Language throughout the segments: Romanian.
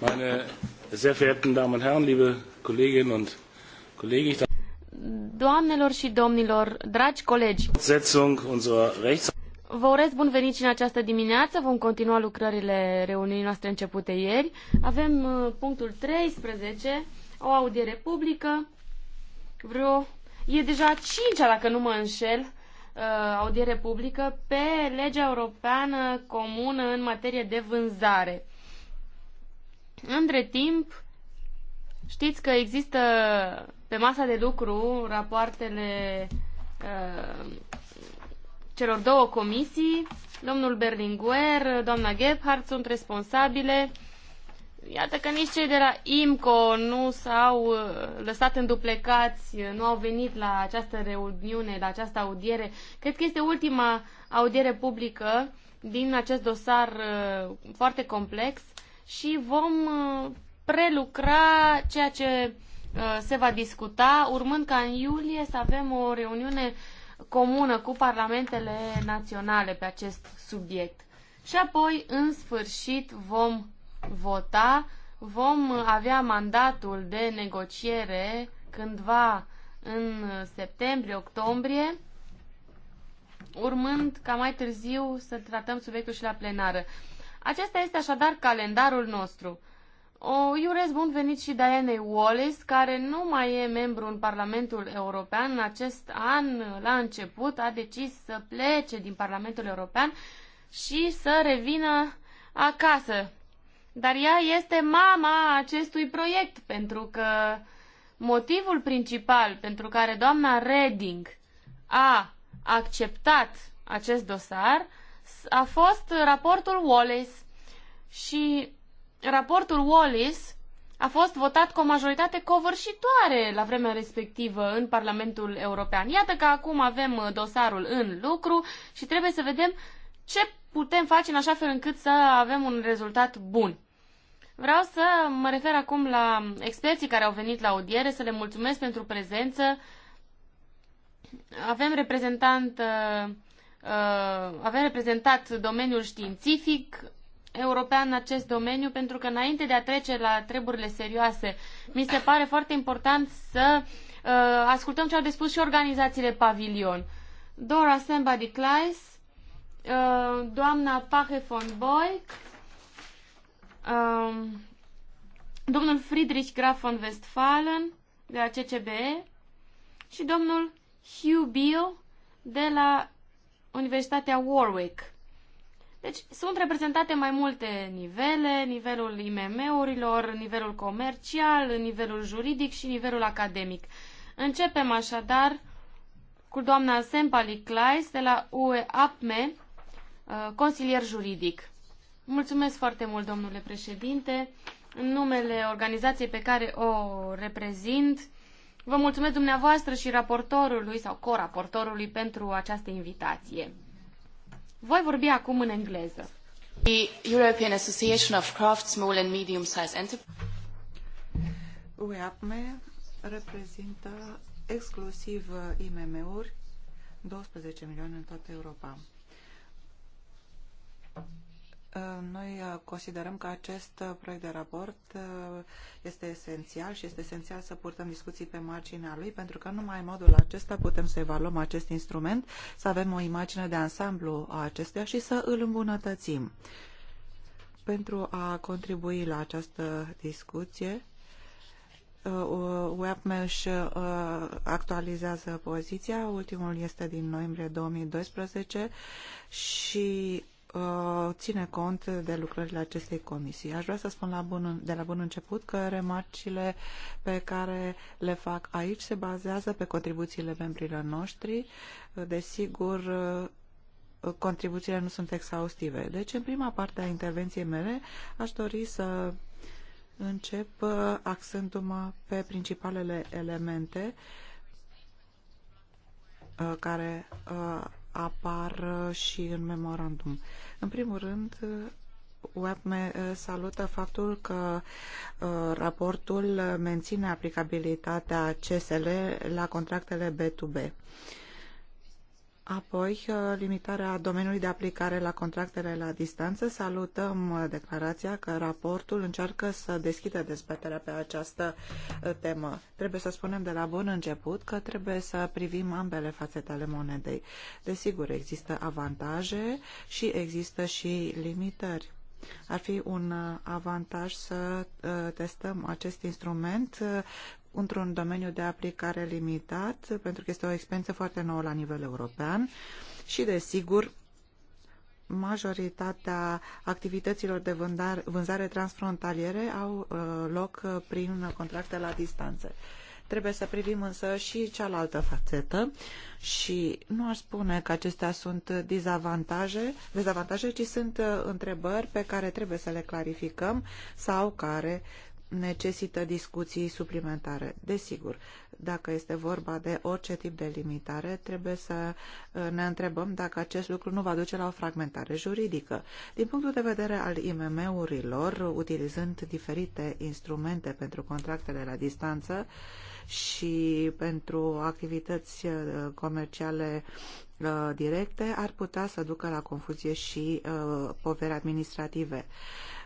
Meine sehr verehrten Damen und Herren, liebe Kolleginnen und Kollegen, ich Doamnelor și domnilor, dragi colegi, vă urez bun venit și în această dimineață. Vom continua lucrările reuniunii noastre începute ieri. Avem uh, punctul 13, o audiere publică, vreo... E deja cincea, dacă nu mă înșel, uh, audiere publică pe legea europeană comună în materie de vânzare. Între timp, știți că există pe masa de lucru rapoartele uh, celor două comisii. Domnul Berlinguer, doamna Gebhardt sunt responsabile. Iată că nici cei de la IMCO nu s-au uh, lăsat înduplecați, nu au venit la această reuniune, la această audiere. Cred că este ultima audiere publică din acest dosar uh, foarte complex și vom uh, prelucra ceea ce uh, se va discuta, urmând ca în iulie să avem o reuniune comună cu parlamentele naționale pe acest subiect. Și apoi, în sfârșit, vom vota, vom avea mandatul de negociere cândva în septembrie-octombrie, urmând ca mai târziu să tratăm subiectul și la plenară. Acesta este așadar calendarul nostru. O iurez bun venit și Diane Wallis, care nu mai e membru în Parlamentul European. În acest an, la început, a decis să plece din Parlamentul European și să revină acasă. Dar ea este mama acestui proiect, pentru că motivul principal pentru care doamna Reding a acceptat acest dosar a fost raportul Wallace. Și raportul Wallace a fost votat cu o majoritate covârșitoare la vremea respectivă în Parlamentul European. Iată că acum avem uh, dosarul în lucru și trebuie să vedem ce putem face în așa fel încât să avem un rezultat bun. Vreau să mă refer acum la experții care au venit la audiere, să le mulțumesc pentru prezență. Avem reprezentant uh, Uh, avem reprezentat domeniul științific european în acest domeniu, pentru că înainte de a trece la treburile serioase, mi se pare foarte important să uh, ascultăm ce au de spus și organizațiile pavilion. Dora Sembadi Kleis, uh, doamna Pache von Boyk, uh, domnul Friedrich Graf von Westphalen de la CCBE și domnul Hugh Bill de la Universitatea Warwick. Deci sunt reprezentate mai multe nivele, nivelul IMM-urilor, nivelul comercial, nivelul juridic și nivelul academic. Începem așadar cu doamna Sempali Kleis de la UEAPME, uh, consilier juridic. Mulțumesc foarte mult, domnule președinte. În numele organizației pe care o reprezint, Vă mulțumesc dumneavoastră și raportorului sau coraportorului pentru această invitație. Voi vorbi acum în engleză. The European Association of Craft Small and Medium Sized Enterprises UEAPME reprezintă exclusiv IMM-uri 12 milioane în toată Europa. Uh, noi uh, considerăm că acest uh, proiect de raport este esențial și este esențial să purtăm discuții pe marginea lui, pentru că numai în modul acesta putem să evaluăm acest instrument, să avem o imagine de ansamblu a acestuia și să îl îmbunătățim. Pentru a contribui la această discuție, UEAPME își actualizează poziția, ultimul este din noiembrie 2012 și Uh, ține cont de lucrările acestei comisii. Aș vrea să spun la bun, de la bun început că remarcile pe care le fac aici se bazează pe contribuțiile membrilor noștri. Desigur, uh, contribuțiile nu sunt exhaustive. Deci, în prima parte a intervenției mele, aș dori să încep uh, axându-mă pe principalele elemente care apar uh, și în memorandum. În primul rând, uh, WebMe uh, salută faptul că raportul menține aplicabilitatea CSL la contractele B2B. Apoi, uh, limitarea domeniului de aplicare la contractele la distanță. Salutăm uh, declarația că raportul încearcă să deschidă dezbaterea pe această uh, temă. Trebuie să spunem de la bun început că trebuie să privim ambele fațete ale monedei. Desigur, există avantaje și există și limitări. Ar fi un avantaj să testăm acest instrument într-un domeniu de aplicare limitat, pentru că este o experiență foarte nouă la nivel european și, desigur, majoritatea activităților de vândare, vânzare transfrontaliere au uh, loc uh, prin contracte la distanță. Trebuie să privim însă și cealaltă fațetă și nu aș spune că acestea sunt dezavantaje, dezavantaje ci sunt uh, întrebări pe care trebuie să le clarificăm sau care necesită discuții suplimentare. Desigur, dacă este vorba de orice tip de limitare, trebuie să uh, ne întrebăm dacă acest lucru nu va duce la o fragmentare juridică. Din punctul de vedere al IMM-urilor, utilizând diferite instrumente pentru contractele la distanță și pentru activități uh, comerciale uh, directe, ar putea să ducă la confuzie și poveri administrative.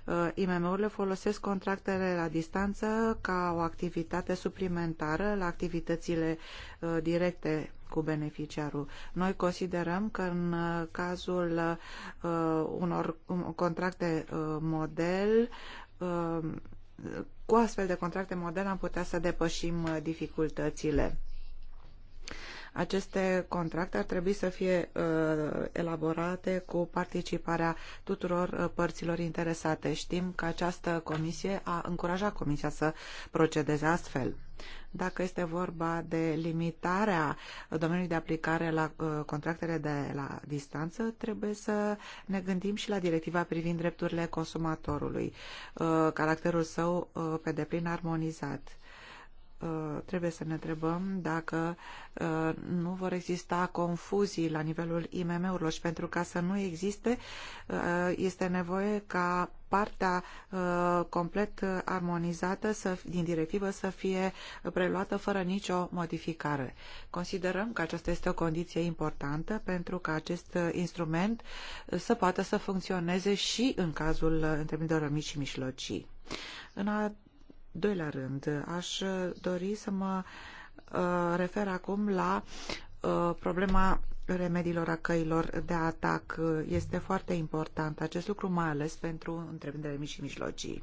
Uh, IMM-urile folosesc contractele la distanță ca o activitate suplimentară la activitățile uh, directe cu beneficiarul. Noi considerăm că în uh, cazul unor um, contracte model cu astfel de contracte model am putea să depășim dificultățile. Aceste contracte ar trebui să fie uh, elaborate cu participarea tuturor uh, părților interesate. Știm că această comisie a încurajat comisia să procedeze astfel. Dacă este vorba de limitarea domeniului de aplicare la uh, contractele de la distanță, trebuie să ne gândim și la directiva privind drepturile consumatorului, uh, caracterul său uh, pe deplin armonizat Uh, trebuie să ne întrebăm dacă uh, nu vor exista confuzii la nivelul IMM-urilor și pentru ca să nu existe, uh, este nevoie ca partea complet armonizată să, din directivă să fie preluată fără nicio modificare. Considerăm că aceasta este o condiție importantă pentru ca acest instrument să poată să funcționeze și în cazul întreprinderilor mici și mișlocii. În a Doi la rând, aș dori să mă uh, refer acum la uh, problema remediilor a căilor de atac. Este foarte important acest lucru, mai ales pentru întreprinderile mici și mijlocii.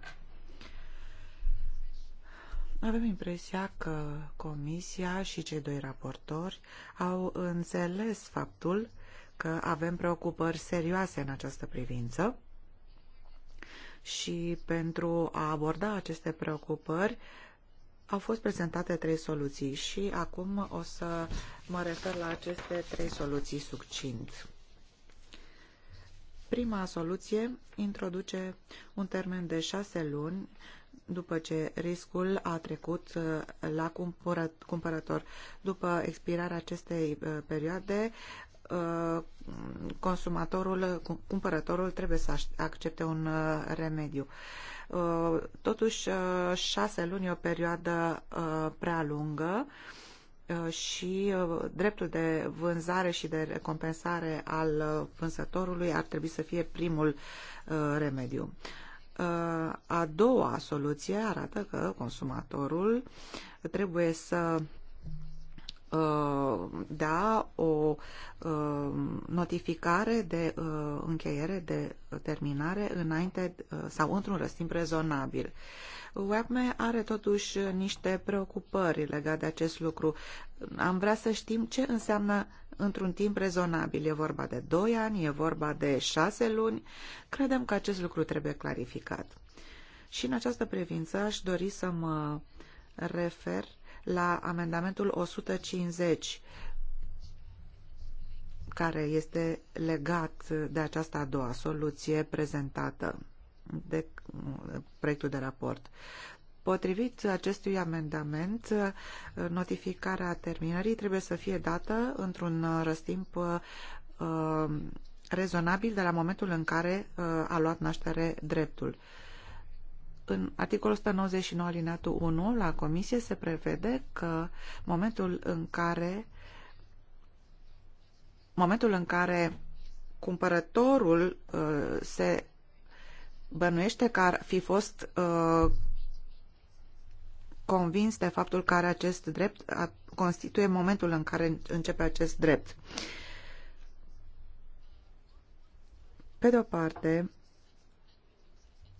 Avem impresia că Comisia și cei doi raportori au înțeles faptul că avem preocupări serioase în această privință și pentru a aborda aceste preocupări au fost prezentate trei soluții și acum o să mă refer la aceste trei soluții succint. Prima soluție introduce un termen de șase luni după ce riscul a trecut uh, la cumpărător. După expirarea acestei uh, perioade, Uh, consumatorul, cumpărătorul trebuie să accepte un uh, remediu. Uh, totuși, șase luni e o perioadă prea lungă și dreptul de vânzare și de recompensare al vânzătorului ar trebui să fie primul remediu. A doua soluție arată că consumatorul trebuie să Uh, da o uh, notificare de uh, încheiere, de terminare înainte sau într-un răstimp rezonabil. WACME are totuși niște preocupări legate de acest lucru. Am vrea să știm ce înseamnă într-un timp rezonabil. E vorba de 2 ani, e vorba de 6 luni. Credem că acest lucru trebuie clarificat. Și în această privință aș dori să mă refer la amendamentul 150 care este legat de această a doua soluție prezentată de proiectul de raport. Potrivit acestui amendament, notificarea terminării trebuie să fie dată într-un răstimp uh, rezonabil de la momentul în care uh, a luat naștere dreptul în articolul 199 alineatul 1 la comisie se prevede că momentul în care momentul în care cumpărătorul uh, se bănuiește că ar fi fost uh, convins de faptul că are acest drept, a, constituie momentul în care începe acest drept. Pe de o parte,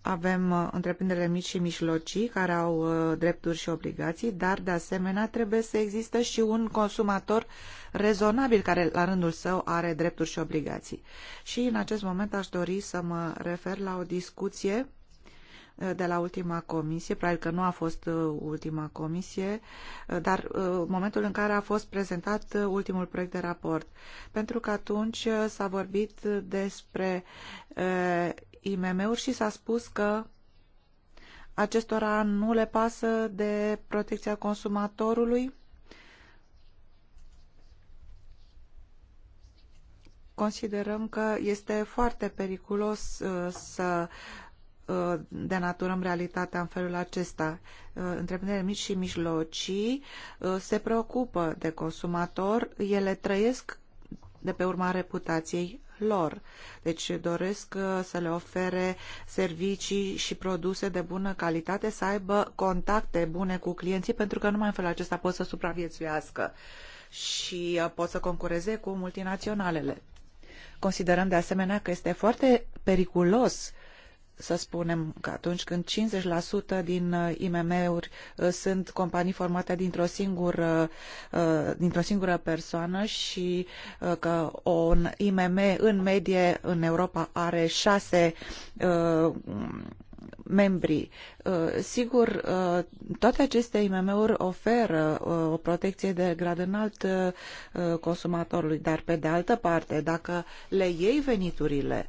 avem uh, întreprinderile mici și mijlocii care au uh, drepturi și obligații, dar de asemenea trebuie să existe și un consumator rezonabil care la rândul său are drepturi și obligații. Și în acest moment aș dori să mă refer la o discuție uh, de la ultima comisie, probabil că nu a fost ultima comisie, dar momentul în care a fost prezentat ultimul proiect de raport. Pentru că atunci s-a vorbit despre IMM-uri și s-a spus că acestora nu le pasă de protecția consumatorului. Considerăm că este foarte periculos uh, să uh, denaturăm realitatea în felul acesta. Uh, întreprinderile mici și mijlocii se preocupă de consumator, ele trăiesc de pe urma reputației lor. Deci doresc uh, să le ofere servicii și produse de bună calitate, să aibă contacte bune cu clienții, pentru că numai în felul acesta pot să supraviețuiască și uh, pot să concureze cu multinaționalele. Considerăm de asemenea că este foarte periculos să spunem că atunci când 50% din uh, IMM-uri uh, sunt companii formate dintr-o singură, uh, dintr-o singură persoană și că un IMM în medie în Europa are șase membri. Sigur, toate aceste IMM-uri oferă o protecție de grad înalt consumatorului, dar pe de altă parte, dacă le iei veniturile,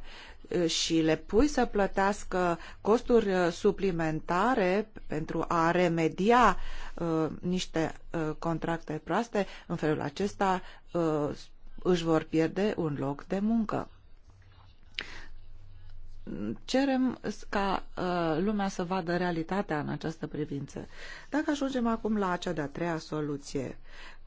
și le pui să plătească costuri uh, suplimentare pentru a remedia uh, niște uh, contracte proaste, în felul acesta uh, își vor pierde un loc de muncă. Cerem ca uh, lumea să vadă realitatea în această privință. Dacă ajungem acum la cea de-a treia soluție,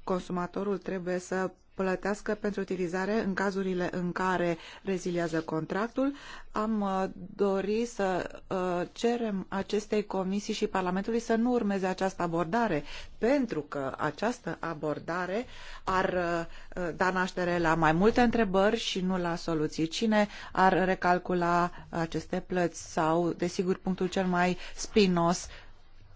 consumatorul trebuie să plătească pentru utilizare în cazurile în care reziliază contractul. Am uh, dori să uh, cerem acestei comisii și Parlamentului să nu urmeze această abordare, pentru că această abordare ar uh, da naștere la mai multe întrebări și nu la soluții. Cine ar recalcula aceste plăți sau, desigur, punctul cel mai spinos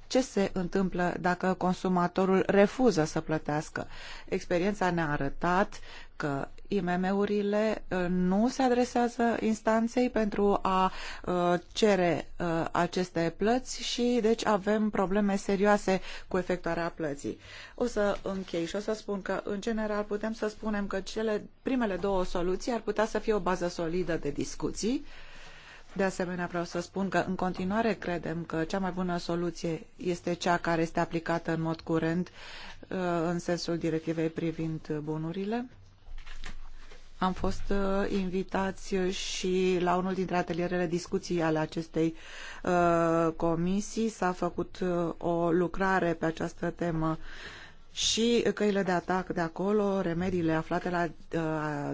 ce se întâmplă dacă consumatorul refuză să plătească? Experiența ne-a arătat că IMM-urile uh, nu se adresează instanței pentru a uh, cere uh, aceste plăți și deci avem probleme serioase cu efectuarea plății. O să închei și o să spun că în general putem să spunem că cele primele două soluții ar putea să fie o bază solidă de discuții uh, de asemenea, vreau să spun că în continuare credem că cea mai bună soluție este cea care este aplicată în mod curent uh, în sensul directivei privind bunurile. Am fost uh, invitați și la unul dintre atelierele discuții ale acestei uh, comisii. S-a făcut o lucrare pe această temă și căile de atac de acolo, remediile aflate la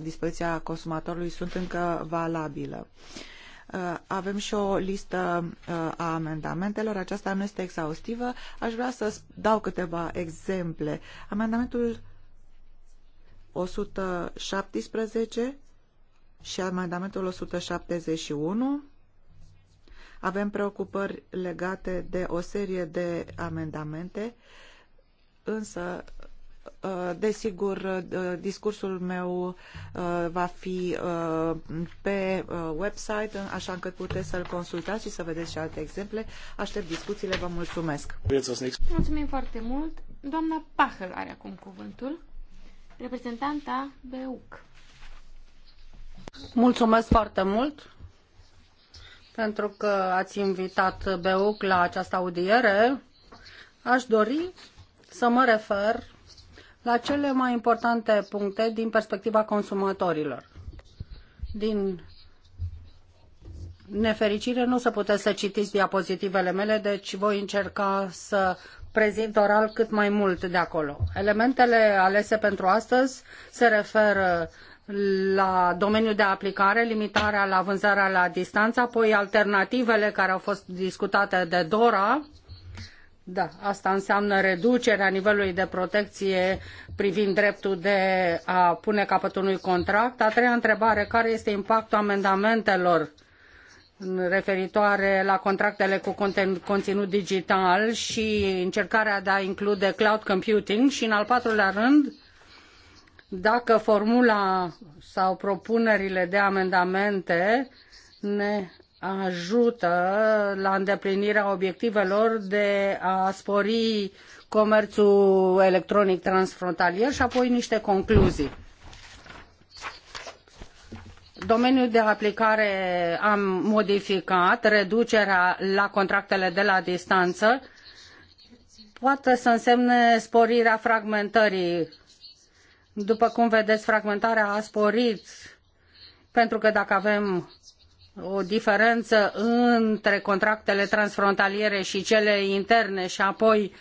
dispoziția consumatorului sunt încă valabile. Uh, avem și o listă uh, a amendamentelor. Aceasta nu este exhaustivă. Aș vrea să dau câteva exemple. Amendamentul 117 și amendamentul 171. Avem preocupări legate de o serie de amendamente, însă Uh, desigur, uh, discursul meu uh, va fi pe website, așa încât puteți să-l consultați și să vedeți și alte exemple. Aștept discuțiile, vă mulțumesc. Mulțumim foarte mult. Doamna Pahăl are acum cuvântul, reprezentanta BEUC. Mulțumesc foarte mult pentru că ați invitat BEUC la această audiere. Aș dori să mă refer la cele mai importante puncte din perspectiva consumatorilor. Din nefericire, nu o să puteți să citiți diapozitivele mele, deci voi încerca să prezint oral cât mai mult de acolo. Elementele alese pentru astăzi se referă la domeniul de aplicare, limitarea la vânzarea la distanță, apoi alternativele care au fost discutate de Dora, da, asta înseamnă reducerea nivelului de protecție privind dreptul de a pune capăt unui contract. A treia întrebare, care este impactul amendamentelor referitoare la contractele cu conținut, conținut digital și încercarea de a include cloud computing și în al patrulea rând, dacă formula sau propunerile de amendamente ne ajută la îndeplinirea obiectivelor de a spori comerțul electronic transfrontalier și apoi niște concluzii. Domeniul de aplicare am modificat, reducerea la contractele de la distanță poate să însemne sporirea fragmentării. După cum vedeți, fragmentarea a sporit pentru că dacă avem o diferență între contractele transfrontaliere și cele interne și apoi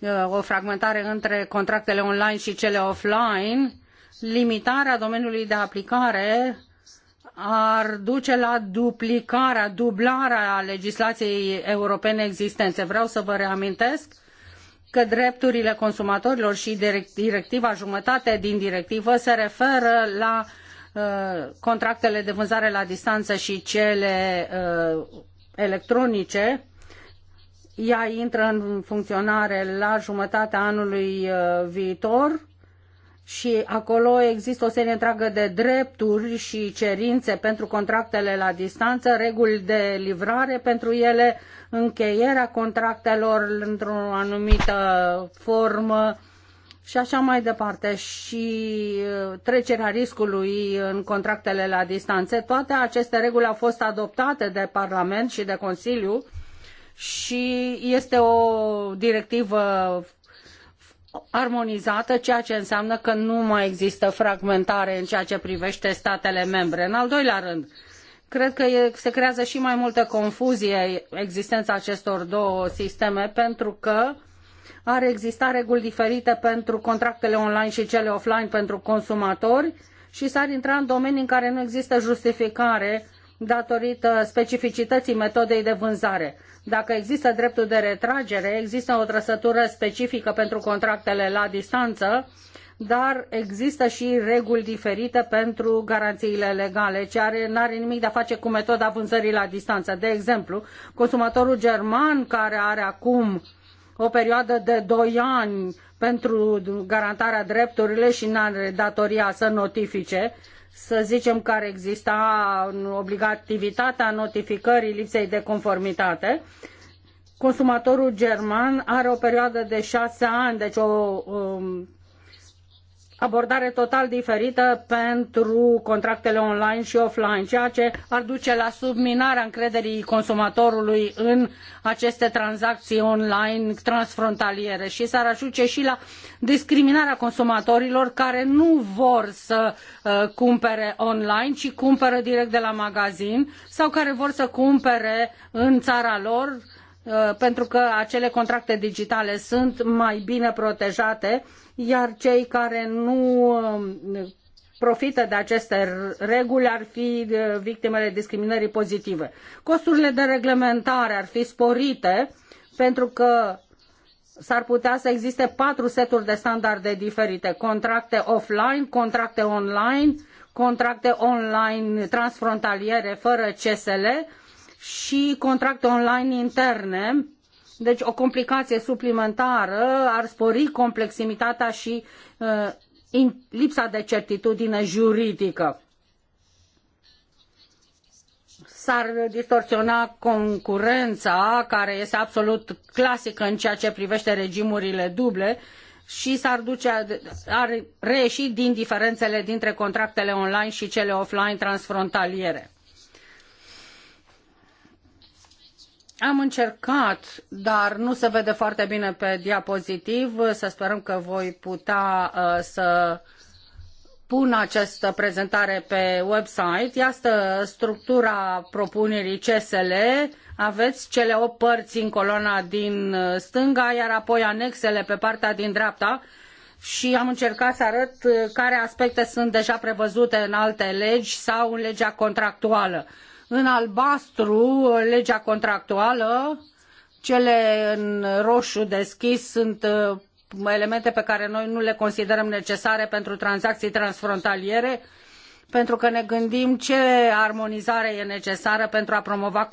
uh, o fragmentare între contractele online și cele offline, limitarea domeniului de aplicare ar duce la duplicarea, dublarea legislației europene existente. Vreau să vă reamintesc că drepturile consumatorilor și directiva jumătate din directivă se referă la Uh, contractele de vânzare la distanță și cele uh, electronice. Ea intră în funcționare la jumătatea anului uh, viitor și acolo există o serie întreagă de drepturi și cerințe pentru contractele la distanță, reguli de livrare pentru ele, încheierea contractelor într-o anumită formă, și așa mai departe, și uh, trecerea riscului în contractele la distanțe, toate aceste reguli au fost adoptate de Parlament și de Consiliu și este o directivă armonizată, ceea ce înseamnă că nu mai există fragmentare în ceea ce privește statele membre. În al doilea rând, cred că se creează și mai multă confuzie existența acestor două sisteme pentru că ar exista reguli diferite pentru contractele online și cele offline pentru consumatori și s-ar intra în domenii în care nu există justificare datorită specificității metodei de vânzare. Dacă există dreptul de retragere, există o trăsătură specifică pentru contractele la distanță, dar există și reguli diferite pentru garanțiile legale, ce nu n-are nimic de a face cu metoda vânzării la distanță. De exemplu, consumatorul german care are acum o perioadă de doi ani pentru garantarea drepturilor și n-are datoria să notifice, să zicem că ar exista obligativitatea notificării lipsei de conformitate, consumatorul german are o perioadă de șase ani, deci o, um, abordare total diferită pentru contractele online și offline, ceea ce ar duce la subminarea încrederii consumatorului în aceste tranzacții online transfrontaliere și s-ar ajunge și la discriminarea consumatorilor care nu vor să uh, cumpere online, ci cumpără direct de la magazin sau care vor să cumpere în țara lor uh, pentru că acele contracte digitale sunt mai bine protejate uh, iar cei care nu um, profită de aceste reguli ar fi uh, victimele discriminării pozitive. Costurile de reglementare ar fi sporite pentru că s-ar putea să existe patru seturi de standarde diferite, contracte offline, contracte online, contracte online transfrontaliere fără CSL și contracte online interne deci o complicație suplimentară ar spori compleximitatea și uh, lipsa de certitudine juridică. S-ar distorsiona concurența, care este absolut clasică în ceea ce privește regimurile duble, și s-ar duce, ar reieși din diferențele dintre contractele online și cele offline transfrontaliere Am încercat, dar nu se vede foarte bine pe diapozitiv. Să sperăm că voi putea uh, să pun această prezentare pe website. Iată structura propunerii CSL. Aveți cele 8 părți în coloana din uh, stânga, iar apoi anexele pe partea din dreapta. Și am încercat să arăt uh, care aspecte sunt deja prevăzute în alte legi sau în legea contractuală în albastru legea contractuală, cele în roșu deschis sunt uh, elemente pe care noi nu le considerăm necesare pentru tranzacții transfrontaliere, pentru că ne gândim ce armonizare e necesară pentru a promova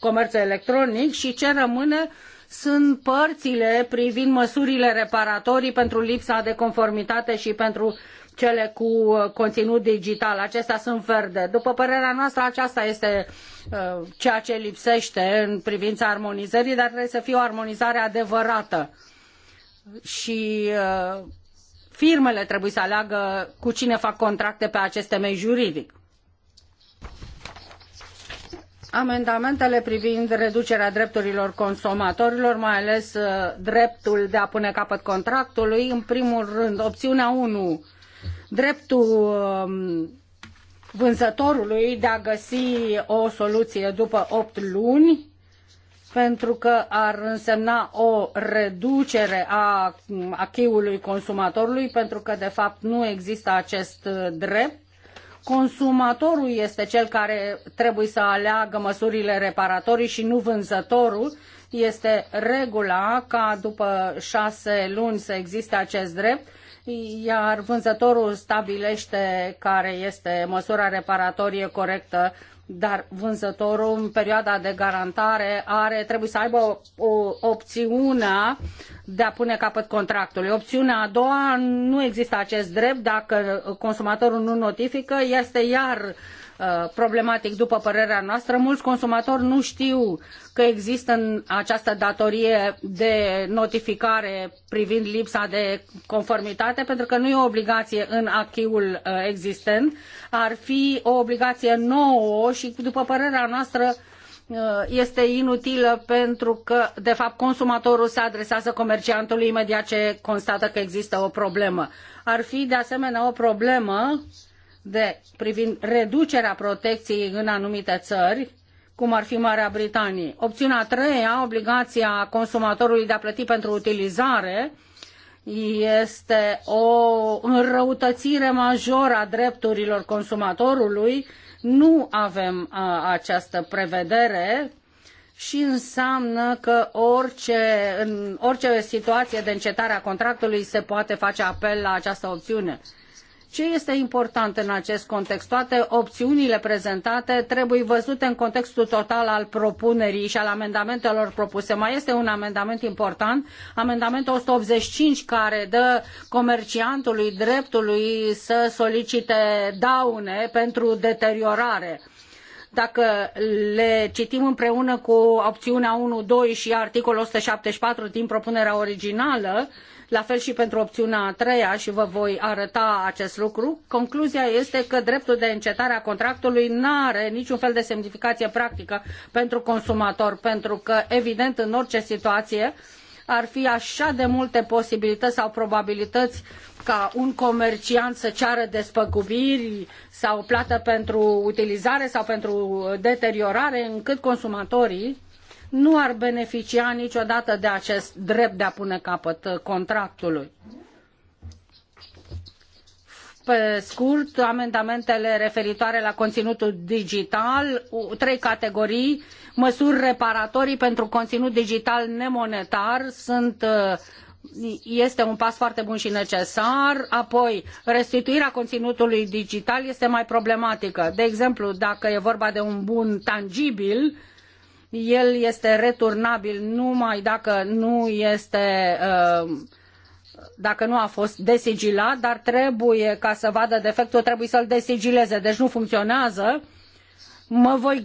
comerțul electronic și ce rămâne sunt părțile privind măsurile reparatorii pentru lipsa de conformitate și pentru cele cu uh, conținut digital. Acestea sunt verde. După părerea noastră, aceasta este uh, ceea ce lipsește în privința armonizării, dar trebuie să fie o armonizare adevărată. Și uh, firmele trebuie să aleagă cu cine fac contracte pe acest temei juridic. Amendamentele privind reducerea drepturilor consumatorilor, mai ales dreptul de a pune capăt contractului, în primul rând, opțiunea 1 dreptul um, vânzătorului de a găsi o soluție după opt luni, pentru că ar însemna o reducere a achiului consumatorului, pentru că de fapt nu există acest drept. Consumatorul este cel care trebuie să aleagă măsurile reparatorii și nu vânzătorul. Este regula ca după șase luni să existe acest drept iar vânzătorul stabilește care este măsura reparatorie corectă, dar vânzătorul în perioada de garantare are, trebuie să aibă o, o opțiunea de a pune capăt contractului. Opțiunea a doua, nu există acest drept, dacă consumatorul nu notifică, este iar uh, Uh, problematic după părerea noastră. Mulți consumatori nu știu că există această datorie de notificare privind lipsa de conformitate pentru că nu e o obligație în achiul uh, existent. Ar fi o obligație nouă și după părerea noastră uh, este inutilă pentru că, de fapt, consumatorul se adresează comerciantului imediat ce constată că există o problemă. Ar fi, de asemenea, o problemă de, privind reducerea protecției în anumite țări, cum ar fi Marea Britanie. Opțiunea a treia, obligația consumatorului de a plăti pentru utilizare, este o înrăutățire majoră a drepturilor consumatorului. Nu avem a, această prevedere și înseamnă că orice, în orice situație de încetare a contractului se poate face apel la această opțiune. Ce este important în acest context? Toate opțiunile prezentate trebuie văzute în contextul total al propunerii și al amendamentelor propuse. Mai este un amendament important, amendamentul 185, care dă comerciantului dreptului să solicite daune pentru deteriorare dacă le citim împreună cu opțiunea 12 și articolul 174 din propunerea originală, la fel și pentru opțiunea a treia și vă voi arăta acest lucru. Concluzia este că dreptul de încetare a contractului nu are niciun fel de semnificație practică pentru consumator, pentru că, evident, în orice situație, ar fi așa de multe posibilități sau probabilități ca un comerciant să ceară despăgubiri sau plată pentru utilizare sau pentru deteriorare, încât consumatorii nu ar beneficia niciodată de acest drept de a pune capăt uh, contractului. Pe scurt, amendamentele referitoare la conținutul digital, trei categorii, măsuri reparatorii pentru conținut digital nemonetar sunt uh, este un pas foarte bun și necesar, apoi restituirea conținutului digital este mai problematică. De exemplu, dacă e vorba de un bun tangibil, el este returnabil numai dacă nu este uh, dacă nu a fost desigilat, dar trebuie ca să vadă defectul, trebuie să-l desigileze, deci nu funcționează. Mă voi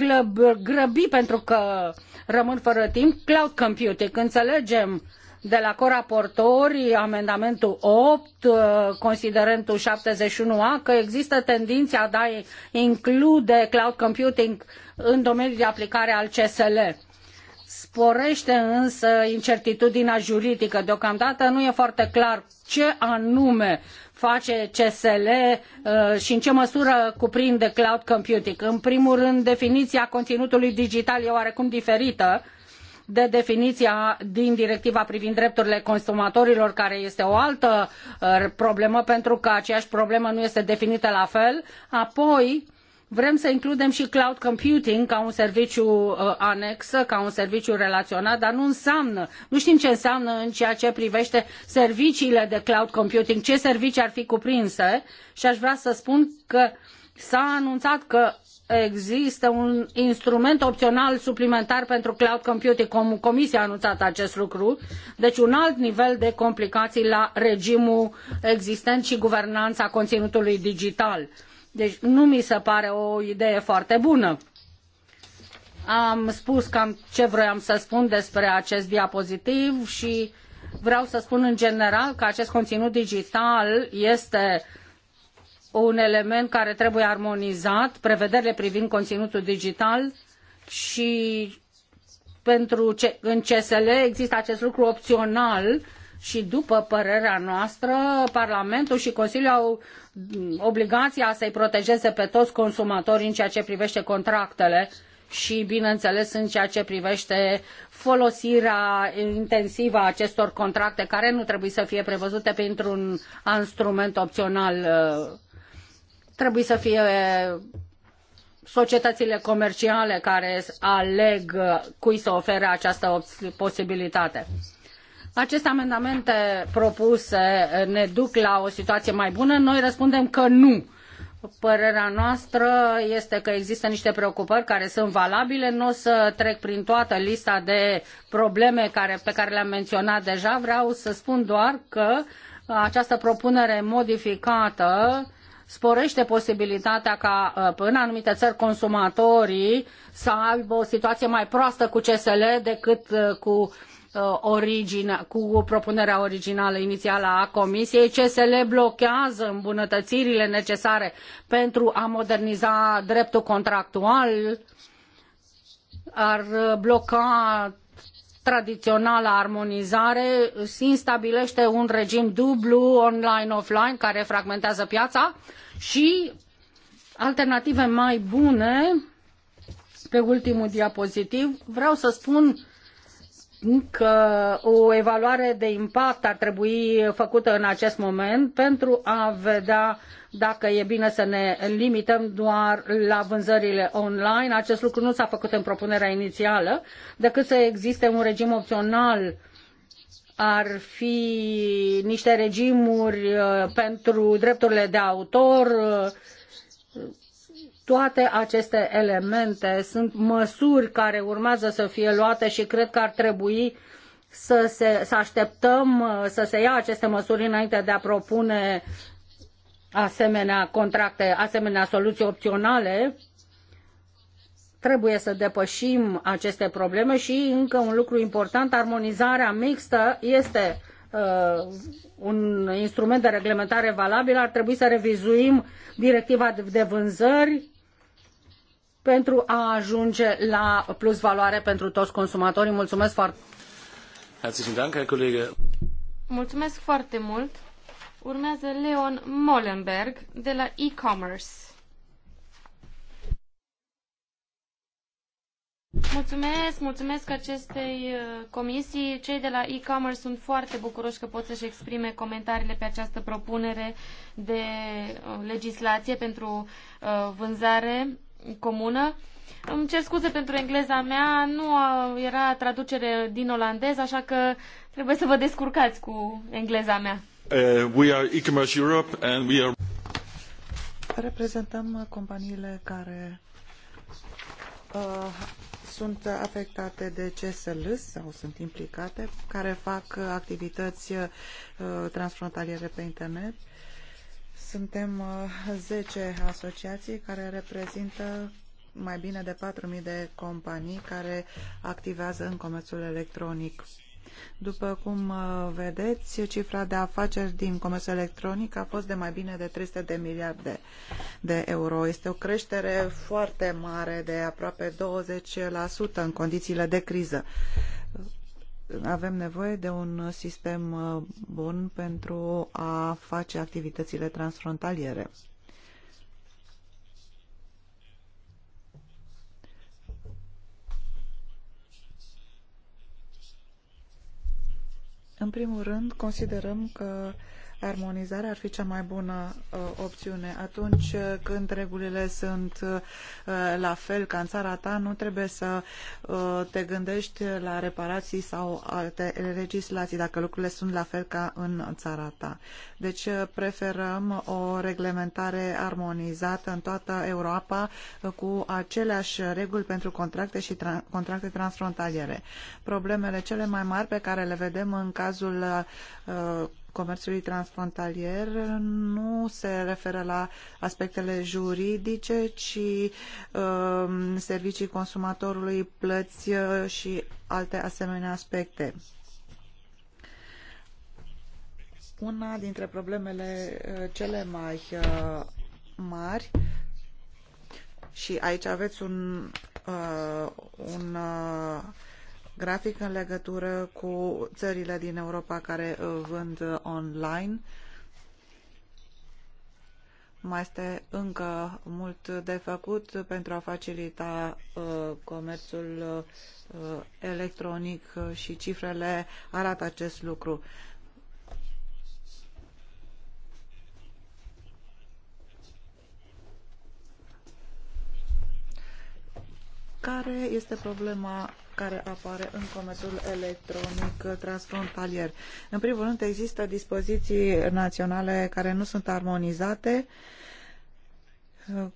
grăbi pentru că rămân fără timp. Cloud computing, înțelegem de la coraportori amendamentul 8, uh, considerentul 71A, că există tendința de a include cloud computing în domeniul de aplicare al CSL. Sporește însă incertitudinea juridică. Deocamdată nu e foarte clar ce anume face CSL uh, și în ce măsură cuprinde cloud computing. În primul rând, definiția conținutului digital e oarecum diferită de definiția din directiva privind drepturile consumatorilor, care este o altă uh, problemă, pentru că aceeași problemă nu este definită la fel. Apoi, Vrem să includem și cloud computing ca un serviciu uh, anexă, ca un serviciu relaționat, dar nu înseamnă, nu știm ce înseamnă în ceea ce privește serviciile de cloud computing, ce servicii ar fi cuprinse și aș vrea să spun că s-a anunțat că există un instrument opțional suplimentar pentru cloud computing. Comisia a anunțat acest lucru, deci un alt nivel de complicații la regimul existent și guvernanța conținutului digital. Deci nu mi se pare o idee foarte bună. Am spus cam ce vroiam să spun despre acest diapozitiv și vreau să spun în general că acest conținut digital este un element care trebuie armonizat, prevederile privind conținutul digital și pentru ce, în CSL există acest lucru opțional uh, și după părerea noastră, Parlamentul și Consiliul au obligația să-i protejeze pe toți consumatorii în ceea ce privește contractele și, bineînțeles, în ceea ce privește folosirea intensivă a acestor contracte, care nu trebuie să fie prevăzute printr-un instrument opțional. Trebuie să fie societățile comerciale care aleg cui să ofere această posibilitate. Aceste amendamente propuse ne duc la o situație mai bună. Noi răspundem că nu. Părerea noastră este că există niște preocupări care sunt valabile. Nu o să trec prin toată lista de probleme care, pe care le-am menționat deja. Vreau să spun doar că această propunere modificată sporește posibilitatea ca ă, în anumite țări consumatorii să aibă o situație mai proastă cu CSL decât ă, cu uh, Uh, origine, cu propunerea originală inițială a Comisiei, ce blochează îmbunătățirile necesare pentru a moderniza dreptul contractual, ar bloca tradiționala armonizare, instabilește un regim dublu online-offline care fragmentează piața și alternative mai bune pe ultimul diapozitiv. Vreau să spun că o evaluare de impact ar trebui făcută în acest moment pentru a vedea dacă e bine să ne limităm doar la vânzările online. Acest lucru nu s-a făcut în propunerea inițială, decât să existe un regim opțional ar fi niște regimuri uh, pentru drepturile de autor, uh, toate aceste elemente sunt măsuri care urmează să fie luate și cred că ar trebui să, se, să așteptăm să se ia aceste măsuri înainte de a propune asemenea contracte, asemenea soluții opționale. Trebuie să depășim aceste probleme și încă un lucru important, armonizarea mixtă este uh, un instrument de reglementare valabil, ar trebui să revizuim directiva de vânzări pentru a ajunge la plus valoare pentru toți consumatorii. Mulțumesc foarte mult! Mulțumesc foarte mult! Urmează Leon Mollenberg de la e-commerce. Mulțumesc, mulțumesc acestei uh, comisii. Cei de la e-commerce sunt foarte bucuroși că pot să-și exprime comentariile pe această propunere de uh, legislație pentru uh, vânzare comună. Îmi cer scuze pentru engleza mea, nu era traducere din olandez, așa că trebuie să vă descurcați cu engleza mea. Uh, we are e-commerce Europe and we are... Reprezentăm companiile care uh, sunt afectate de CSL sau sunt implicate, care fac activități uh, transfrontaliere pe internet. Uh, suntem 10 uh, asociații care reprezintă mai bine de 4.000 de companii care activează în comerțul electronic. După cum uh, vedeți, cifra de afaceri din comerțul electronic a fost de mai bine de 300 de miliarde de euro. Este o creștere foarte mare de aproape 20% în condițiile de criză avem nevoie de un sistem uh, bun pentru a face activitățile transfrontaliere. În primul rând, considerăm că armonizarea ar fi cea mai bună uh, opțiune. Atunci uh, când regulile sunt uh, la fel ca în țara ta, nu trebuie să uh, te gândești la reparații sau alte legislații dacă lucrurile sunt la fel ca în țara ta. Deci uh, preferăm o reglementare armonizată în toată Europa uh, cu aceleași reguli pentru contracte și tra contracte transfrontaliere. Problemele cele mai mari pe care le vedem în cazul uh, comerțului transfrontalier nu se referă la aspectele juridice, ci uh, servicii consumatorului, plăți uh, și alte asemenea aspecte. Una dintre problemele uh, cele mai uh, mari și aici aveți un, uh, un uh, grafic în legătură cu țările din Europa care uh, vând uh, online. Mai este încă mult de făcut pentru a facilita uh, comerțul electronic și cifrele arată acest lucru. care este problema care apare în comerțul electronic transfrontalier. În primul rând, există dispoziții naționale care nu sunt armonizate uh,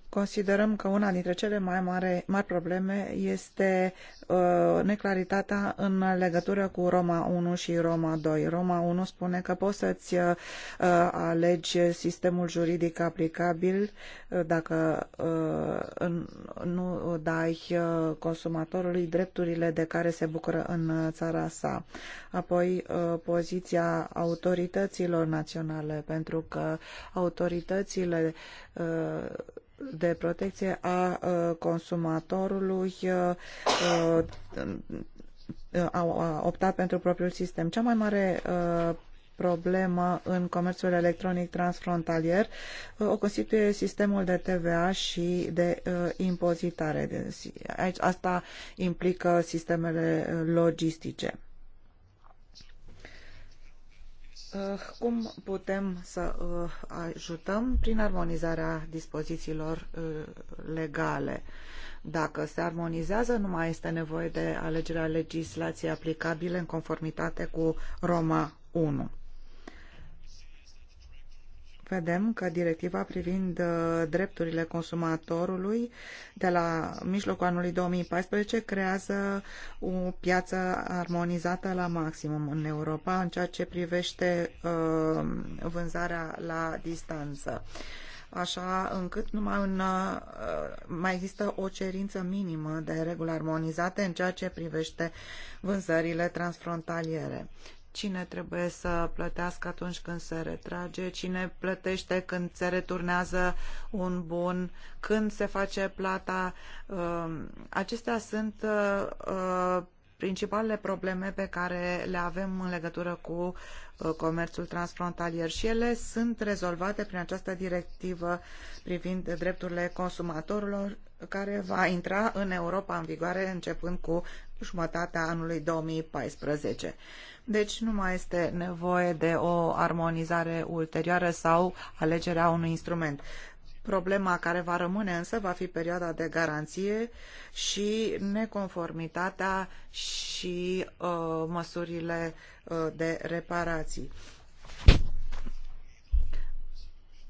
Considerăm că una dintre cele mai mare, mari probleme este uh, neclaritatea în legătură cu Roma 1 și Roma 2. Roma 1 spune că poți să-ți uh, alegi sistemul juridic aplicabil uh, dacă uh, nu dai uh, consumatorului drepturile de care se bucură în uh, țara sa. Apoi poziția autorităților naționale, pentru că autoritățile de protecție a uh, consumatorului uh, uh, a optat pentru propriul sistem. Cea mai mare problemă în comerțul electronic transfrontalier o constituie sistemul de TVA și de impozitare. Deci, aici, asta implică sistemele logistice. Eh, cum putem să eh, ajutăm prin armonizarea dispozițiilor eh, legale? Dacă se armonizează, nu mai este nevoie de alegerea legislației aplicabile în conformitate cu Roma 1 vedem că directiva privind uh, drepturile consumatorului de la mijlocul anului 2014 creează o piață armonizată la maximum în Europa în ceea ce privește uh, vânzarea la distanță așa încât numai în, uh, mai există o cerință minimă de reguli armonizate în ceea ce privește vânzările transfrontaliere cine trebuie să plătească atunci când se retrage, cine plătește când se returnează un bun, când se face plata. Um, acestea sunt uh, principalele probleme pe care le avem în legătură cu uh, comerțul transfrontalier și ele sunt rezolvate prin această directivă privind drepturile consumatorilor care va intra în Europa în vigoare începând cu jumătatea anului 2014. Deci nu mai este nevoie de o armonizare ulterioară sau alegerea unui instrument. Problema care va rămâne însă va fi perioada de garanție și neconformitatea și uh, măsurile uh, de reparații.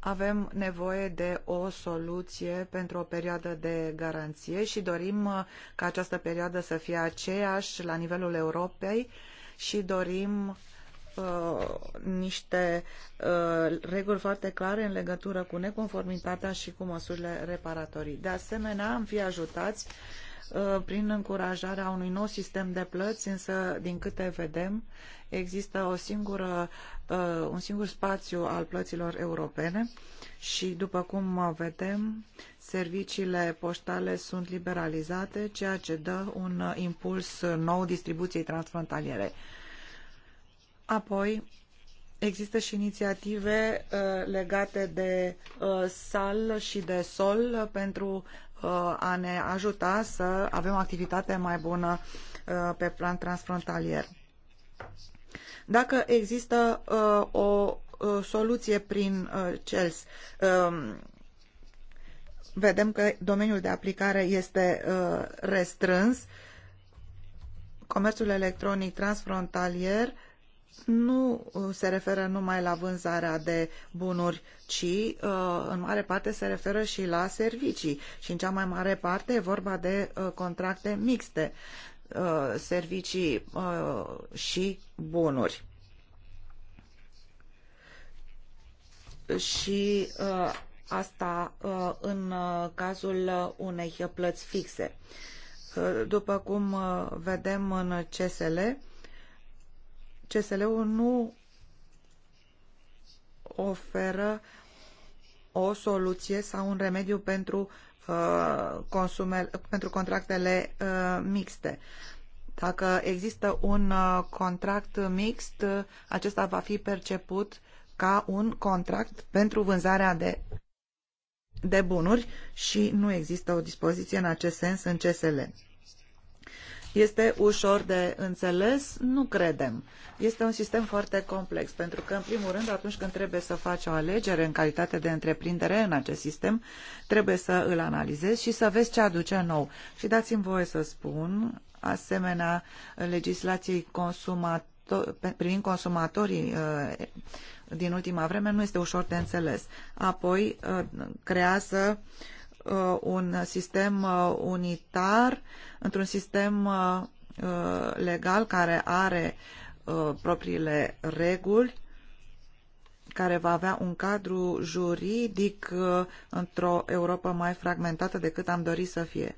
Avem nevoie de o soluție pentru o perioadă de garanție și dorim uh, ca această perioadă să fie aceeași la nivelul Europei uh, și dorim uh, niște uh, reguli foarte clare în legătură cu neconformitatea și cu măsurile reparatorii. De asemenea, am fi ajutați uh, Uh, prin încurajarea unui nou sistem de plăți, însă, din câte vedem, există o singură, uh, un singur spațiu al plăților europene și, după cum vedem, serviciile poștale sunt liberalizate, ceea ce dă un impuls nou distribuției transfrontaliere. Apoi, Există și inițiative uh, legate de uh, sal și de sol pentru Uh, a ne ajuta să avem activitate mai bună uh, pe plan transfrontalier. Dacă există uh, o soluție prin CELS, um, vedem că domeniul de aplicare este restrâns, comerțul electronic transfrontalier nu uh, se referă numai la vânzarea de bunuri, ci uh, în mare parte se referă și la servicii și în cea mai mare parte e vorba de uh, contracte mixte, servicii și bunuri. Și asta în cazul unei plăți fixe. După cum vedem în CSL, CSL-ul nu oferă o soluție sau un remediu pentru, uh, consume, pentru contractele uh, mixte. Dacă există un uh, contract mixt, uh, acesta va fi perceput ca un contract pentru vânzarea de, de bunuri și nu există o dispoziție în acest sens în CSL. Este ușor de înțeles? Nu credem. Este un sistem foarte complex, pentru că, în primul rând, atunci când trebuie să faci o alegere în calitate de întreprindere în acest sistem, trebuie să îl analizezi și să vezi ce aduce nou. Și dați-mi voie să spun, asemenea legislației consumator, privind consumatorii uh, din ultima vreme nu este ușor de înțeles. Apoi uh, creează Uh, un sistem uh, unitar, într-un sistem uh, legal care are propriile reguli, care va avea un cadru juridic într-o Europa mai fragmentată decât am dorit să fie.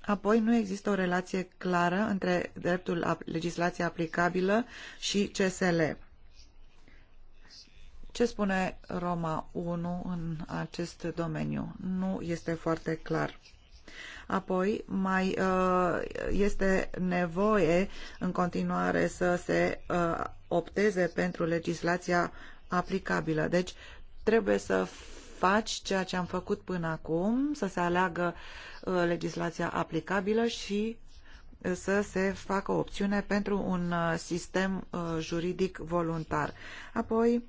Apoi nu există o relație clară între dreptul legislației aplicabilă și CSL. Ce spune Roma 1 în acest domeniu? Nu este foarte clar. Apoi, mai uh, este nevoie în continuare să se uh, opteze pentru legislația aplicabilă. Deci, trebuie să faci ceea ce am făcut până acum, să se aleagă uh, legislația aplicabilă și să se facă opțiune pentru un sistem juridic voluntar. Apoi,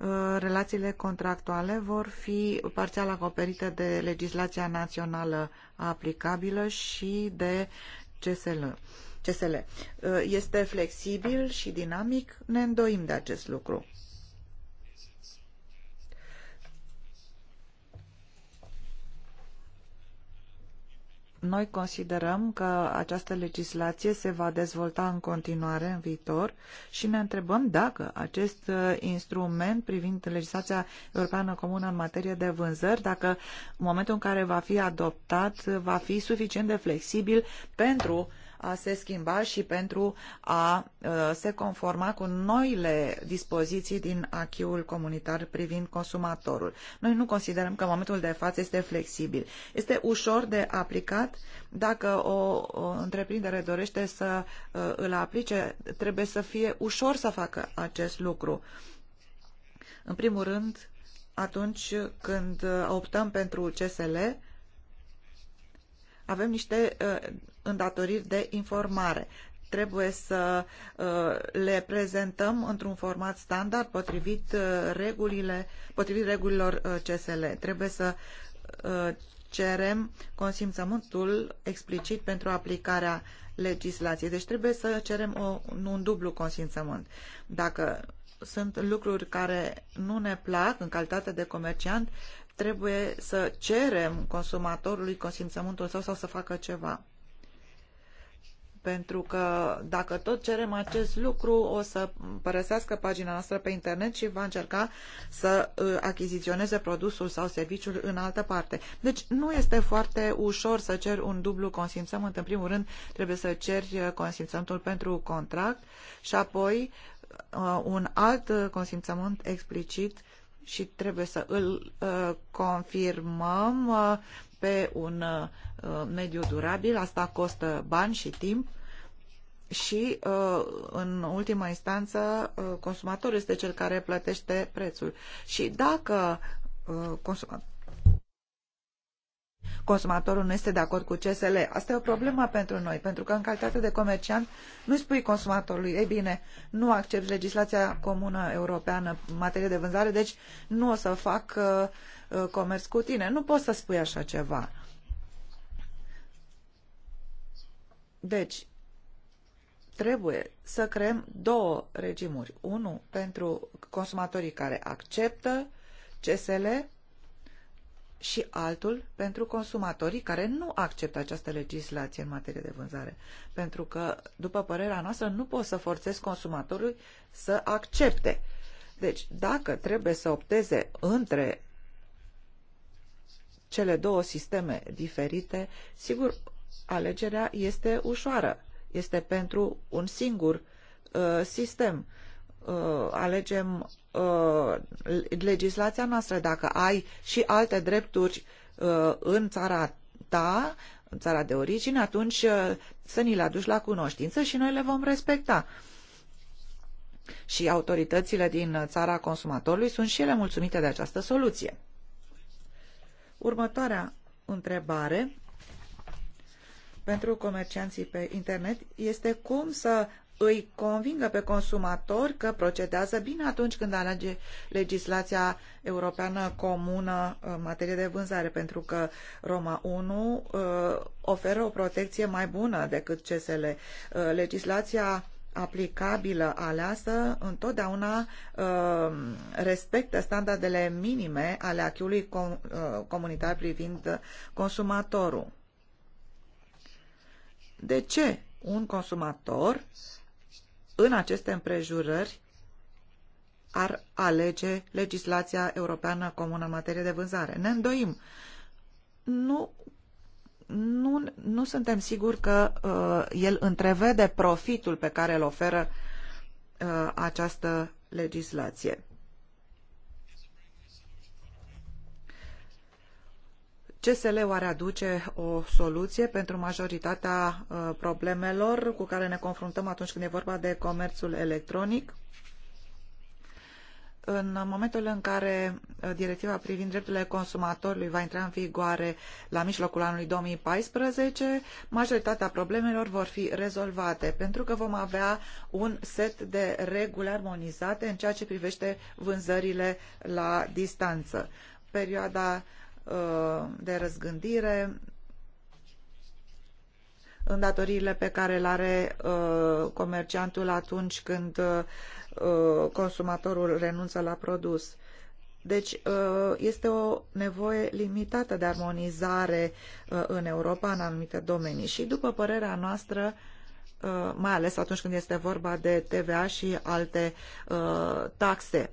Uh, relațiile contractuale vor fi parțial acoperite de legislația națională aplicabilă și de CSL. CSL. Uh, este flexibil și dinamic, ne îndoim de acest lucru. Noi considerăm că această legislație se va dezvolta în continuare în viitor și ne întrebăm dacă acest uh, instrument privind legislația europeană comună în materie de vânzări, dacă în momentul în care va fi adoptat, va fi suficient de flexibil pentru uh, a se schimba și pentru a uh, se conforma cu noile dispoziții din achiul comunitar privind consumatorul. Noi nu considerăm că momentul de față este flexibil. Este ușor de aplicat dacă o, o întreprindere dorește să uh, îl aplice, trebuie să fie ușor să facă acest lucru. În primul rând, atunci când uh, optăm pentru CSL, avem niște îndatoriri de informare. Trebuie să uh, le prezentăm într-un format standard potrivit, uh, regulile, potrivit regulilor uh, CSL. Trebuie să cerem consimțământul explicit pentru aplicarea legislației. Deci trebuie să cerem o, un dublu consimțământ. Dacă sunt lucruri care nu ne plac în calitate de comerciant, trebuie să cerem consumatorului consimțământul său sau să facă ceva pentru că dacă tot cerem acest lucru, o să părăsească pagina noastră pe internet și va încerca să uh, achiziționeze produsul sau serviciul în altă parte. Deci nu este foarte ușor să ceri un dublu consimțământ. În primul rând trebuie să ceri uh, consimțământul pentru contract și apoi uh, un alt consimțământ explicit și trebuie să îl confirmăm pe un uh, mediu durabil, asta costă bani și timp și, uh, în ultima instanță, uh, consumatorul este cel care plătește prețul. Și dacă consumatorul consumatorul nu este de acord cu CSL. Asta e o problemă pentru noi, pentru că în calitate de comerciant nu spui consumatorului, ei bine, nu accept legislația comună europeană în materie de vânzare, deci nu o să fac uh, Uh, comerț cu tine. Nu poți să spui așa ceva. Deci, trebuie să creăm două regimuri. Unul pentru consumatorii care acceptă CSL și altul pentru consumatorii care nu acceptă această legislație în materie de vânzare. Pentru că, după părerea noastră, nu poți să forțezi consumatorul să accepte. Deci, dacă trebuie să opteze între cele două sisteme diferite, sigur, alegerea este ușoară. Este pentru un singur uh, sistem. Uh, alegem uh, legislația noastră. Dacă ai și alte drepturi uh, în țara ta, în țara de origine, atunci uh, să ni le aduci la cunoștință și noi le vom respecta. Și autoritățile din țara consumatorului sunt și ele mulțumite de această soluție. Următoarea întrebare pentru comercianții pe internet este cum să îi convingă pe consumator că procedează bine atunci când alege legislația europeană comună uh, în materie de vânzare, pentru că Roma 1 uh, oferă o protecție mai bună decât CSL. Uh, legislația aplicabilă aleasă întotdeauna uh, respectă standardele minime ale acțiului uh, comunitar privind consumatorul. De ce un consumator în aceste împrejurări ar alege legislația europeană comună în materie de vânzare? Ne îndoim. Nu nu, nu suntem siguri că uh, el întrevede profitul pe care îl oferă uh, această legislație. CSL-ul ar aduce o soluție pentru majoritatea uh, problemelor cu care ne confruntăm atunci când e vorba de comerțul electronic? În momentul în care uh, directiva privind drepturile consumatorului va intra în vigoare la mijlocul anului 2014, majoritatea problemelor vor fi rezolvate, pentru că vom avea un set de reguli armonizate în ceea ce privește vânzările la distanță. Perioada uh, de răzgândire îndatoririle pe care le are uh, comerciantul atunci când Uh, consumatorul renunță la produs. Deci uh, este o nevoie limitată de armonizare uh, în Europa în anumite domenii și, după părerea noastră, mai ales atunci când este vorba de TVA și alte taxe.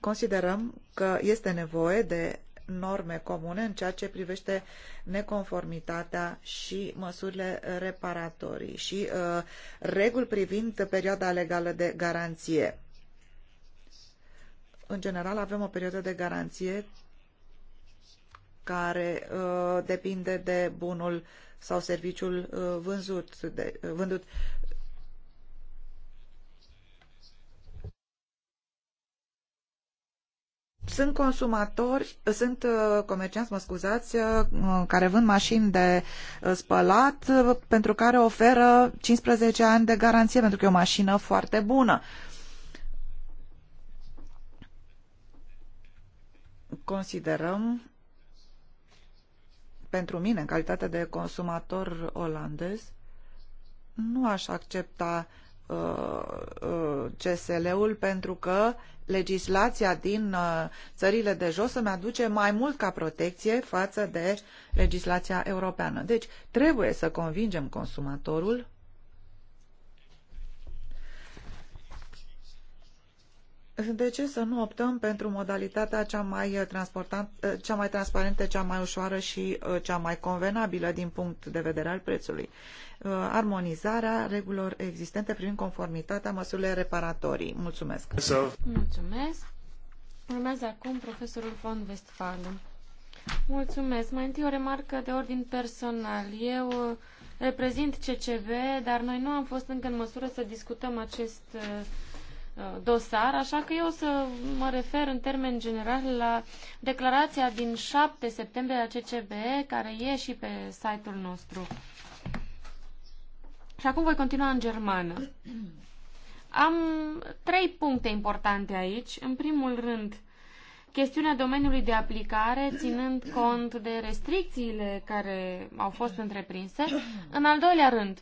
Considerăm că este nevoie de norme comune în ceea ce privește neconformitatea și măsurile reparatorii și uh, reguli privind perioada legală de garanție. În general avem o perioadă de garanție care uh, depinde de bunul sau serviciul uh, vânzut, de, uh, vândut sunt consumatori, sunt uh, comercianți, mă scuzați, uh, care vând mașini de uh, spălat pentru care oferă 15 ani de garanție pentru că e o mașină foarte bună. Considerăm pentru mine, în calitate de consumator olandez, nu aș accepta CSL-ul pentru că legislația din uh, țările de jos îmi aduce mai mult ca protecție față de legislația europeană. Deci trebuie să convingem consumatorul De ce să nu optăm pentru modalitatea cea mai, cea mai transparentă, cea mai ușoară și uh, cea mai convenabilă din punct de vedere al prețului? Uh, armonizarea regulilor existente prin conformitatea măsurilor reparatorii. Mulțumesc! Mulțumesc! Urmează acum profesorul von Westphalen. Mulțumesc! Mai întâi o remarcă de ordin personal. Eu uh, reprezint CCV, dar noi nu am fost încă în măsură să discutăm acest uh, Uh, dosar, așa că eu o să mă refer în termen general la declarația din 7 septembrie a CCB care e și pe site-ul nostru. Și acum voi continua în germană. Am trei puncte importante aici. În primul rând, chestiunea domeniului de aplicare, ținând cont de restricțiile care au fost întreprinse. În al doilea rând,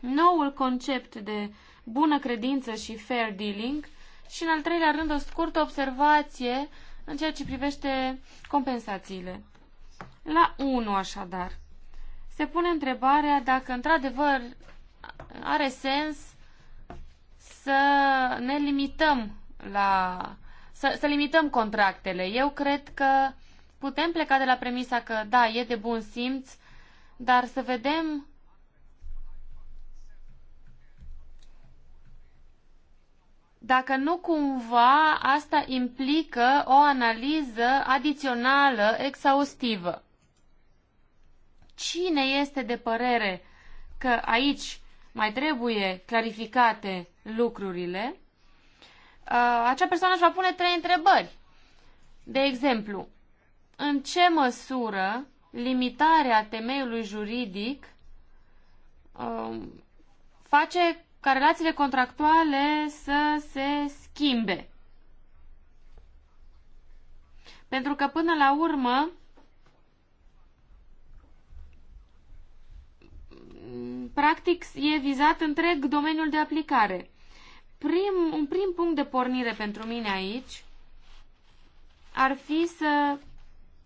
noul concept de bună credință și fair dealing și, în al treilea rând, o scurtă observație în ceea ce privește compensațiile. La 1, așadar, se pune întrebarea dacă, într-adevăr, are sens să ne limităm la... Să, să limităm contractele. Eu cred că putem pleca de la premisa că, da, e de bun simț, dar să vedem dacă nu cumva asta implică o analiză adițională exhaustivă. Cine este de părere că aici mai trebuie clarificate lucrurile? Uh, acea persoană își va pune trei întrebări. De exemplu, în ce măsură limitarea temeiului juridic um, face ca relațiile contractuale să se schimbe. Pentru că până la urmă practic e vizat întreg domeniul de aplicare. Prim, un prim punct de pornire pentru mine aici ar fi să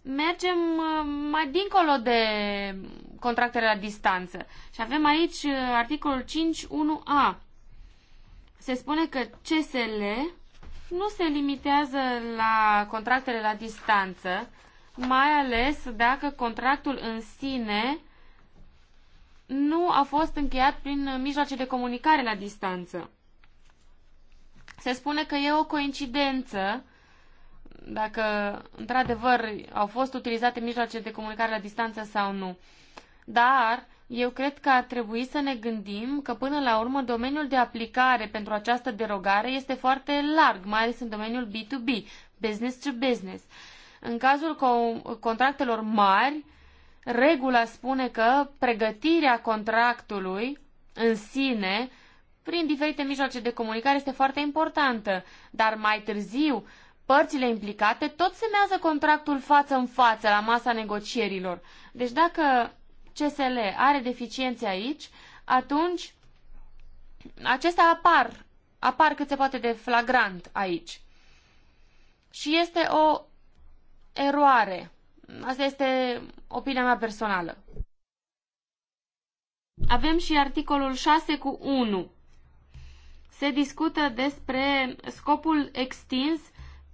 mergem uh, mai dincolo de contractele la distanță. Și avem aici uh, articolul 5.1a. Se spune că CSL nu se limitează la contractele la distanță, mai ales dacă contractul în sine nu a fost încheiat prin uh, mijloace de comunicare la distanță. Se spune că e o coincidență dacă într-adevăr au fost utilizate mijloace de comunicare la distanță sau nu dar eu cred că ar trebui să ne gândim că până la urmă domeniul de aplicare pentru această derogare este foarte larg, mai ales în domeniul B2B, business to business. În cazul contractelor mari, regula spune că pregătirea contractului în sine, prin diferite mijloace de comunicare, este foarte importantă, dar mai târziu Părțile implicate tot semnează contractul față în față la masa negocierilor. Deci dacă CSL are deficiențe aici, atunci acestea apar, apar cât se poate de flagrant aici. Și este o eroare. Asta este opinia mea personală. Avem și articolul 6 cu 1. Se discută despre scopul extins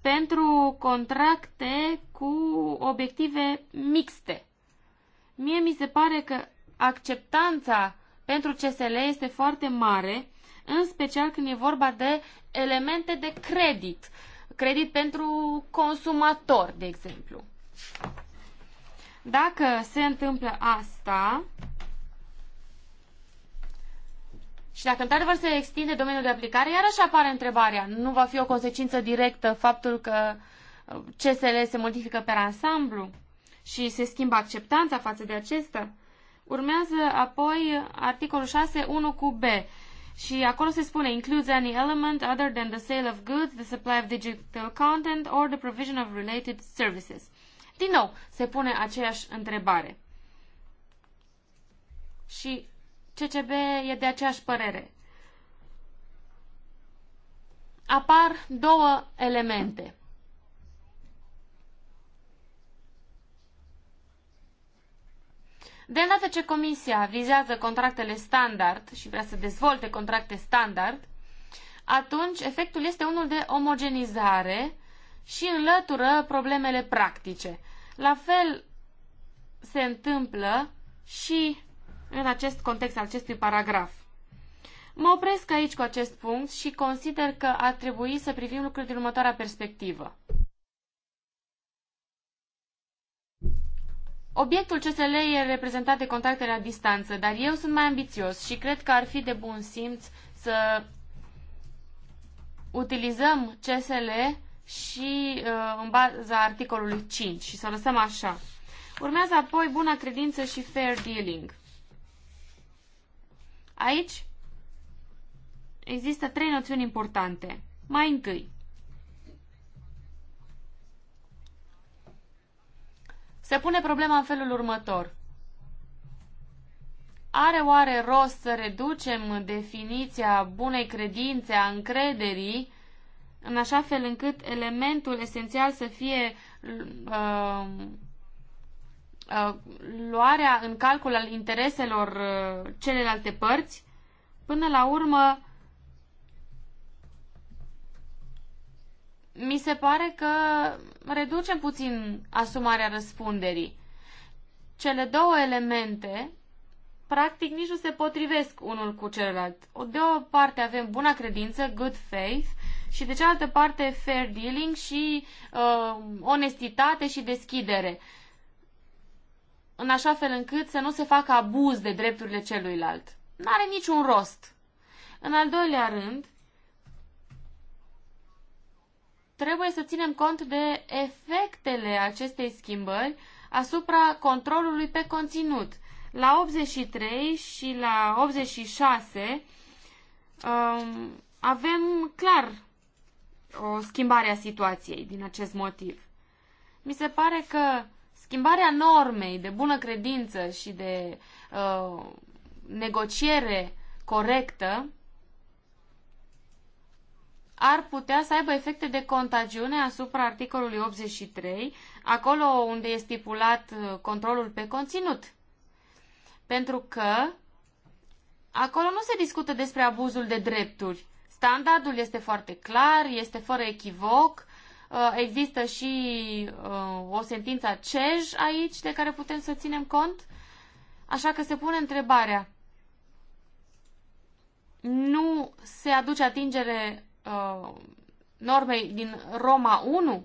pentru contracte cu obiective mixte. Mie mi se pare că acceptanța pentru CSL este foarte mare, în special când e vorba de elemente de credit. Credit pentru consumator, de exemplu. Dacă se întâmplă asta, și dacă într-adevăr se extinde domeniul de aplicare, iarăși apare întrebarea. Nu va fi o consecință directă faptul că uh, CSL se modifică pe ansamblu? și se schimbă acceptanța față de acesta. Urmează apoi articolul 6, 1 cu B. Și acolo se spune includes any element other than the sale of goods, the supply of digital content or the provision of related services. Din nou, se pune aceeași întrebare. Și CCB e de aceeași părere. Apar două elemente. De îndată ce Comisia vizează contractele standard și vrea să dezvolte contracte standard, atunci efectul este unul de omogenizare și înlătură problemele practice. La fel se întâmplă și în acest context al acestui paragraf. Mă opresc aici cu acest punct și consider că ar trebui să privim lucrurile din următoarea perspectivă. Obiectul CSL e reprezentat de contacte la distanță, dar eu sunt mai ambițios și cred că ar fi de bun simț să utilizăm CSL și uh, în baza articolului 5 și să o lăsăm așa. Urmează apoi buna credință și fair dealing. Aici există trei noțiuni importante. Mai întâi, Se pune problema în felul următor. Are oare rost să reducem definiția bunei credințe, a încrederii, în așa fel încât elementul esențial să fie uh, uh, luarea în calcul al intereselor uh, celelalte părți? Până la urmă, mi se pare că reducem puțin asumarea răspunderii. Cele două elemente, practic, nici nu se potrivesc unul cu celălalt. De o parte avem buna credință, good faith, și de cealaltă parte fair dealing și uh, onestitate și deschidere. În așa fel încât să nu se facă abuz de drepturile celuilalt. nu are niciun rost. În al doilea rând, trebuie să ținem cont de efectele acestei schimbări asupra controlului pe conținut. La 83 și la 86 um, avem clar o schimbare a situației din acest motiv. Mi se pare că schimbarea normei de bună credință și de uh, negociere corectă ar putea să aibă efecte de contagiune asupra articolului 83, acolo unde e stipulat uh, controlul pe conținut. Pentru că acolo nu se discută despre abuzul de drepturi. Standardul este foarte clar, este fără echivoc, uh, există și uh, o sentință CEJ aici de care putem să ținem cont. Așa că se pune întrebarea, nu se aduce atingere uh, normei din Roma 1,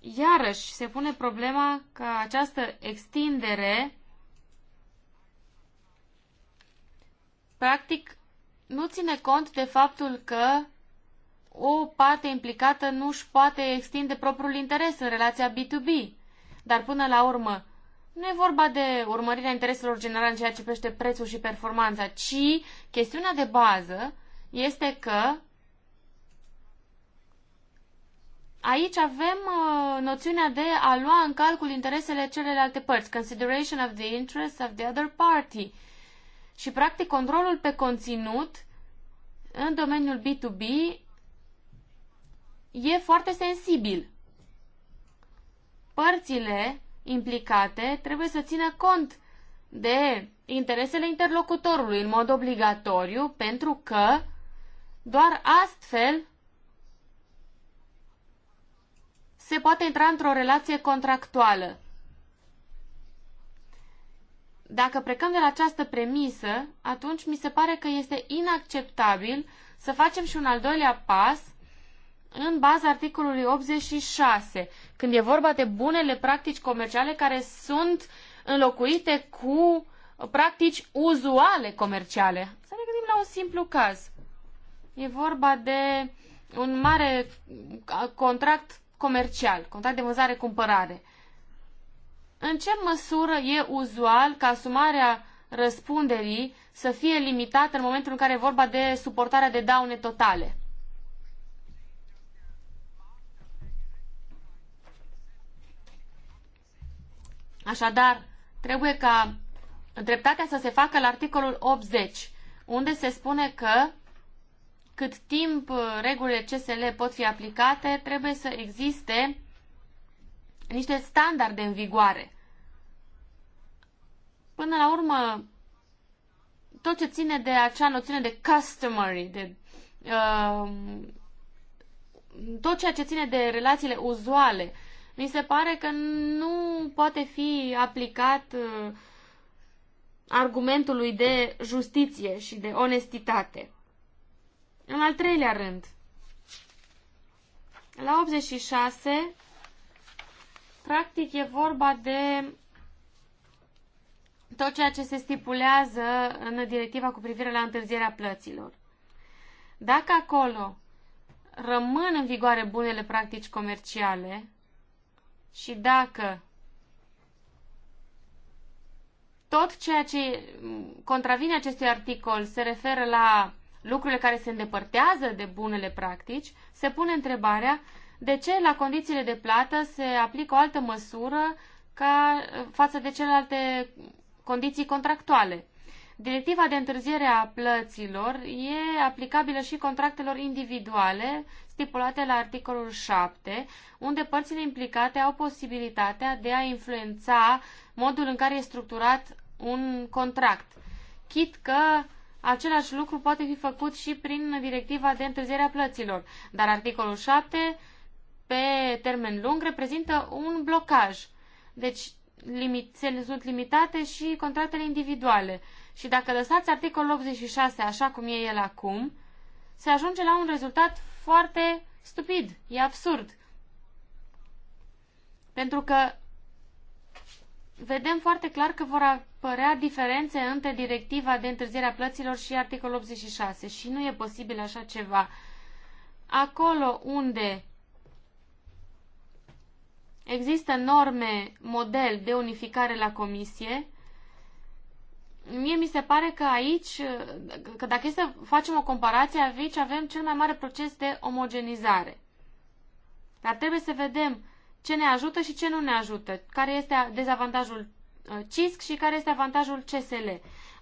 iarăși se pune problema că această extindere practic nu ține cont de faptul că o parte implicată nu își poate extinde propriul interes în relația B2B. Dar până la urmă, nu e vorba de urmărirea intereselor generale în ceea ce privește prețul și performanța, ci chestiunea de bază este că aici avem uh, noțiunea de a lua în calcul interesele celelalte părți, consideration of the interests of the other party. Și, practic, controlul pe conținut în domeniul B2B e foarte sensibil. Părțile implicate trebuie să țină cont de interesele interlocutorului în mod obligatoriu pentru că doar astfel se poate intra într-o relație contractuală. Dacă plecăm de la această premisă, atunci mi se pare că este inacceptabil să facem și un al doilea pas în baza articolului 86, când e vorba de bunele practici comerciale care sunt înlocuite cu practici uzuale comerciale. Să ne gândim la un simplu caz. E vorba de un mare contract comercial, contract de vânzare-cumpărare. În ce măsură e uzual ca sumarea răspunderii să fie limitată în momentul în care e vorba de suportarea de daune totale? Așadar, trebuie ca dreptatea să se facă la articolul 80, unde se spune că cât timp uh, regulile CSL pot fi aplicate, trebuie să existe niște standarde în vigoare. Până la urmă, tot ce ține de acea noțiune de customary, de uh, tot ceea ce ține de relațiile uzuale, mi se pare că nu poate fi aplicat uh, argumentului de justiție și de onestitate. În al treilea rând, la 86, practic e vorba de tot ceea ce se stipulează în directiva cu privire la întârzierea plăților. Dacă acolo rămân în vigoare bunele practici comerciale și dacă tot ceea ce contravine acestui articol se referă la lucrurile care se îndepărtează de bunele practici, se pune întrebarea de ce la condițiile de plată se aplică o altă măsură ca eh, față de celelalte condiții contractuale. Directiva de întârziere a plăților e aplicabilă și contractelor individuale stipulate la articolul 7, unde părțile implicate au posibilitatea de a influența modul în care e structurat un contract. Chit că Același lucru poate fi făcut și prin directiva de întârziere a plăților, dar articolul 7 pe termen lung reprezintă un blocaj. Deci limit, sunt limitate și contractele individuale. Și dacă lăsați articolul 86 așa cum e el acum, se ajunge la un rezultat foarte stupid, e absurd. Pentru că vedem foarte clar că vor părea diferențe între directiva de întârziere a plăților și articolul 86 și nu e posibil așa ceva. Acolo unde există norme model de unificare la comisie, mie mi se pare că aici, că dacă este să facem o comparație, aici avem cel mai mare proces de omogenizare. Dar trebuie să vedem ce ne ajută și ce nu ne ajută, care este dezavantajul Uh, CISC și care este avantajul CSL.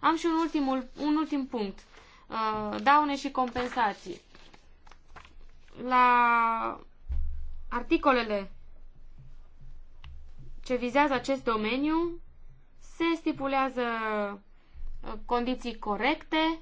Am și un, ultimul, un ultim punct. Uh, daune și compensații. La articolele ce vizează acest domeniu se stipulează uh, condiții corecte.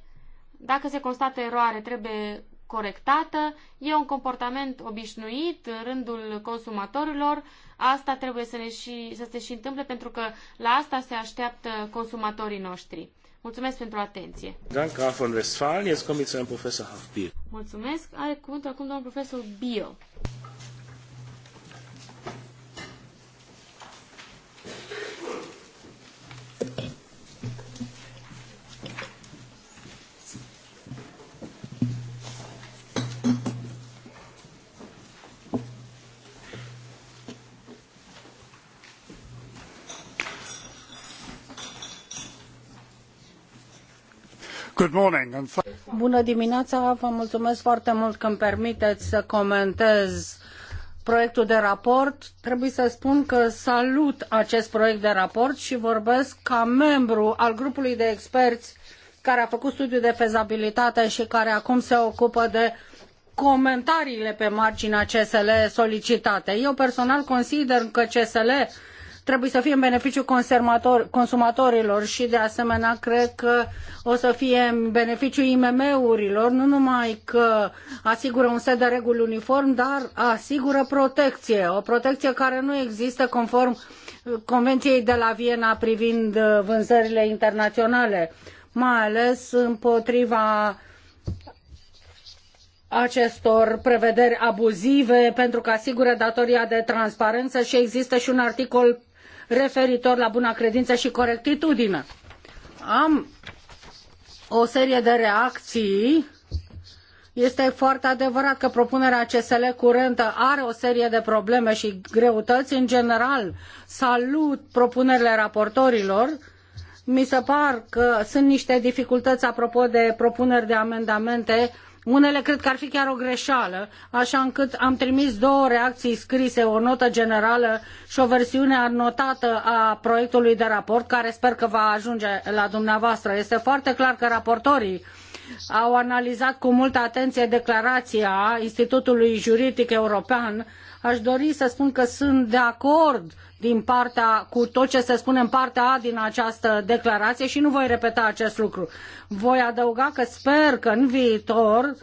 Dacă se constată eroare, trebuie corectată, e un comportament obișnuit în rândul consumatorilor, asta trebuie să, ne și, să se și întâmple pentru că la asta se așteaptă consumatorii noștri. Mulțumesc pentru atenție. Mulțumesc. Are cuvântul acum domnul profesor Bio. Bună dimineața, vă mulțumesc foarte mult că îmi permiteți să comentez proiectul de raport. Trebuie să spun că salut acest proiect de raport și vorbesc ca membru al grupului de experți care a făcut studiul de fezabilitate și care acum se ocupă de comentariile pe marginea CSL solicitate. Eu personal consider că CSL trebuie să fie în beneficiu consumatorilor și de asemenea cred că o să fie în beneficiu IMM-urilor, nu numai că asigură un set de reguli uniform, dar asigură protecție, o protecție care nu există conform uh, Convenției de la Viena privind uh, vânzările internaționale, mai ales împotriva acestor prevederi abuzive pentru că asigură datoria de transparență și există și un articol referitor la buna credință și corectitudine. Am o serie de reacții. Este foarte adevărat că propunerea CSL curentă are o serie de probleme și greutăți. În general, salut propunerile raportorilor. Mi se par că sunt niște dificultăți apropo de propuneri de amendamente uh, unele cred că ar fi chiar o greșeală, așa încât am trimis două reacții scrise, o notă generală și o versiune anotată a proiectului de raport, care sper că va ajunge la dumneavoastră. Este foarte clar că raportorii au analizat cu multă atenție declarația Institutului Juridic European. Aș dori să spun că sunt de acord uh, din partea, cu tot ce se spune în partea A din această declarație și nu voi repeta acest lucru. Voi adăuga că sper că în viitor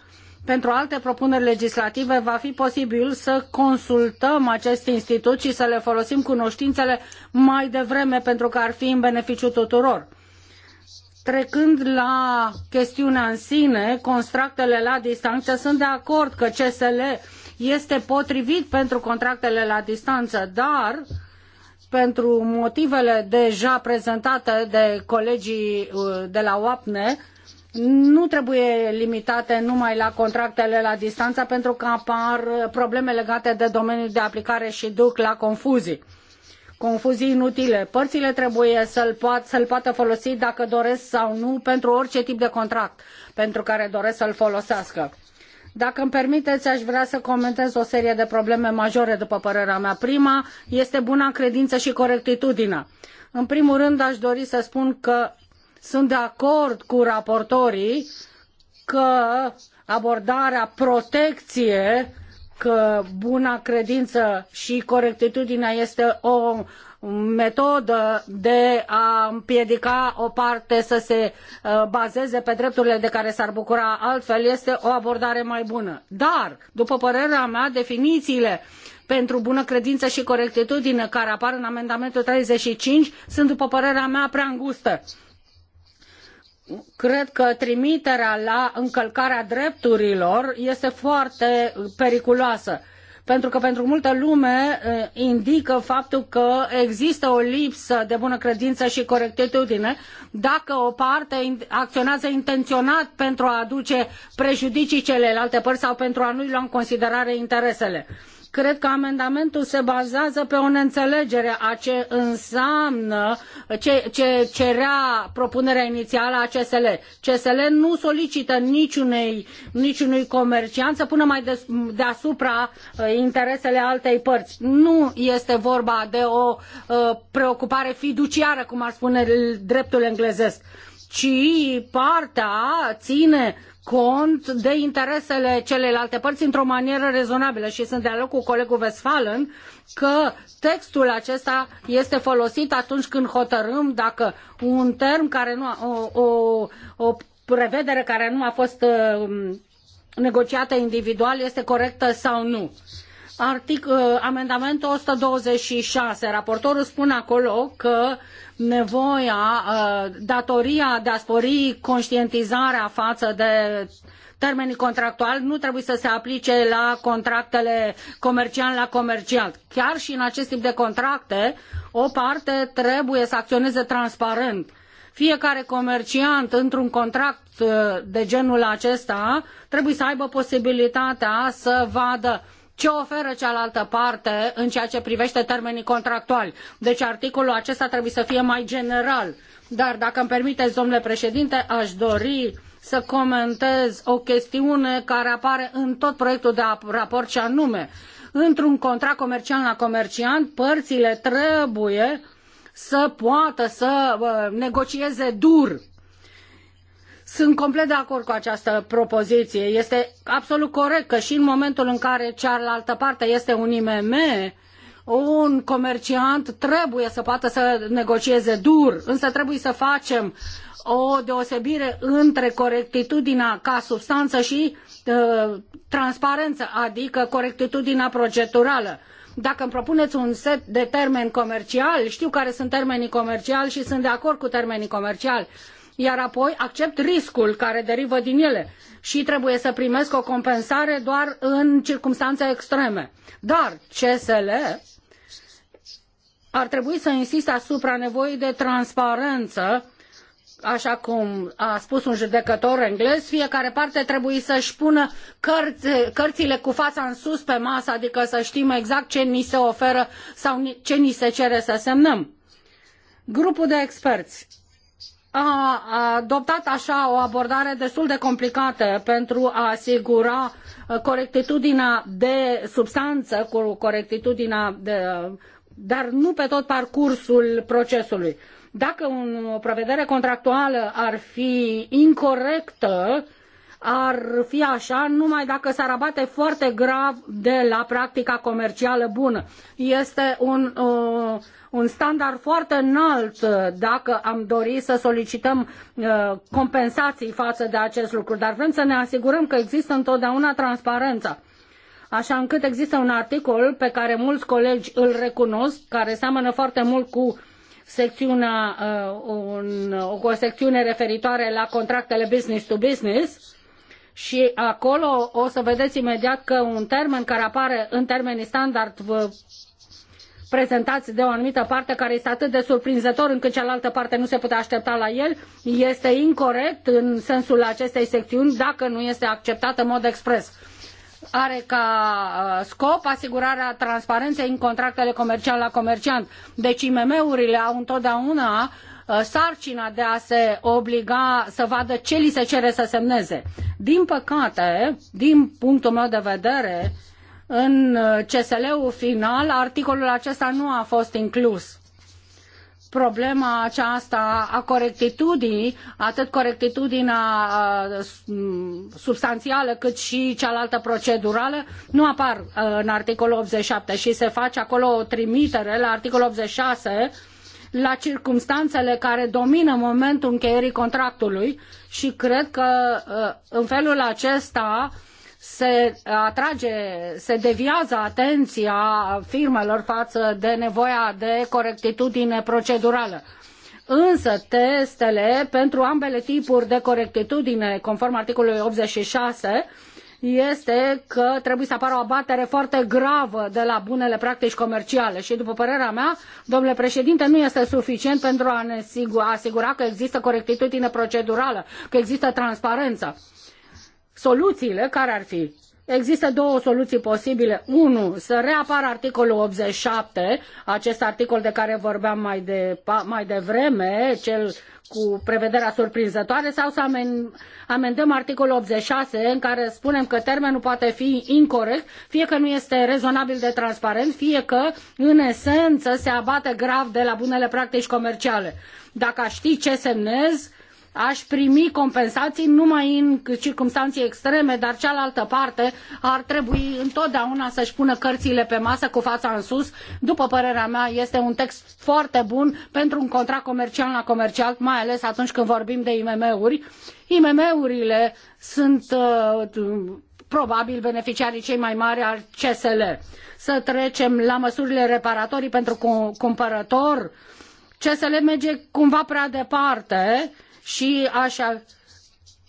pentru alte propuneri legislative va fi posibil să consultăm acest institut și să le folosim cunoștințele mai devreme pentru că ar fi în beneficiu tuturor. Trecând la chestiunea în sine, contractele la distanță, sunt de acord că CSL este potrivit pentru contractele la distanță, dar uh, pentru motivele deja prezentate de colegii uh, de la OAPNE, nu trebuie limitate numai la contractele la distanță pentru că apar probleme legate de domeniul de aplicare și duc la confuzii. Confuzii inutile. Părțile trebuie să-l, poat, să poată folosi dacă doresc sau nu pentru orice tip de contract pentru care doresc să-l folosească. Dacă îmi permiteți, aș vrea să comentez o serie de probleme majore, după părerea mea. Prima este buna credință și corectitudinea. În primul rând, aș dori să spun că sunt de acord cu raportorii că abordarea protecție că buna credință și corectitudinea este o metodă de a împiedica o parte să se uh, bazeze pe drepturile de care s-ar bucura altfel este o abordare mai bună. Dar, după părerea mea, definițiile pentru bună credință și corectitudine care apar în amendamentul 35 sunt, după părerea mea, prea îngustă cred că trimiterea la încălcarea drepturilor este foarte periculoasă pentru că pentru multă lume indică faptul că există o lipsă de bună credință și corectitudine dacă o parte acționează intenționat pentru a aduce prejudicii celelalte părți sau pentru a nu-i lua în considerare interesele. Cred că amendamentul se bazează pe o neînțelegere a ce înseamnă, ce, ce cerea propunerea inițială a CSL. CSL nu solicită niciunei, niciunui comerciant să pună mai deasupra uh, interesele altei părți. Nu este vorba de o uh, preocupare fiduciară, cum ar spune dreptul englezesc ci partea ține cont de interesele celelalte părți într-o manieră rezonabilă și sunt de acord cu colegul Westphalen că textul acesta este folosit atunci când hotărâm dacă un term care nu a, o, o, o prevedere care nu a fost uh, negociată individual este corectă sau nu. Artic, uh, amendamentul 126, raportorul spune acolo că uh, nevoia, uh, datoria de a spori conștientizarea față de termenii contractuali nu trebuie să se aplice la contractele comercial la comercial. Chiar și în acest tip de contracte, o parte trebuie să acționeze transparent. Fiecare comerciant într-un contract uh, de genul acesta trebuie să aibă posibilitatea să vadă ce oferă cealaltă parte în ceea ce privește termenii contractuali. Deci articolul acesta trebuie să fie mai general. Dar dacă îmi permiteți, domnule președinte, aș dori să comentez o chestiune care apare în tot proiectul de raport și anume, într-un contract comercial la comerciant, părțile trebuie să poată să uh, negocieze dur sunt complet de acord cu această propoziție. Este absolut corect că și în momentul în care cealaltă parte este un IMM, un comerciant trebuie să poată să negocieze dur, însă trebuie să facem o deosebire între corectitudinea ca substanță și uh, transparență, adică corectitudinea procedurală. Dacă îmi propuneți un set de termeni comerciali, știu care sunt termenii comerciali și sunt de acord cu termenii comerciali, iar apoi accept riscul care derivă din ele și trebuie să primesc o compensare doar în circunstanțe extreme. Dar CSL ar trebui să insiste asupra nevoii de transparență așa cum a spus un judecător englez, fiecare parte trebuie să-și pună cărți, cărțile cu fața în sus pe masă, adică să știm exact ce ni se oferă sau ce ni se cere să semnăm. Grupul de experți a adoptat așa o abordare destul de complicată pentru a asigura uh, corectitudinea de substanță cu corectitudinea de, dar nu pe tot parcursul procesului. Dacă un, o prevedere contractuală ar fi incorrectă, ar fi așa numai dacă s-ar abate foarte grav de la practica comercială bună. Este un, uh, un standard foarte înalt uh, dacă am dori să solicităm uh, compensații față de acest lucru, dar vrem să ne asigurăm că există întotdeauna transparența. Așa încât există un articol pe care mulți colegi îl recunosc, care seamănă foarte mult cu secțiunea, uh, un, o secțiune referitoare la contractele business to business, și acolo o să vedeți imediat că un termen care apare în termenii standard prezentați de o anumită parte care este atât de surprinzător încât cealaltă parte nu se putea aștepta la el, este incorrect în sensul acestei secțiuni dacă nu este acceptat în mod expres. Are ca uh, scop asigurarea transparenței în contractele comerciale la comerciant. Deci IMM-urile au întotdeauna uh, Uh, sarcina de a se obliga să vadă ce li se cere să semneze. Din păcate, din punctul meu de vedere, în uh, CSL-ul final, articolul acesta nu a fost inclus problema aceasta a corectitudinii, atât corectitudinea uh, substanțială cât și cealaltă procedurală, nu apar în articolul 87 și se face acolo o trimitere la articolul 86 la circumstanțele care domină momentul încheierii contractului și cred că uh, în felul acesta se atrage, se deviază atenția firmelor față de nevoia de corectitudine procedurală. Însă testele pentru ambele tipuri de corectitudine, conform articolului 86, este că trebuie să apară o abatere foarte gravă de la bunele practici comerciale și, după părerea mea, domnule președinte, nu este suficient pentru a ne asigura că există corectitudine procedurală, că există transparență. Soluțiile care ar fi? Există două soluții posibile. Unu, să reapară articolul 87, acest articol de care vorbeam mai, de, mai devreme, cel cu prevederea surprinzătoare, sau să amendăm articolul 86 în care spunem că termenul poate fi incorrect, fie că nu este rezonabil de transparent, fie că, în esență, se abate grav de la bunele practici comerciale. Dacă ști ce semnezi, aș primi compensații numai în circunstanțe extreme, dar cealaltă parte ar trebui întotdeauna să-și pună cărțile pe masă cu fața în sus. După părerea mea, este un text foarte bun pentru un contract comercial la comercial, mai ales atunci când vorbim de IMM-uri. IMM-urile sunt uh, probabil beneficiarii cei mai mari al CSL. Să trecem la măsurile reparatorii pentru cumpărător. CSL merge cumva prea departe și așa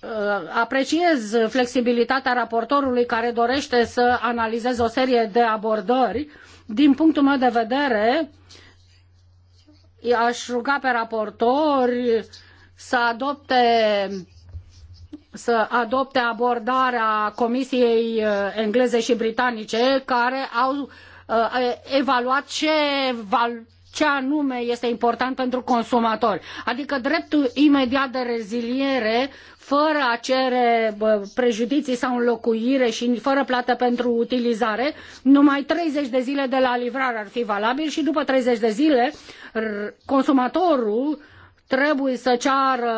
uh, apreciez flexibilitatea raportorului care dorește să analizeze o serie de abordări. Din punctul meu de vedere, aș ruga pe raportori să adopte să adopte abordarea Comisiei uh, engleze și britanice care au uh, evaluat ce val ce anume este important pentru consumatori. Adică dreptul imediat de reziliere, fără a cere prejudicii sau înlocuire și fără plată pentru utilizare, numai 30 de zile de la livrare ar fi valabil și după 30 de zile consumatorul trebuie să ceară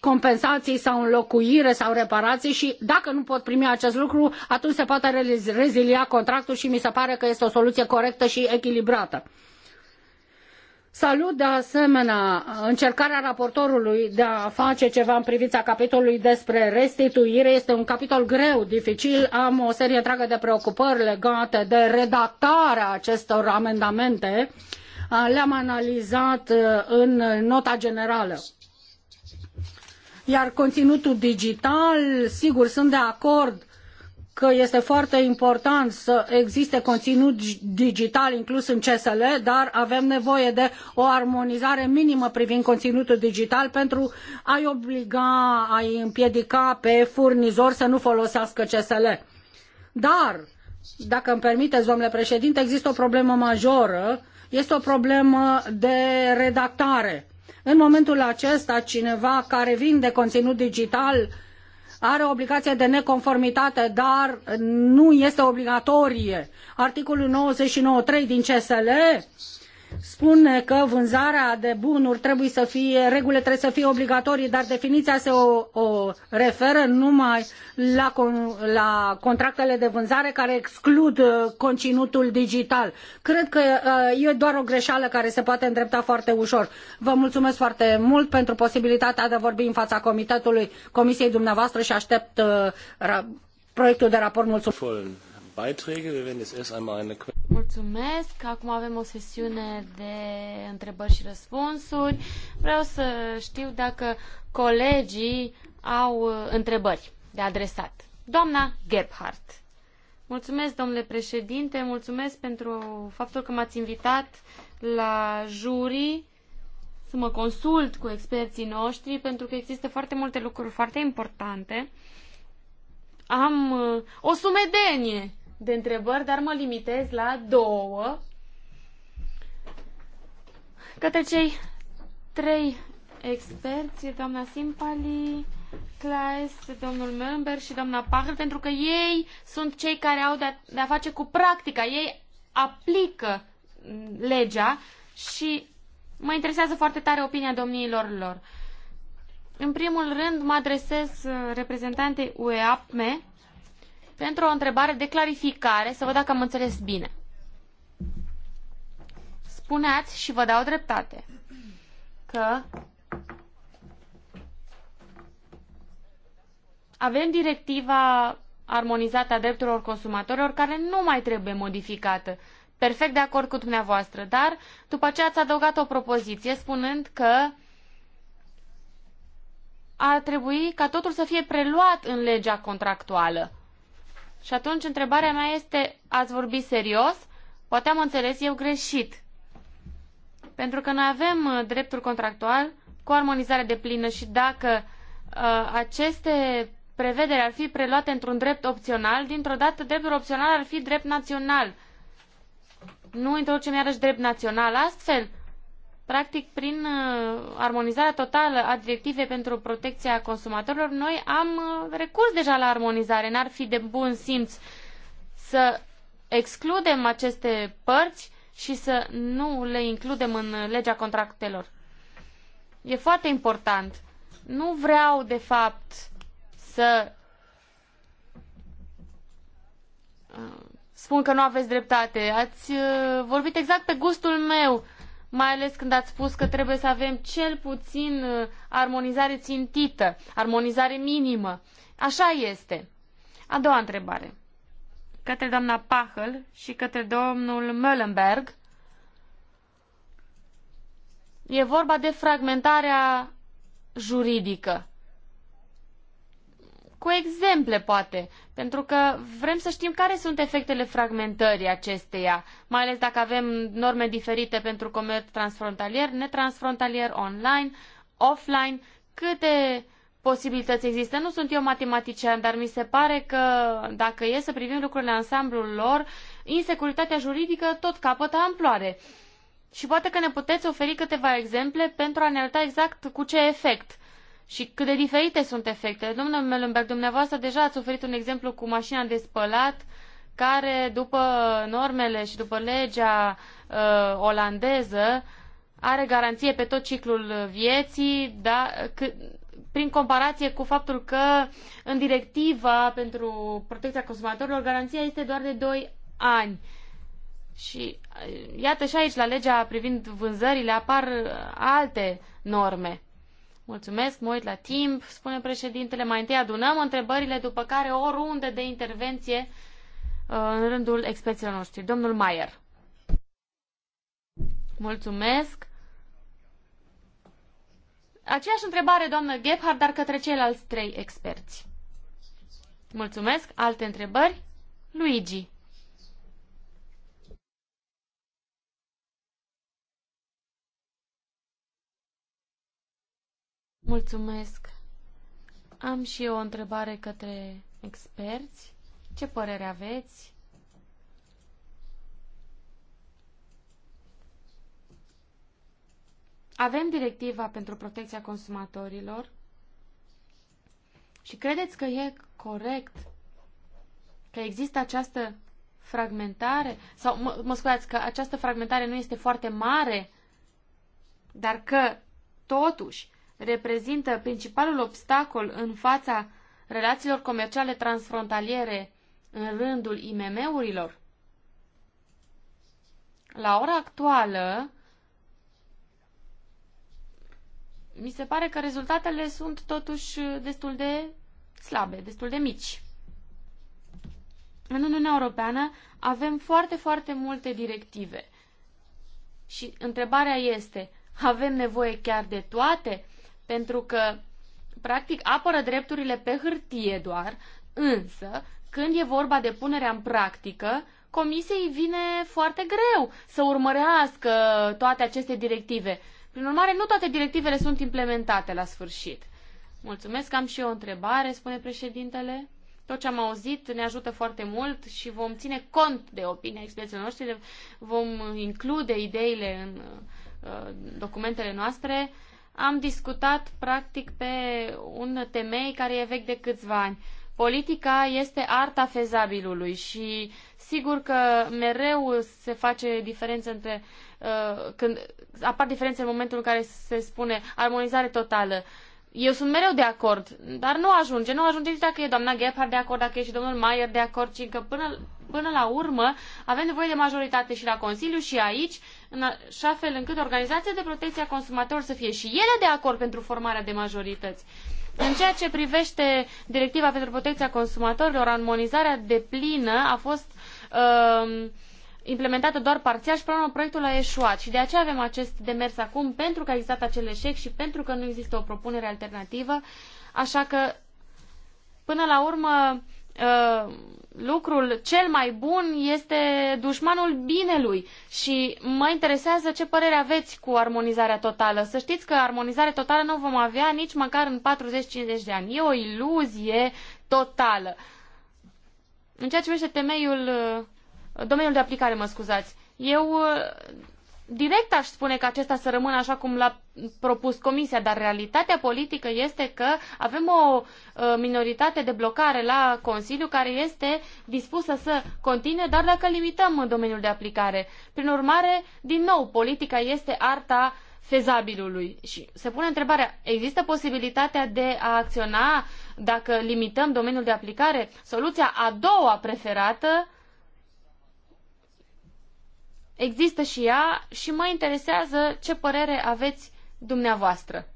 compensații sau înlocuire sau reparații și dacă nu pot primi acest lucru, atunci se poate rezilia contractul și mi se pare că este o soluție corectă și echilibrată. Salut de asemenea încercarea raportorului de a face ceva în privința capitolului despre restituire. Este un capitol greu, dificil. Am o serie întreagă de preocupări legate de redactarea acestor amendamente. Le-am analizat uh, în nota generală. Iar conținutul digital, sigur, sunt de acord că este foarte important să existe conținut digital inclus în CSL, dar avem nevoie de o armonizare minimă privind conținutul digital pentru a-i obliga, a-i împiedica pe furnizor să nu folosească CSL. Dar, dacă îmi permiteți, domnule președinte, există o problemă majoră, este o problemă de redactare. În momentul acesta, cineva care vinde conținut digital are obligație de neconformitate, dar nu este obligatorie. Articolul 99.3 din CSL spune că vânzarea de bunuri trebuie să fie, regulile trebuie să fie obligatorii, dar definiția se o, o referă numai la, la, contractele de vânzare care exclud uh, conținutul digital. Cred că uh, e doar o greșeală care se poate îndrepta foarte ușor. Vă mulțumesc foarte mult pentru posibilitatea de a vorbi în fața comitetului Comisiei dumneavoastră și aștept uh, proiectul de raport. Mulțumesc! Beiträge. Wir werden jetzt erst einmal eine Mulțumesc! Acum avem o sesiune de întrebări și răspunsuri. Vreau să știu dacă colegii au uh, întrebări de adresat. Doamna Gebhardt. Mulțumesc, domnule președinte, mulțumesc pentru faptul că m-ați invitat la jurii să mă consult cu experții noștri, pentru că există foarte multe lucruri foarte importante. Am uh, o sumedenie de întrebări, dar mă limitez la două către cei trei experți, doamna Simpali, Claes, domnul Möllenberg și doamna Pahl, pentru că ei sunt cei care au de-a, de face cu practica, ei aplică legea și mă interesează foarte tare opinia domniilor lor. În primul rând, mă adresez uh, reprezentantei UEAPME, pentru o întrebare de clarificare, să văd dacă am înțeles bine. Spuneați și vă dau dreptate că avem directiva armonizată a drepturilor consumatorilor care nu mai trebuie modificată. Perfect de acord cu dumneavoastră, dar după aceea ați adăugat o propoziție spunând că ar trebui ca totul să fie preluat în legea contractuală. Și atunci întrebarea mea este, ați vorbit serios? Poate am înțeles eu greșit. Pentru că noi avem uh, dreptul contractual cu armonizare de plină și dacă uh, aceste prevederi ar fi preluate într-un drept opțional, dintr-o dată dreptul opțional ar fi drept național. Nu introducem iarăși drept național astfel? Practic, prin uh, armonizarea totală a directivei pentru protecția consumatorilor, noi am uh, recurs deja la armonizare. N-ar fi de bun simț să excludem aceste părți și să nu le includem în legea contractelor. E foarte important. Nu vreau, de fapt, să uh, spun că nu aveți dreptate. Ați vorbit exact pe gustul meu mai ales când ați spus că trebuie să avem cel puțin uh, armonizare țintită, armonizare minimă. Așa este. A doua întrebare. Către doamna Pahăl și către domnul Möllenberg. E vorba de fragmentarea juridică cu exemple, poate, pentru că vrem să știm care sunt efectele fragmentării acesteia, mai ales dacă avem norme diferite pentru comerț transfrontalier, netransfrontalier, online, offline, câte posibilități există. Nu sunt eu matematician, dar mi se pare că dacă e să privim lucrurile în ansamblul lor, insecuritatea juridică tot capătă amploare. Și poate că ne puteți oferi câteva exemple pentru a ne arăta exact cu ce efect și cât de diferite sunt efectele. Domnul Melenberg, dumneavoastră deja ați oferit un exemplu cu mașina de spălat, care după normele și după legea uh, olandeză are garanție pe tot ciclul vieții, da, cât, prin comparație cu faptul că în directiva pentru protecția consumatorilor garanția este doar de 2 ani. Și uh, iată și aici la legea privind vânzările apar uh, alte norme. Mulțumesc, mă uit la timp, spune președintele. Mai întâi adunăm întrebările, după care o rundă de intervenție uh, în rândul experților noștri. Domnul Maier. Mulțumesc. Aceeași întrebare, doamnă Gebhard, dar către ceilalți trei experți. Mulțumesc. Alte întrebări? Luigi. Mulțumesc. Am și eu o întrebare către experți. Ce părere aveți? Avem directiva pentru protecția consumatorilor și credeți că e corect că există această fragmentare? Sau mă, mă scuzați că această fragmentare nu este foarte mare, dar că totuși reprezintă principalul obstacol în fața relațiilor comerciale transfrontaliere în rândul IMM-urilor? La ora actuală, mi se pare că rezultatele sunt totuși destul de slabe, destul de mici. În Uniunea Europeană avem foarte, foarte multe directive. Și întrebarea este, avem nevoie chiar de toate? pentru că practic apără drepturile pe hârtie doar, însă când e vorba de punerea în practică, comisiei vine foarte greu să urmărească toate aceste directive. Prin urmare, nu toate directivele sunt implementate la sfârșit. Mulțumesc, am și eu o întrebare, spune președintele. Tot ce am auzit ne ajută foarte mult și vom ține cont de opinia experților noștri, vom include ideile în uh, documentele noastre am discutat practic pe un temei care e vechi de câțiva ani. Politica este arta fezabilului și sigur că mereu se face diferență între uh, când apar diferențe în momentul în care se spune armonizare totală. Eu sunt mereu de acord, dar nu ajunge. Nu ajunge nici dacă e doamna Gephardt de acord, dacă e și domnul Mayer de acord, ci încă până, până la urmă avem nevoie de majoritate și la Consiliu și aici în așa fel încât organizația de protecție a consumatorilor să fie și ele de acord pentru formarea de majorități. În ceea ce privește directiva pentru protecția consumatorilor, armonizarea de plină a fost uh, implementată doar parțial și, până proiectul a eșuat. Și de aceea avem acest demers acum, pentru că a existat acel eșec și pentru că nu există o propunere alternativă. Așa că, până la urmă, uh, lucrul cel mai bun este dușmanul binelui și mă interesează ce părere aveți cu armonizarea totală. Să știți că armonizarea totală nu vom avea nici măcar în 40-50 de ani. E o iluzie totală. În ceea ce privește temeiul, domeniul de aplicare, mă scuzați, eu direct aș spune că acesta să rămână așa cum l-a propus Comisia, dar realitatea politică este că avem o uh, minoritate de blocare la Consiliu care este dispusă să continue, dar dacă limităm în domeniul de aplicare. Prin urmare, din nou, politica este arta fezabilului. Și se pune întrebarea, există posibilitatea de a acționa dacă limităm domeniul de aplicare? Soluția a doua preferată există și ea și mă interesează ce părere aveți dumneavoastră.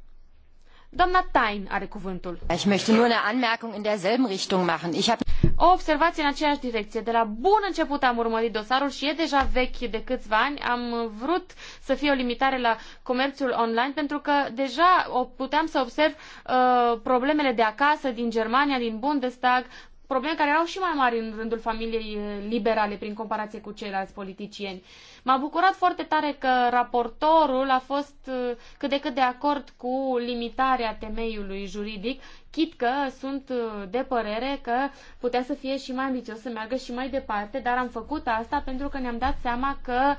Doamna Tain are cuvântul. Ich möchte nur eine Anmerkung in derselben Richtung machen. Ich hab... O observație în aceeași direcție. De la bun început am urmărit dosarul și e deja vechi de câțiva ani. Am vrut să fie o limitare la comerțul online pentru că deja o puteam să observ uh, problemele de acasă, din Germania, din Bundestag, probleme care erau și mai mari în rândul familiei eh, liberale prin comparație cu ceilalți politicieni. M-a bucurat foarte tare că raportorul a fost eh, cât de cât de acord cu limitarea temeiului juridic, chit că sunt eh, de părere că putea să fie și mai ambițios, să meargă și mai departe, dar am făcut asta pentru că ne-am dat seama că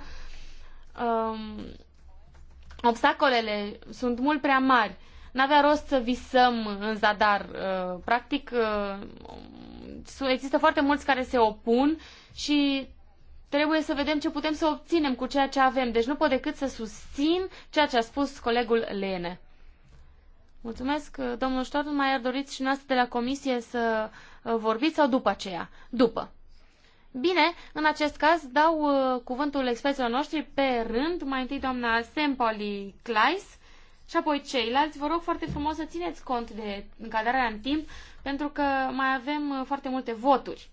um, obstacolele sunt mult prea mari n-avea rost să visăm în zadar. Practic, există foarte mulți care se opun și trebuie să vedem ce putem să obținem cu ceea ce avem. Deci nu pot decât să susțin ceea ce a spus colegul Lene. Mulțumesc, domnul Ștorn. Mai ar doriți și noastră de la comisie să uh, vorbiți sau după aceea? După. Bine, în acest caz dau uh, cuvântul experților noștri pe rând. Mai întâi doamna Sempoli Kleis, și apoi ceilalți, vă rog foarte frumos să țineți cont de încadrarea în timp, pentru că mai avem uh, foarte multe voturi.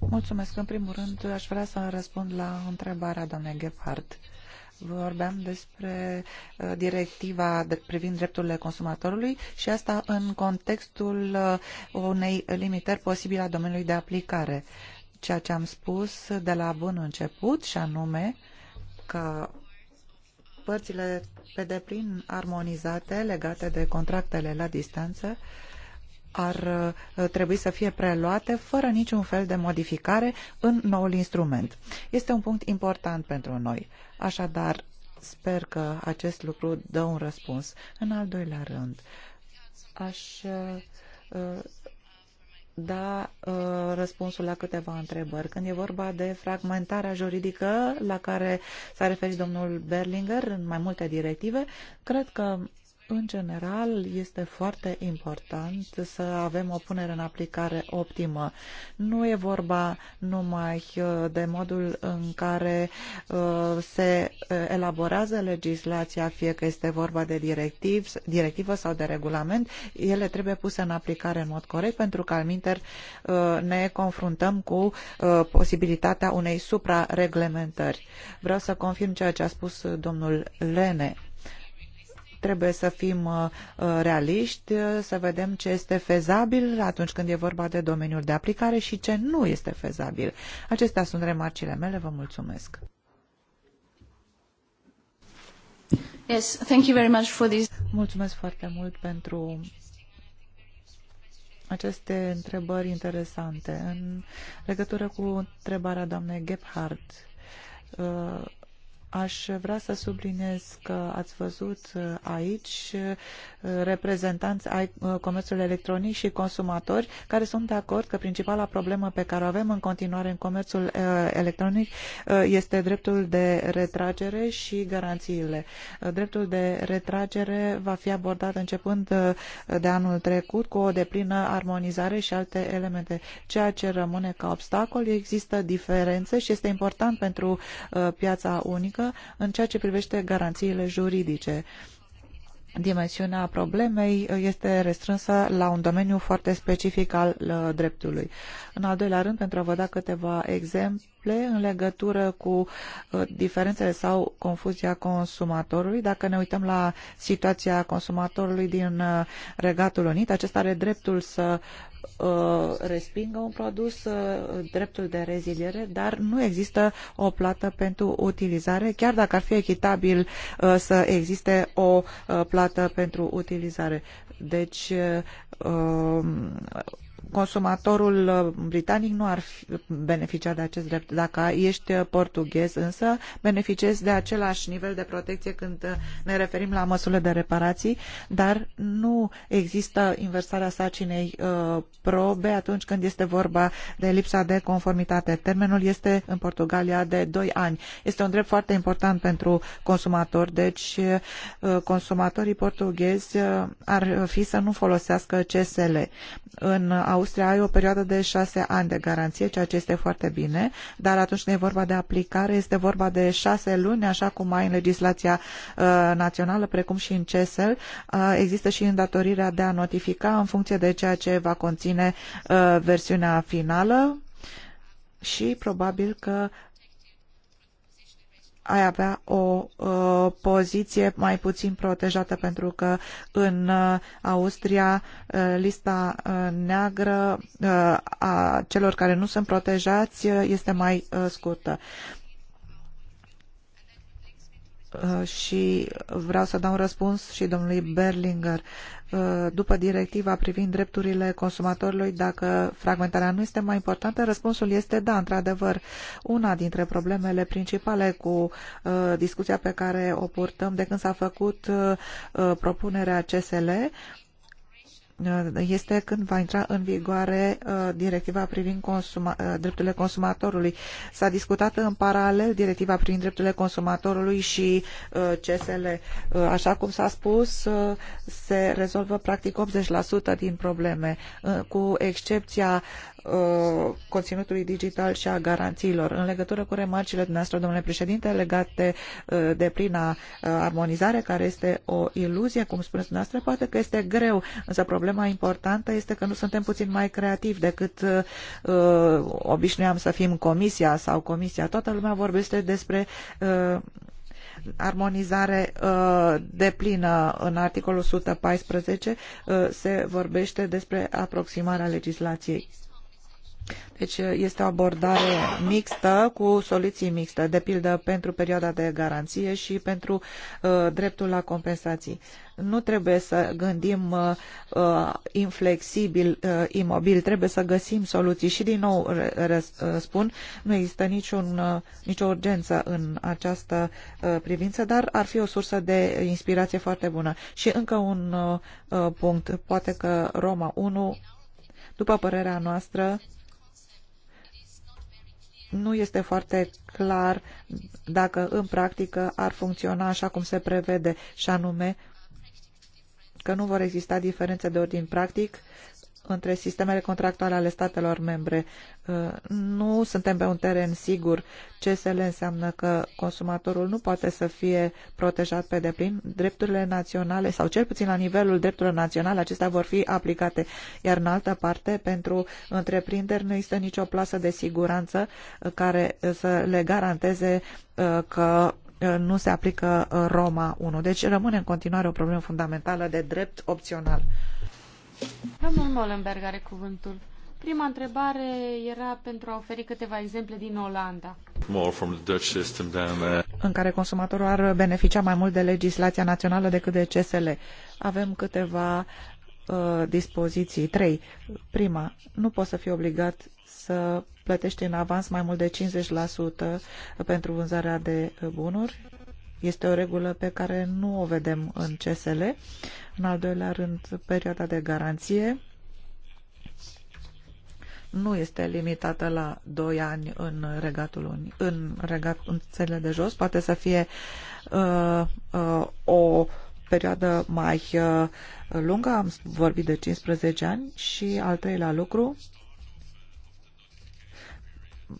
Mulțumesc. În primul rând, aș vrea să răspund la întrebarea doamnei Gephardt. Vorbeam despre uh, directiva privind drepturile consumatorului și asta în contextul uh, unei limitări posibile a domeniului de aplicare. Ceea ce am spus de la bun început și anume că părțile pe deplin armonizate legate de contractele la distanță ar uh, trebui să fie preluate fără niciun fel de modificare în noul instrument. Este un punct important pentru noi. Așadar, sper că acest lucru dă un răspuns. În al doilea rând, aș uh, da uh, răspunsul la câteva întrebări. Când e vorba de fragmentarea juridică la care s-a referit domnul Berlinger în mai multe directive, cred că în general, este foarte important să avem o punere în aplicare optimă. Nu e vorba numai uh, de modul în care uh, se uh, elaborează legislația, fie că este vorba de directiv, directivă sau de regulament, ele trebuie puse în aplicare în mod corect, pentru că, alminter, ne confruntăm cu posibilitatea unei suprareglementări. Vreau să confirm ceea ce a spus domnul Lene Trebuie să fim uh, uh, realiști, uh, să vedem ce este fezabil atunci când e vorba de domeniul de aplicare și ce nu este fezabil. Acestea sunt remarcile mele. Vă mulțumesc. Yes, thank you very much for this. Mulțumesc foarte mult pentru aceste întrebări interesante. În legătură cu întrebarea doamnei Gebhardt, Aș vrea să subliniez că ați văzut uh, aici uh, reprezentanți ai uh, comerțului electronic și consumatori care sunt de acord că principala problemă pe care o avem în continuare în comerțul electronic este dreptul de retragere și garanțiile. Dreptul de retragere va fi abordat începând de anul trecut cu o deplină armonizare și alte elemente. Ceea ce rămâne ca obstacol există diferențe și este important pentru piața unică în ceea ce privește garanțiile juridice. Dimensiunea problemei uh, este restrânsă la un domeniu foarte specific al uh, dreptului. În al doilea rând, pentru a vă da câteva exemple, ample în legătură cu uh, diferențele sau confuzia consumatorului. Dacă ne uităm la situația consumatorului din uh, Regatul Unit, acesta are dreptul să uh, respingă un produs, dreptul de reziliere, dar nu există o plată pentru utilizare, chiar dacă ar fi echitabil să existe o plată pentru utilizare. Deci Consumatorul uh, britanic nu ar beneficia de acest drept. Dacă ești uh, portughez, însă, beneficiezi de același nivel de protecție când uh, ne referim la măsurile de reparații, dar nu există inversarea sacinei probe atunci când este vorba de lipsa de conformitate. Termenul este în Portugalia de 2 ani. Este un drept foarte important pentru consumator, deci consumatorii portughezi ar fi să nu folosească CSL în Austria are o perioadă de șase ani de garanție, ceea ce este foarte bine, dar atunci când e vorba de aplicare, este vorba de șase luni, așa cum ai în legislația uh, națională, precum și în CESEL. Uh, există și îndatorirea de a notifica în funcție de ceea ce va conține uh, versiunea finală și probabil că ai avea o uh, poziție mai puțin protejată pentru că în uh, Austria uh, lista neagră a celor care nu sunt protejați este mai scurtă. Uh, și vreau să dau un răspuns și domnului Berlinger. Uh, după directiva privind drepturile consumatorilor, dacă fragmentarea nu este mai importantă, răspunsul este da, într-adevăr. Una dintre problemele principale cu uh, discuția pe care o purtăm de când s-a făcut propunerea CSL Uh, este când va intra în vigoare uh, directiva privind consuma, uh, drepturile consumatorului. S-a discutat în paralel directiva privind drepturile consumatorului și CSL. Așa cum s-a spus, se rezolvă practic 80% din probleme, cu excepția Uh, conținutului digital și a garanțiilor. În legătură cu remarcile dumneavoastră, domnule președinte, legate uh, de plina uh, armonizare, care este o iluzie, cum spuneți dumneavoastră, poate că este greu, însă problema importantă este că nu suntem puțin mai creativi decât uh, obișnuiam să fim comisia sau comisia. Toată lumea vorbește despre uh, armonizare uh, plină în articolul 114 uh, se vorbește despre aproximarea legislației. Deci uh, este o abordare mixtă cu soluții mixte, de pildă pentru perioada de garanție și pentru uh, dreptul la compensații. Nu trebuie să gândim uh, uh inflexibil uh, imobil, trebuie să găsim soluții și din nou uh, spun, nu există niciun, nicio urgență în această privință, dar ar fi o sursă de inspirație foarte bună. Și încă un punct, poate că Roma 1 după părerea noastră, nu este foarte clar dacă în practică ar funcționa așa cum se prevede și anume că nu vor exista diferențe de ordin practic între sistemele contractuale ale statelor membre. Uh, nu suntem pe un teren sigur. CSL înseamnă că consumatorul nu poate să fie protejat pe deplin. Drepturile naționale, sau cel puțin la nivelul drepturilor naționale, acestea vor fi aplicate. Iar în altă parte, pentru întreprinderi nu există nicio plasă de siguranță care să le garanteze uh, că uh, nu se aplică Roma 1. Deci rămâne în continuare o problemă fundamentală de drept opțional. Domnul Molenberg are cuvântul. Prima întrebare era pentru a oferi câteva exemple din Olanda. More from the Dutch system than, În care consumatorul ar beneficia mai mult de legislația națională decât de CSL. Avem câteva uh, dispoziții. Trei. Prima, nu poți să fii obligat să plătești în avans mai mult de 50% pentru vânzarea de bunuri este o regulă pe care nu o vedem în CSL. În al doilea rând, perioada de garanție nu este limitată la 2 ani în regatul uni, în, regat, în țările de jos. Poate să fie uh, uh, o perioadă mai uh, lungă, am vorbit de 15 ani și al treilea lucru,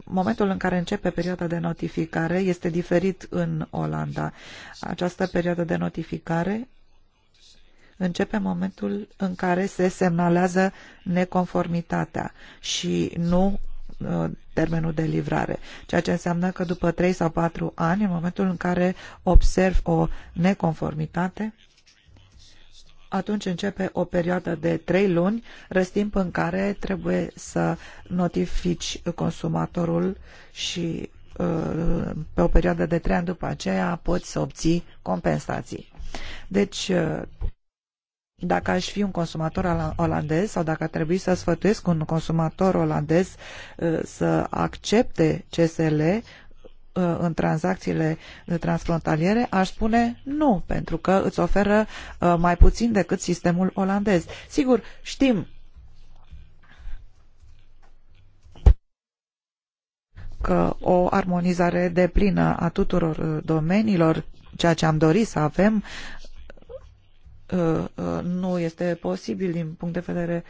momentul în care începe perioada de notificare este diferit în Olanda. Această perioadă de notificare începe momentul în care se semnalează neconformitatea și nu uh, termenul de livrare, ceea ce înseamnă că după 3 sau 4 ani, în momentul în care observ o neconformitate, atunci începe o perioadă de trei luni, răstimp în care trebuie să notifici consumatorul și uh, pe o perioadă de trei ani după aceea poți să obții compensații. Deci, uh, dacă aș fi un consumator olandez sau dacă ar trebui să sfătuiesc un consumator olandez uh, să accepte CSL, Uh, în tranzacțiile uh, transfrontaliere, aș spune nu, pentru că îți oferă uh, mai puțin decât sistemul olandez. Sigur, știm că o armonizare deplină a tuturor domeniilor, ceea ce am dorit să avem, nu este posibil din punct de vedere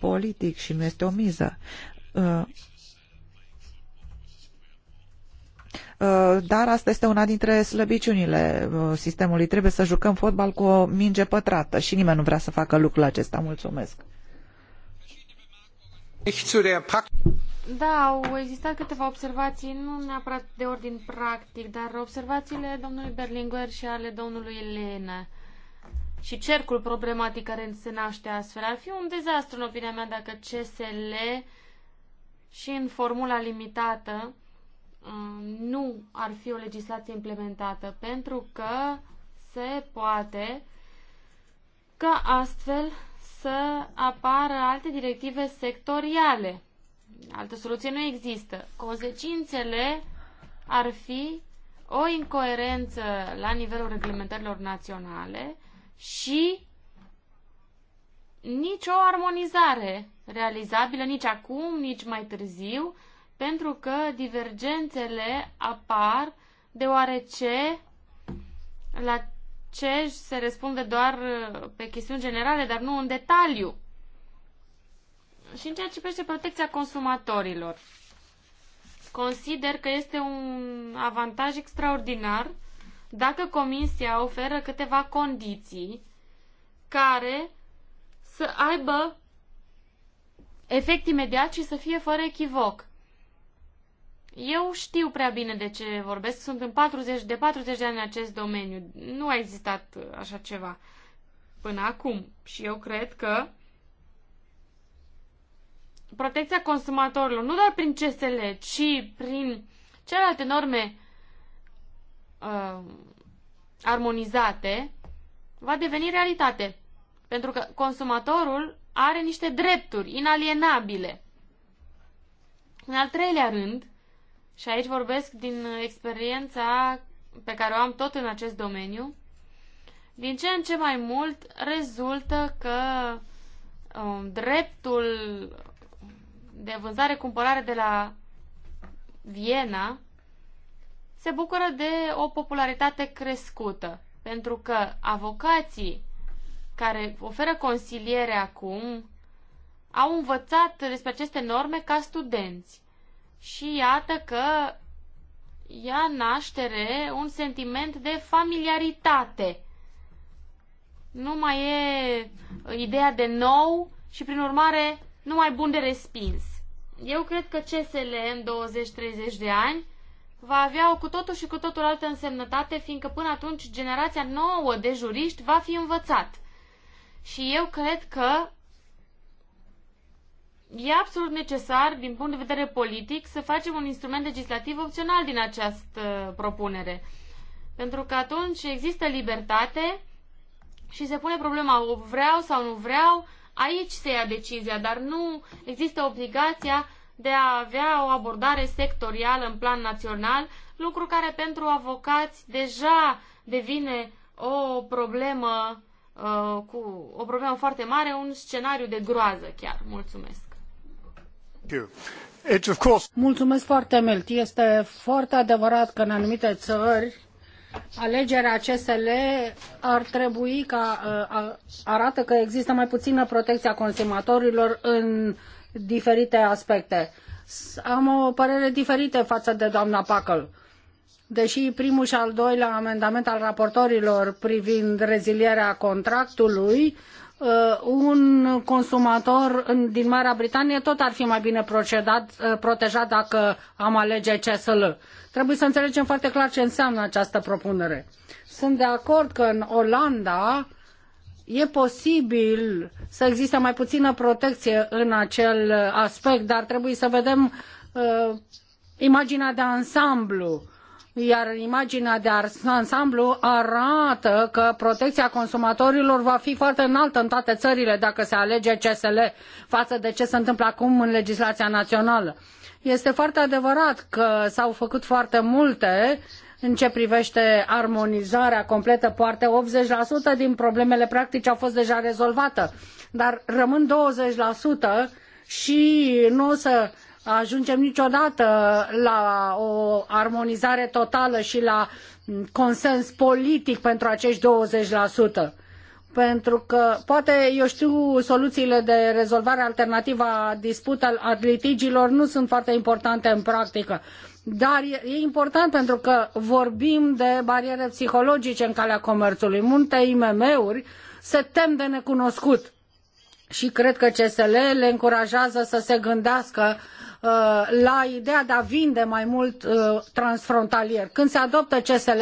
politic și nu este o miză. Uh, dar asta este una dintre slăbiciunile uh, sistemului. Trebuie să jucăm fotbal cu o minge pătrată și nimeni nu vrea să facă lucrul acesta. Mulțumesc! Da, au existat câteva observații, nu neapărat de ordin practic, dar observațiile domnului Berlinguer și ale domnului Elena și cercul problematic care se naște astfel. Ar fi un dezastru, în opinia mea, dacă CSL și în formula limitată Um, nu ar fi o legislație implementată, pentru că se poate ca astfel să apară alte directive sectoriale. Altă soluție nu există. Consecințele ar fi o incoerență la nivelul reglementărilor naționale și nicio armonizare realizabilă nici acum, nici mai târziu, pentru că divergențele apar deoarece la CEJ se răspunde doar uh, pe chestiuni generale, dar nu în detaliu. Și în ceea ce privește protecția consumatorilor, consider că este un avantaj extraordinar dacă Comisia oferă câteva condiții care să aibă efect imediat și să fie fără echivoc. Eu știu prea bine de ce vorbesc. Sunt în 40, de 40 de ani în acest domeniu. Nu a existat uh, așa ceva până acum. Și eu cred că protecția consumatorilor, nu doar prin CSL, ci prin celelalte norme uh, armonizate, va deveni realitate. Pentru că consumatorul are niște drepturi inalienabile. În al treilea rând, și aici vorbesc din experiența pe care o am tot în acest domeniu. Din ce în ce mai mult rezultă că um, dreptul de vânzare-cumpărare de la Viena se bucură de o popularitate crescută, pentru că avocații care oferă consiliere acum au învățat despre aceste norme ca studenți. Și iată că ia naștere un sentiment de familiaritate. Nu mai e ideea de nou și, prin urmare, nu mai bun de respins. Eu cred că CSL în 20-30 de ani va avea o cu totul și cu totul altă însemnătate, fiindcă până atunci generația nouă de juriști va fi învățat. Și eu cred că E absolut necesar, din punct de vedere politic, să facem un instrument legislativ opțional din această propunere. Pentru că atunci există libertate și se pune problema o vreau sau nu vreau, aici se ia decizia, dar nu există obligația de a avea o abordare sectorială în plan național, lucru care pentru avocați deja devine o problemă uh, cu o problemă foarte mare, un scenariu de groază chiar. Mulțumesc. Mulțumesc foarte mult. Este foarte adevărat că în anumite țări alegerea CSL ar trebui ca uh, arată că există mai puțină protecție a consumatorilor în diferite aspecte. Am o părere diferită față de doamna Pacăl. Deși primul și al doilea amendament al raportorilor privind rezilierea contractului Uh, un consumator din Marea Britanie tot ar fi mai bine procedat, uh, protejat dacă am alege CSL. Trebuie să înțelegem foarte clar ce înseamnă această propunere. Sunt de acord că în Olanda e posibil să existe mai puțină protecție în acel aspect, dar trebuie să vedem uh, imaginea de ansamblu iar imaginea de ansamblu arată că protecția consumatorilor va fi foarte înaltă în toate țările dacă se alege CSL față de ce se întâmplă acum în legislația națională. Este foarte adevărat că s-au făcut foarte multe în ce privește armonizarea completă, poate 80% din problemele practice au fost deja rezolvate, dar rămân 20% și nu o să ajungem niciodată la o armonizare totală și la consens politic pentru acești 20%. Pentru că poate, eu știu, soluțiile de rezolvare alternativă a disputelor, a litigiilor nu sunt foarte importante în practică. Dar e important pentru că vorbim de bariere psihologice în calea comerțului. Multe IMM-uri se tem de necunoscut și cred că CSL le încurajează să se gândească Uh, la ideea de a vinde mai mult uh, transfrontalier. Când se adoptă CSL,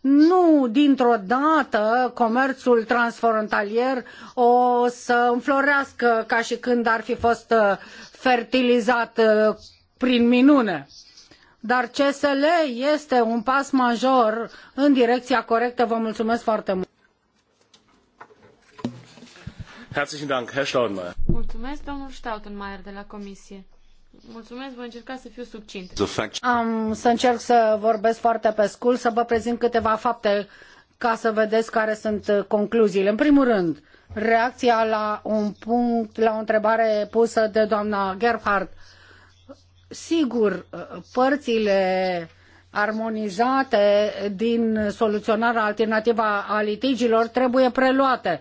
nu dintr-o dată comerțul transfrontalier o să înflorească ca și când ar fi fost uh, fertilizat prin minune. Dar CSL este un pas major în direcția corectă. Vă mulțumesc foarte mult. Herzlichen Dank, Herr Staudenmayer. Mulțumesc, domnul Staudenmayer de la Comisie. Mulțumesc, voi încerca să fiu succint. Am să încerc să vorbesc foarte pe scurt, să vă prezint câteva fapte ca să vedeți care sunt uh, concluziile. În primul rând, reacția la un punct, la o întrebare pusă de doamna Gerhardt. Sigur, uh, părțile armonizate din soluționarea alternativă a litigiilor trebuie preluate.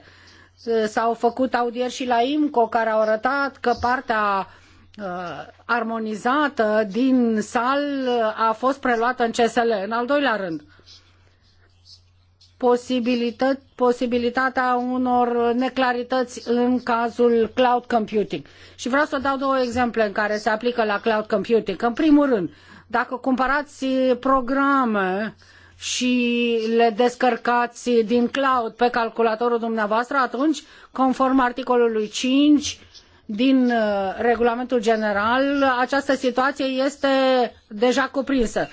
S-au făcut audieri și la IMCO care au arătat că partea uh, armonizată din sal a fost preluată în CSL. În al doilea rând, posibilitatea unor neclarități în cazul cloud computing. Și vreau să dau două exemple în care se aplică la cloud computing. În primul rând, dacă cumpărați programe și le descărcați din cloud pe calculatorul dumneavoastră, atunci, conform articolului 5, din uh, regulamentul general, această situație este deja cuprinsă.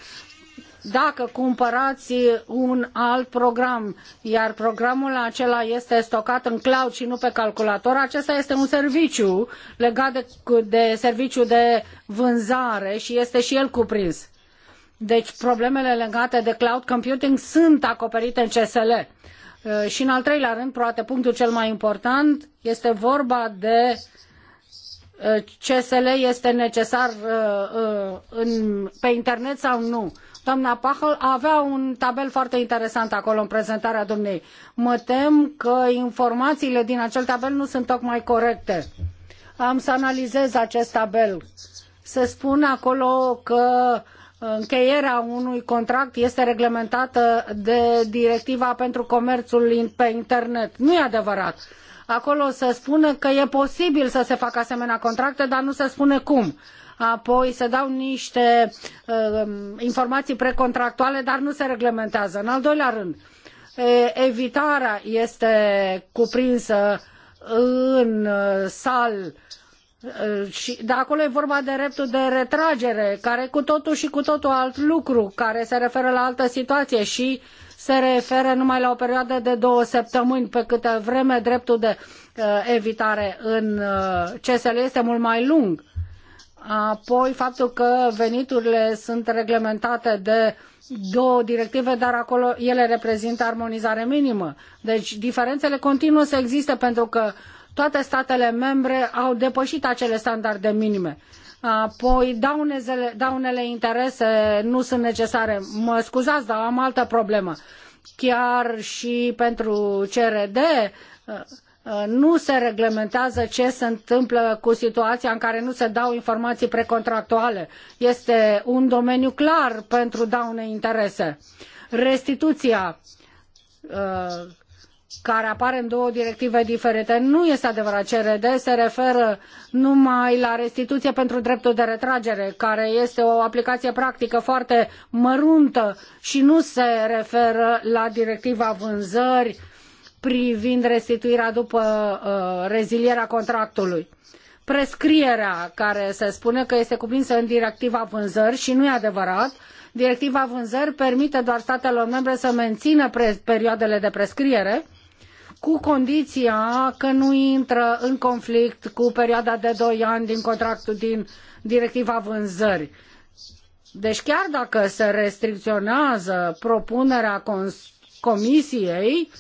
Dacă cumpărați un alt program, iar programul acela este stocat în cloud și nu pe calculator, acesta este un serviciu legat de, de serviciu de vânzare și este și el cuprins. Deci problemele legate de cloud computing sunt acoperite în CSL. Uh, și în al treilea rând, poate punctul cel mai important, este vorba de uh, CSL este necesar uh, uh, pe internet sau nu. Doamna Pahăl avea un tabel foarte interesant acolo în prezentarea dumnei. Mă tem că informațiile din acel tabel nu sunt tocmai corecte. Am să analizez acest tabel. Se spune acolo că încheierea unui contract este reglementată de directiva pentru comerțul pe internet. Nu e adevărat Acolo să spună că e posibil să se facă asemenea contracte, dar nu se spune cum. Apoi se dau niște uh, informații precontractuale, dar nu se reglementează. În al doilea rând, evitarea este cuprinsă în uh, sal uh, Eh, și, dar acolo e vorba de dreptul de retragere, care cu totul și cu totul alt lucru, care se referă la altă situație și se referă numai la o perioadă de două săptămâni, pe câtă vreme dreptul de uh, evitare în uh, eh, CSL este mult mai lung. Apoi faptul că veniturile sunt reglementate de două directive, dar acolo ele reprezintă armonizare minimă. Deci diferențele continuă să existe pentru că uh, toate statele membre au depășit acele standarde minime. Apoi, daunezele, daunele interese nu sunt necesare. Mă scuzați, dar am altă problemă. Chiar și pentru CRD uh, uh, nu se reglementează ce se întâmplă cu situația în care nu se dau informații precontractuale. Este un domeniu clar pentru daune interese. Restituția uh, care apare în două directive diferite. Nu este adevărat. CRD se referă numai la restituție pentru dreptul de retragere, care este o aplicație practică foarte măruntă și nu se referă la directiva vânzări privind restituirea după uh, rezilierea contractului. Prescrierea, care se spune că este cuprinsă în directiva vânzări și nu e adevărat, Directiva vânzări permite doar statelor membre să mențină perioadele de prescriere cu condiția că nu intră în conflict cu perioada de doi ani din contractul din directiva vânzării. Deci chiar dacă se restricționează propunerea comisiei,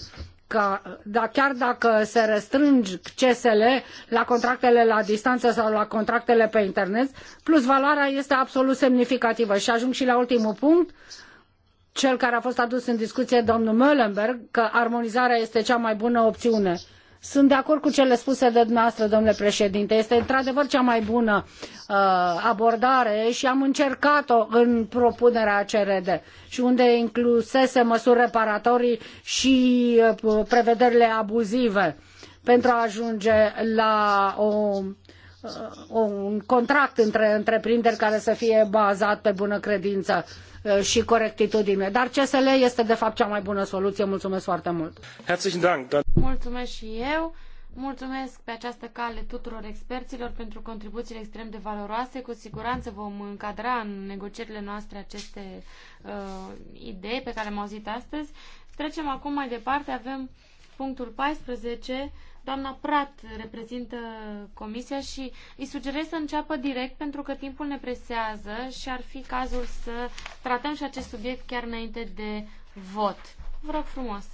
ca, da, chiar dacă se restrâng CSL la contractele la distanță sau la contractele pe internet, plus valoarea este absolut semnificativă. Și ajung și la ultimul punct, uh, cel care a fost adus în discuție, domnul Möllenberg, că armonizarea este cea mai bună opțiune. Sunt de acord cu cele spuse de dumneavoastră, domnule președinte. Este într-adevăr cea mai bună uh, abordare și am încercat-o în propunerea CRD și unde inclusese măsuri reparatorii și uh, prevederile abuzive pentru a ajunge la o, uh, un contract între întreprinderi care să fie bazat pe bună credință. Uh, Uh, și corectitudine. Dar CSL este de fapt cea mai bună soluție. Mulțumesc foarte mult! Mulțumesc și eu! Mulțumesc pe această cale tuturor experților pentru contribuțiile extrem de valoroase. Cu siguranță vom încadra în negocierile noastre aceste uh, idei pe care am auzit astăzi. Trecem acum mai departe. Avem punctul 14 Doamna Prat reprezintă comisia și îi sugerez să înceapă direct pentru că timpul ne presează și ar fi cazul să tratăm și acest subiect chiar înainte de vot. Vă rog frumos.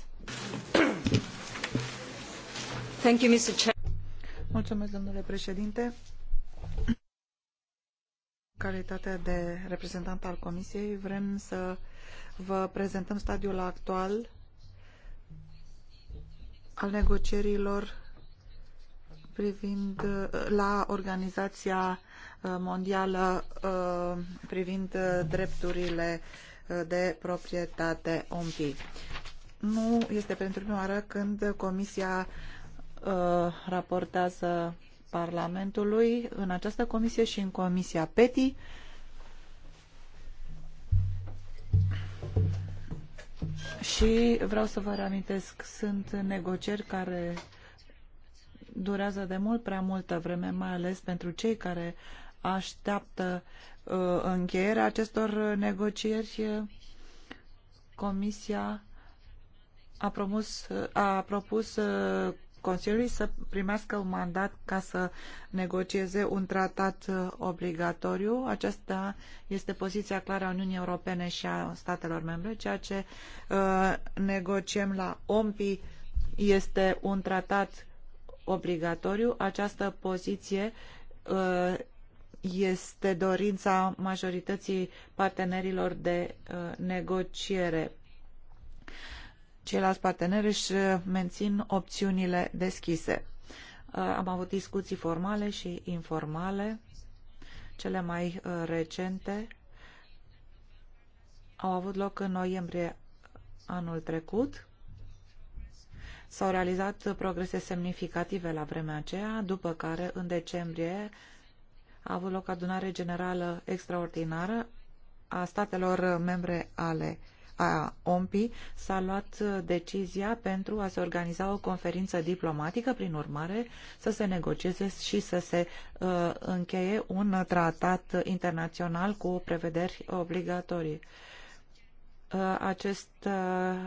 Thank you, Mr. Chair. Mulțumesc, domnule președinte. în Calitatea de reprezentant al Comisiei, vrem să vă prezentăm stadiul actual al negocierilor privind la Organizația uh, Mondială uh, privind uh, drepturile de proprietate OMPI. Nu este pentru prima oară când Comisia raportează Parlamentului în această comisie și în Comisia PETI Și vreau să vă reamintesc, sunt negocieri care durează de mult prea multă vreme, mai ales pentru cei care așteaptă uh, încheierea acestor negocieri. Comisia a, promus, a propus uh, Consiliului să primească un mandat ca să negocieze un tratat uh, obligatoriu. Aceasta este poziția clară a Uniunii Europene și a statelor membre. Ceea ce uh, negociem la OMPI este un tratat obligatoriu. Această poziție uh, este dorința majorității partenerilor de negociere ceilalți parteneri își uh, mențin opțiunile deschise. Uh, am avut discuții formale și informale. Cele mai uh, recente au avut loc în noiembrie anul trecut. S-au realizat progrese semnificative la vremea aceea, după care, în decembrie, a avut loc adunare generală extraordinară a statelor membre ale a OMPI s-a luat uh, decizia pentru a se organiza o conferință diplomatică, prin urmare să se negocieze și să se uh, încheie un tratat internațional cu prevederi obligatorii. Uh, acest, uh,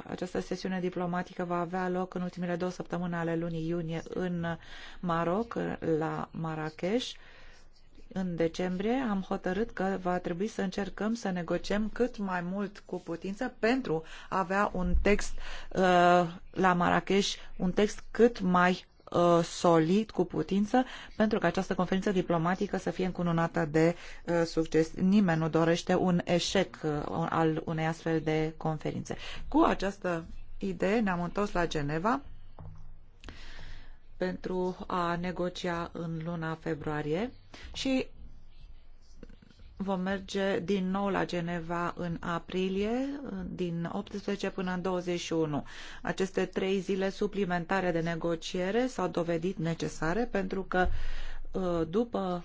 această sesiune diplomatică va avea loc în ultimele două săptămâni ale lunii iunie în Maroc, la Marrakesh în decembrie am hotărât că va trebui să încercăm să negociem cât mai mult cu putință pentru a avea un text uh, la Marrakesh, un text cât mai uh, solid cu putință pentru că această conferință diplomatică să fie încununată de uh, succes. Nimeni nu dorește un eșec uh, al unei astfel de conferințe. Cu această idee ne-am întors la Geneva pentru a negocia în luna februarie și vom merge din nou la Geneva în aprilie, din 18 până în 21. Aceste trei zile suplimentare de negociere s-au dovedit necesare pentru că uh, după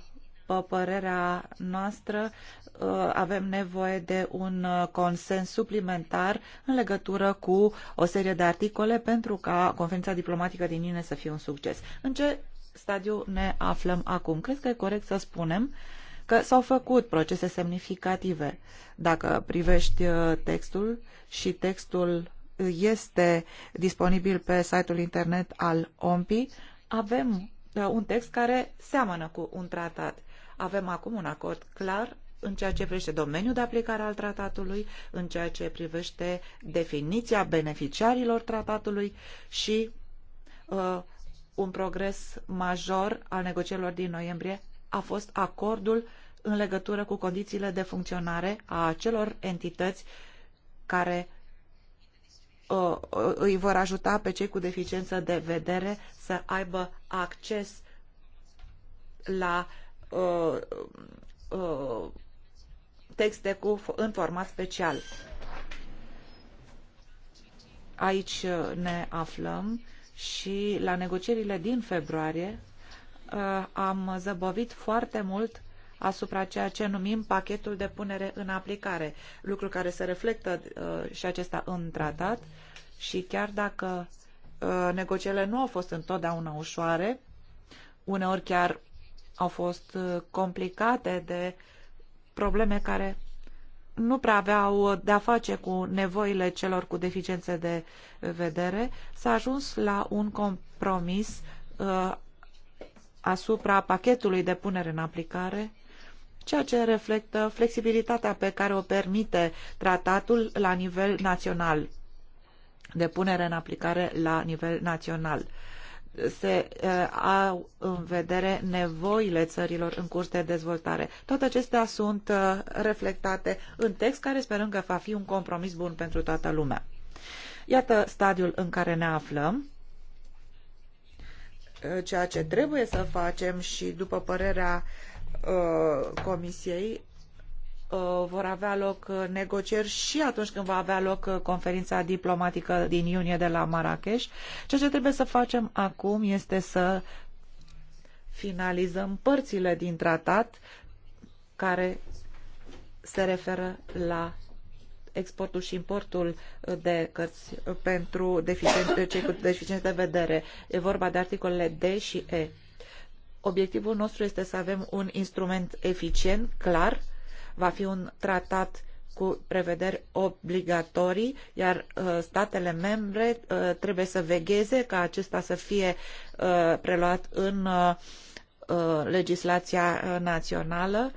după părerea noastră, uh, avem nevoie de un uh, consens suplimentar în legătură cu o serie de articole pentru ca conferința diplomatică din Iune să fie un succes. În ce stadiu ne aflăm acum? Cred că e corect să spunem că s-au făcut procese semnificative. Dacă privești uh, textul și textul este disponibil pe site-ul internet al OMPI, avem un text care seamănă cu un tratat. Avem acum un acord clar în ceea ce privește domeniul de aplicare al tratatului, în ceea ce privește definiția beneficiarilor tratatului și uh, un progres major al negocierilor din noiembrie a fost acordul în legătură cu condițiile de funcționare a acelor entități care uh, îi vor ajuta pe cei cu deficiență de vedere să aibă acces la uh, Uh, uh, texte cu, în format special. Aici uh, ne aflăm și la negocierile din februarie uh, am zăbovit foarte mult asupra ceea ce numim pachetul de punere în aplicare, lucru care se reflectă și acesta în tratat și chiar dacă negocierile nu au fost întotdeauna ușoare, uneori chiar au fost uh, complicate de probleme care nu prea aveau de-a face cu nevoile celor cu deficiențe de vedere, s-a ajuns la un compromis uh, asupra pachetului de punere în aplicare, ceea ce reflectă flexibilitatea pe care o permite tratatul la nivel național, de punere în aplicare la nivel național se uh, au în vedere nevoile țărilor în curs de dezvoltare. Toate acestea sunt uh, reflectate în text, care sperăm că va fi un compromis bun pentru toată lumea. Iată stadiul în care ne aflăm. Eh, ceea ce trebuie să facem și, după părerea uh, Comisiei, Uh, vor avea loc uh, negocieri și atunci când va avea loc uh, conferința diplomatică din iunie de la Marrakesh. Ceea ce trebuie să facem acum este să finalizăm părțile din tratat care se referă la exportul și importul de cărți pentru cei cu deficiențe de vedere. E vorba de articolele D și E. Obiectivul nostru este să avem un instrument eficient, clar, Va fi un tratat cu prevederi obligatorii, iar uh, statele membre uh, trebuie să vegheze ca acesta să fie uh, preluat în uh, uh, legislația națională.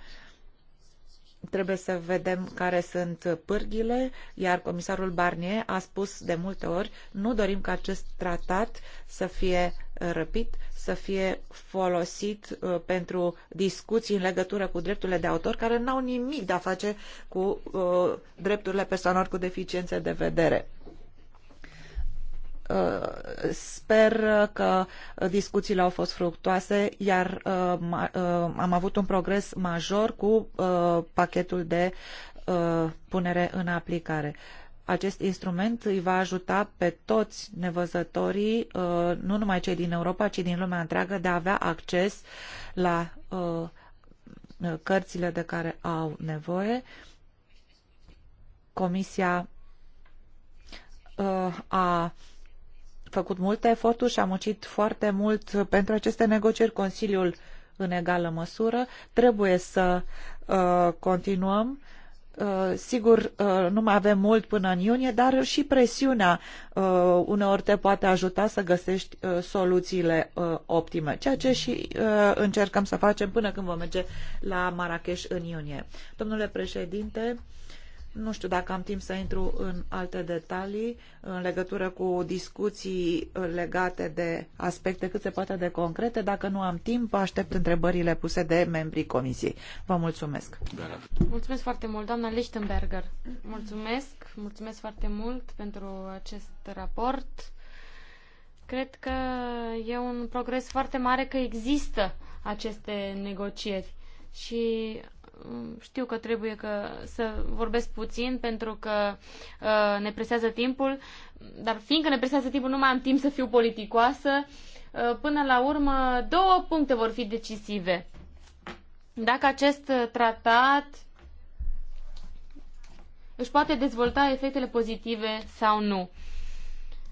Trebuie să vedem care sunt pârghile, iar comisarul Barnier a spus de multe ori, nu dorim ca acest tratat să fie uh, răpit, să fie folosit uh, pentru discuții în legătură cu drepturile de autor care n-au nimic de a face cu uh, drepturile persoanelor cu deficiențe de vedere. Uh, sper că discuțiile au fost fructoase, iar uh, uh, am avut un progres major cu pachetul de punere în aplicare. Acest instrument îi va ajuta pe toți nevăzătorii, uh, nu numai cei din Europa, ci din lumea întreagă, de a avea acces la uh, uh, cărțile de care au nevoie. Comisia a făcut multe eforturi și a muncit foarte mult pentru aceste negocieri. Consiliul în egală măsură. Trebuie să uh, continuăm Uh, sigur, uh, nu mai avem mult până în iunie, dar și presiunea uh, uneori te poate ajuta să găsești soluțiile optime, ceea ce și încercăm să facem până când vom merge la Marrakesh în iunie. Domnule președinte, nu știu dacă am timp să intru în alte detalii în legătură cu discuții legate de aspecte cât se poate de concrete. Dacă nu am timp, aștept întrebările puse de membrii comisiei. Vă mulțumesc. Mulțumesc foarte mult, doamna Lichtenberger. Mulțumesc, mulțumesc foarte mult pentru acest raport. Cred că e un progres foarte mare că există aceste negocieri și Um, știu că trebuie că să vorbesc puțin pentru că uh, ne presează timpul, dar fiindcă ne presează timpul, nu mai am timp să fiu politicoasă. Uh, până la urmă, două puncte vor fi decisive. Dacă acest uh, tratat își poate dezvolta efectele pozitive sau nu.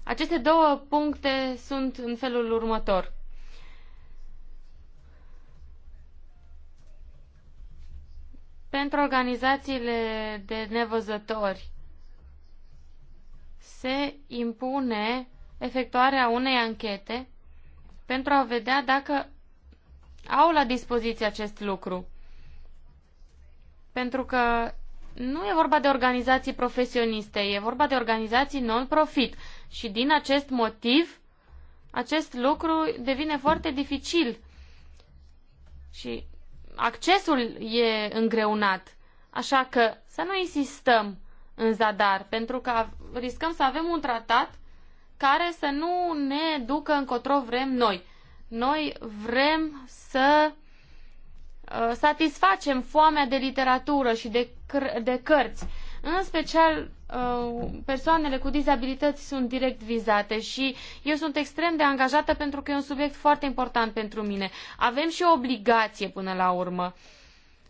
Aceste două puncte sunt în felul următor. pentru organizațiile de nevăzători se impune efectuarea unei anchete pentru a vedea dacă au la dispoziție acest lucru. Pentru că nu e vorba de organizații profesioniste, e vorba de organizații non-profit și din acest motiv acest lucru devine foarte dificil. Și accesul e îngreunat. Așa că să nu insistăm în zadar, pentru că riscăm să avem un tratat care să nu ne ducă încotro vrem noi. Noi vrem să uh, satisfacem foamea de literatură și de, căr- de cărți, în special Uh, persoanele cu dizabilități sunt direct vizate și eu sunt extrem de angajată pentru că e un subiect foarte important pentru mine. Avem și o obligație până la urmă.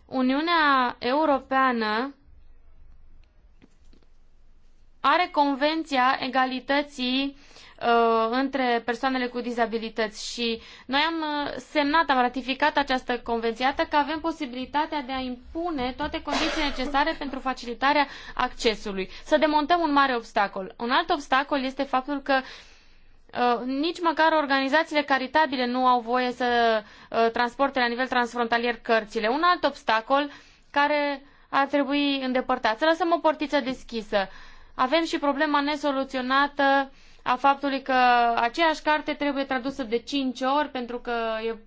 Uniunea Europeană are Convenția Egalității Uh, între persoanele cu dizabilități și noi am uh, semnat, am ratificat această convenție, iată că avem posibilitatea de a impune toate condițiile necesare pentru facilitarea accesului. Să demontăm un mare obstacol. Un alt obstacol este faptul că Uh, nici măcar organizațiile caritabile nu au voie să uh, transporte la nivel transfrontalier cărțile. Un alt obstacol care ar trebui îndepărtat. Să lăsăm o portiță deschisă. Avem și problema nesoluționată uh, a faptului că aceeași carte trebuie tradusă de 5 ori pentru că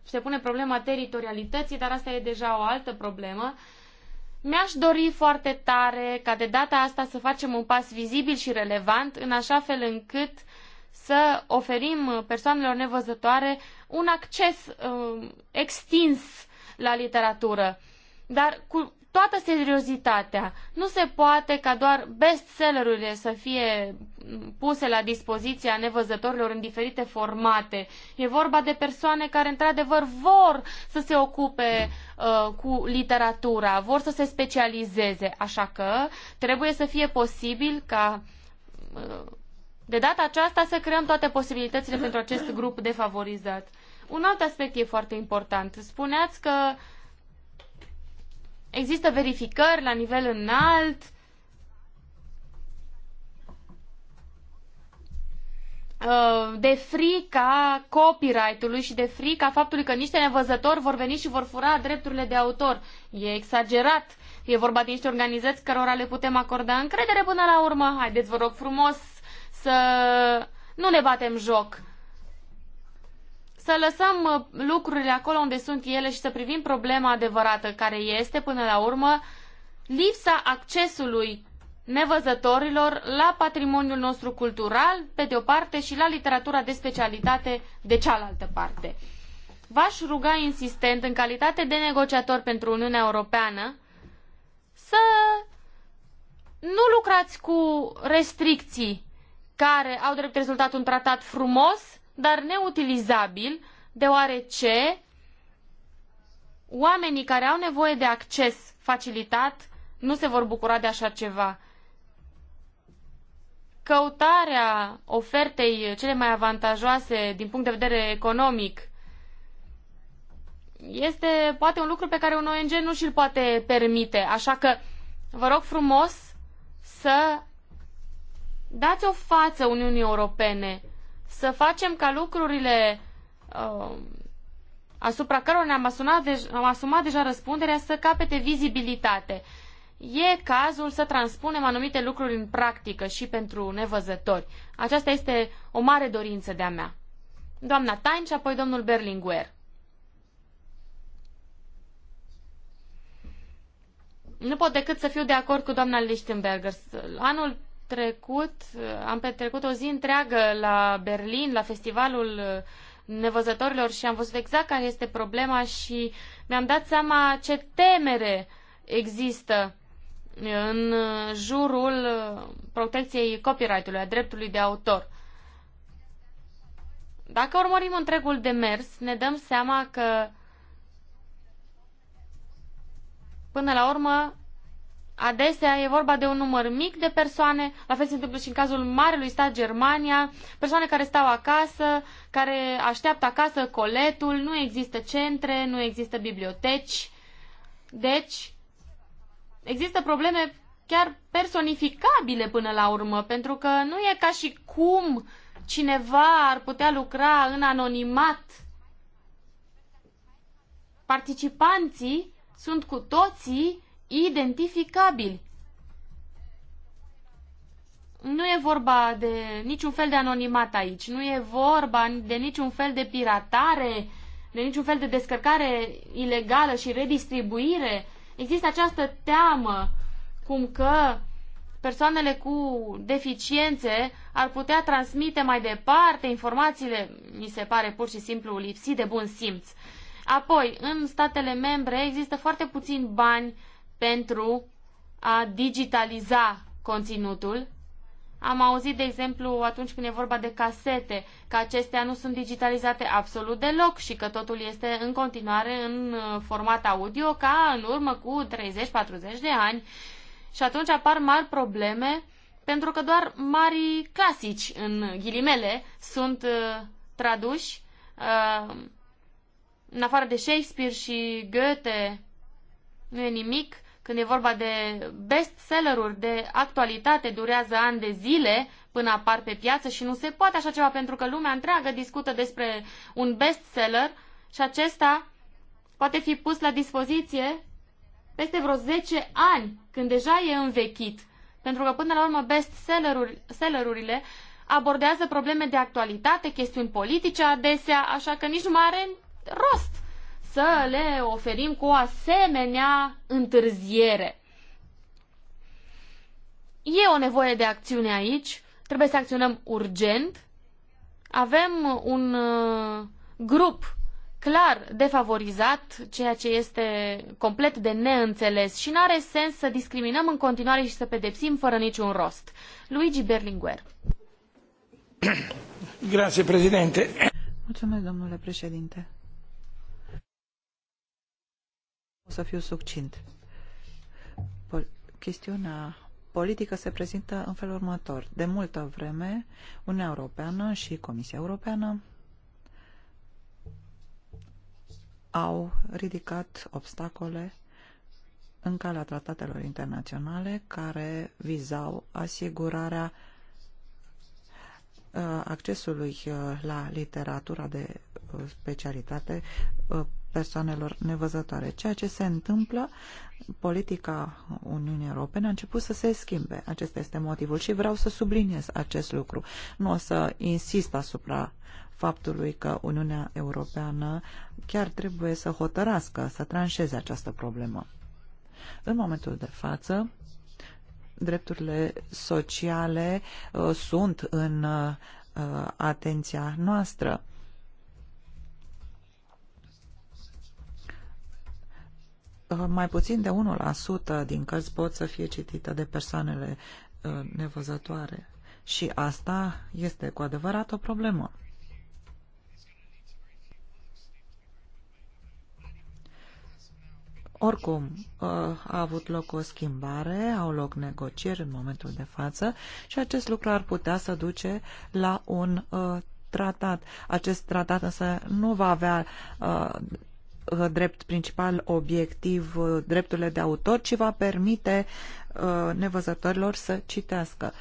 se pune problema teritorialității, dar asta e deja o altă problemă. Mi-aș dori foarte tare ca de data asta să facem un pas vizibil și relevant în așa fel încât să oferim persoanelor nevăzătoare un acces uh, extins la literatură, dar cu toată seriozitatea. Nu se poate ca doar bestsellerurile să fie puse la dispoziția nevăzătorilor în diferite formate. E vorba de persoane care într-adevăr vor să se ocupe uh, cu literatura, vor să se specializeze, așa că trebuie să fie posibil ca uh, de data aceasta să creăm toate posibilitățile pentru acest grup defavorizat. Un alt aspect e foarte important. Spuneați că uh, Există verificări la nivel înalt. Uh, de frica copyright-ului și de frica faptului că niște nevăzători vor veni și vor fura drepturile de autor. E exagerat. E vorba de niște organizații cărora le putem acorda încredere până la urmă. Haideți, vă rog frumos, să nu ne batem joc să lăsăm uh, lucrurile acolo unde sunt ele și să privim problema adevărată care este, până la urmă, lipsa accesului nevăzătorilor la patrimoniul nostru cultural, pe de o parte, și la literatura de specialitate, de cealaltă parte. V-aș ruga insistent, în calitate de negociator pentru Uniunea Europeană, să nu lucrați cu restricții care au drept rezultat un tratat frumos, dar neutilizabil, deoarece oamenii care au nevoie de acces facilitat nu se vor bucura de așa ceva. Căutarea ofertei cele mai avantajoase din punct de vedere economic este poate un lucru pe care un ONG nu și-l poate permite. Așa că vă rog frumos să dați o față Uniunii Europene să facem ca lucrurile uh, asupra cărora ne-am asumat, de- am asumat deja răspunderea să capete vizibilitate. E cazul să transpunem anumite lucruri în practică și pentru nevăzători. Aceasta este o mare dorință de-a mea. Doamna Tain și apoi domnul Berlinguer. Nu pot decât să fiu de acord cu doamna Lichtenberger. Anul trecut, am petrecut o zi întreagă la Berlin, la festivalul nevăzătorilor și am văzut exact care este problema și mi-am dat seama ce temere există în jurul protecției copyright-ului, a dreptului de autor. Dacă urmărim întregul demers, ne dăm seama că până la urmă Adesea e vorba de un număr mic de persoane, la fel se întâmplă și în cazul marelui stat Germania, persoane care stau acasă, care așteaptă acasă coletul, nu există centre, nu există biblioteci. Deci, există probleme chiar personificabile până la urmă, pentru că nu e ca și cum cineva ar putea lucra în anonimat. Participanții sunt cu toții identificabili. Nu e vorba de niciun fel de anonimat aici, nu e vorba de niciun fel de piratare, de niciun fel de descărcare ilegală și redistribuire. Există această teamă cum că persoanele cu deficiențe ar putea transmite mai departe informațiile, mi se pare pur și simplu lipsit de bun simț. Apoi, în statele membre există foarte puțini bani pentru a digitaliza conținutul. Am auzit, de exemplu, atunci când e vorba de casete, că acestea nu sunt digitalizate absolut deloc și că totul este în continuare în uh, format audio ca în urmă cu 30-40 de ani. Și atunci apar mari probleme pentru că doar mari clasici, în ghilimele, sunt uh, traduși, uh, în afară de Shakespeare și Goethe, nu e nimic când e vorba de bestselleruri de actualitate, durează ani de zile până apar pe piață și nu se poate așa ceva pentru că lumea întreagă discută despre un bestseller și acesta poate fi pus la dispoziție peste vreo 10 ani, când deja e învechit. Pentru că, până la urmă, bestsellerurile abordează probleme de actualitate, chestiuni politice adesea, așa că nici nu mai are rost să le oferim cu o asemenea întârziere. E o nevoie de acțiune aici, trebuie să acționăm urgent. Avem un uh, grup clar defavorizat, ceea ce este complet de neînțeles și nu are sens să discriminăm în continuare și să pedepsim fără niciun rost. Luigi Berlinguer. Grazie, președinte. Mulțumesc, domnule președinte. să fiu succint. Pol chestiunea politică se prezintă în felul următor. De multă vreme, Uniunea Europeană și Comisia Europeană au ridicat obstacole în calea tratatelor internaționale care vizau asigurarea uh, accesului uh, la literatura de uh, specialitate persoanelor nevăzătoare. Ceea ce se întâmplă, politica Uniunii Europene a început să se schimbe. Acesta este motivul și vreau să subliniez acest lucru. Nu o să insist asupra faptului că Uniunea Europeană chiar trebuie să hotărască, să tranșeze această problemă. În momentul de față, drepturile sociale uh, sunt în uh, atenția noastră Uh, mai puțin de 1% din cărți pot să fie citite de persoanele uh, nevăzătoare. Și asta este cu adevărat o problemă. Oricum, uh, a avut loc o schimbare, au loc negocieri în momentul de față și acest lucru ar putea să duce la un tratat. Acest tratat însă nu va avea Uh, drept principal obiectiv uh, drepturile de autor, ci va permite uh, nevăzătorilor să citească.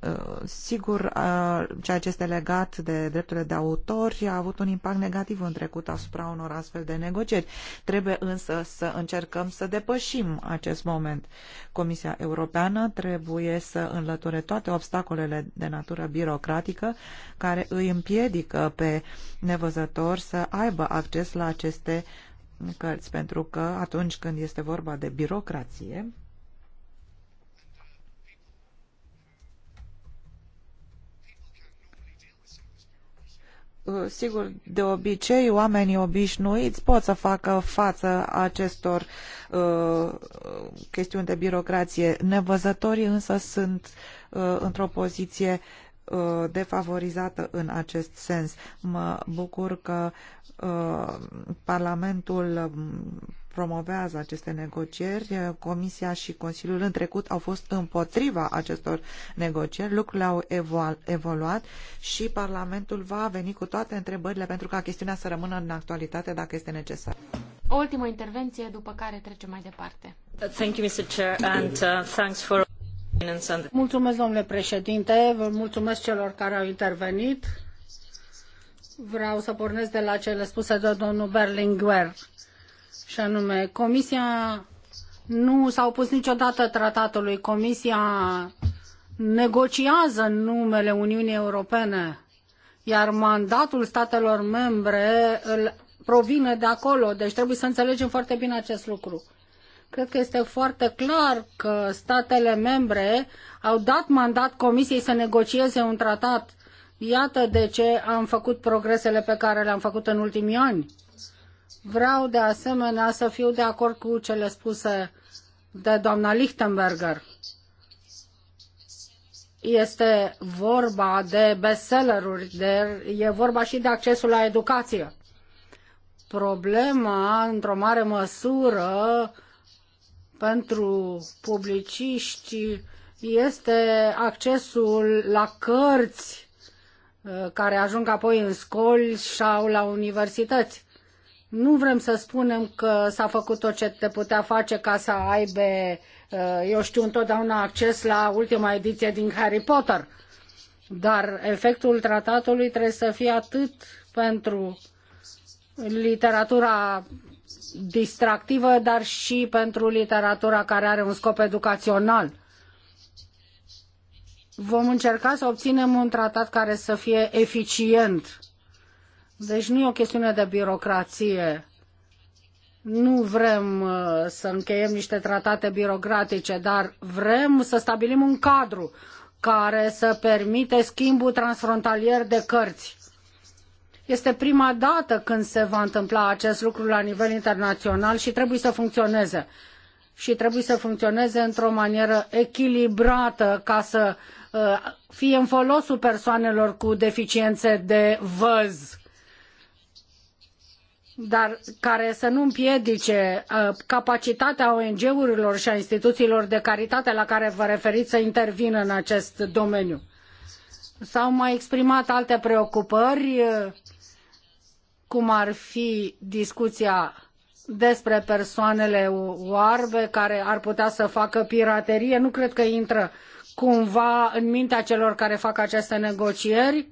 Uh, sigur, uh, ceea ce este legat de drepturile de autor a avut un impact negativ în trecut asupra unor astfel de negocieri. Trebuie însă să încercăm să depășim acest moment. Comisia Europeană trebuie să înlăture toate obstacolele de natură birocratică care îi împiedică pe nevăzători să aibă acces la aceste cărți, pentru că atunci când este vorba de birocrație, Uh, sigur, de obicei, oamenii obișnuiți pot să facă față acestor uh, chestiuni de birocrație. Nevăzătorii însă sunt uh, într-o poziție uh, defavorizată în acest sens. Mă bucur că uh, Parlamentul promovează aceste negocieri. Comisia și Consiliul în trecut au fost împotriva acestor negocieri. Lucrurile au evoluat și Parlamentul va veni cu toate întrebările pentru ca chestiunea să rămână în actualitate dacă este necesar. O ultimă intervenție, după care trecem mai departe. Thank you, Mr. Chair, and uh, thanks for... Mulțumesc, domnule președinte, vă mulțumesc celor care au intervenit. Vreau să pornesc de la cele spuse de domnul Berlinguer și anume Comisia nu s-a opus niciodată tratatului. Comisia negociază în numele Uniunii Europene, iar mandatul statelor membre îl provine de acolo, deci trebuie să înțelegem foarte bine acest lucru. Cred că este foarte clar că statele membre au dat mandat Comisiei să negocieze un tratat. Iată de ce am făcut progresele pe care le-am făcut în ultimii ani Vreau de asemenea să fiu de acord cu cele spuse de doamna Lichtenberger. Este vorba de bestselleruri, de, e vorba și de accesul la educație. Problema, într-o mare măsură, pentru publiciști este accesul la cărți uh, care ajung apoi în școli sau la universități nu vrem să spunem că s-a făcut tot ce te putea face ca să aibă, uh, eu știu, întotdeauna acces la ultima ediție din Harry Potter. Dar efectul tratatului trebuie să fie atât pentru literatura distractivă, dar și pentru literatura care are un scop educațional. Vom încerca să obținem un tratat care să fie eficient deci nu e o chestiune de birocrație. Nu vrem uh, să încheiem niște tratate birocratice, dar vrem să stabilim un cadru care să permite schimbul transfrontalier de cărți. Este prima dată când se va întâmpla acest lucru la nivel internațional și trebuie să funcționeze. Și trebuie să funcționeze într-o manieră echilibrată ca să uh, fie în folosul persoanelor cu deficiențe de văz dar care să nu împiedice uh, capacitatea ONG-urilor și a instituțiilor de caritate la care vă referiți să intervină în acest domeniu. S-au mai exprimat alte preocupări, uh, cum ar fi discuția despre persoanele oarbe care ar putea să facă piraterie. Nu cred că intră cumva în mintea celor care fac aceste negocieri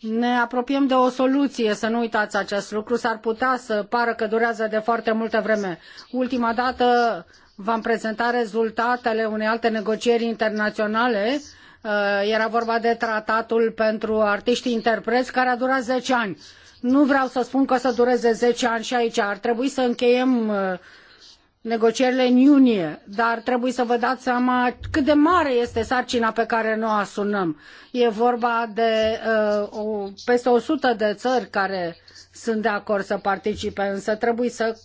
ne apropiem de o soluție, să nu uitați acest lucru, s-ar putea să pară că durează de foarte multă vreme. Ultima dată v-am prezentat rezultatele unei alte negocieri internaționale, uh, era vorba de tratatul pentru artiștii interpreți care a durat zece ani. Nu vreau să spun că o să dureze zece ani și aici, ar trebui să încheiem uh, negocierile în iunie, dar trebuie să vă dați seama cât de mare este sarcina pe care noi o asunăm. E vorba de uh, o, peste 100 de țări care sunt de acord să participe, însă trebuie să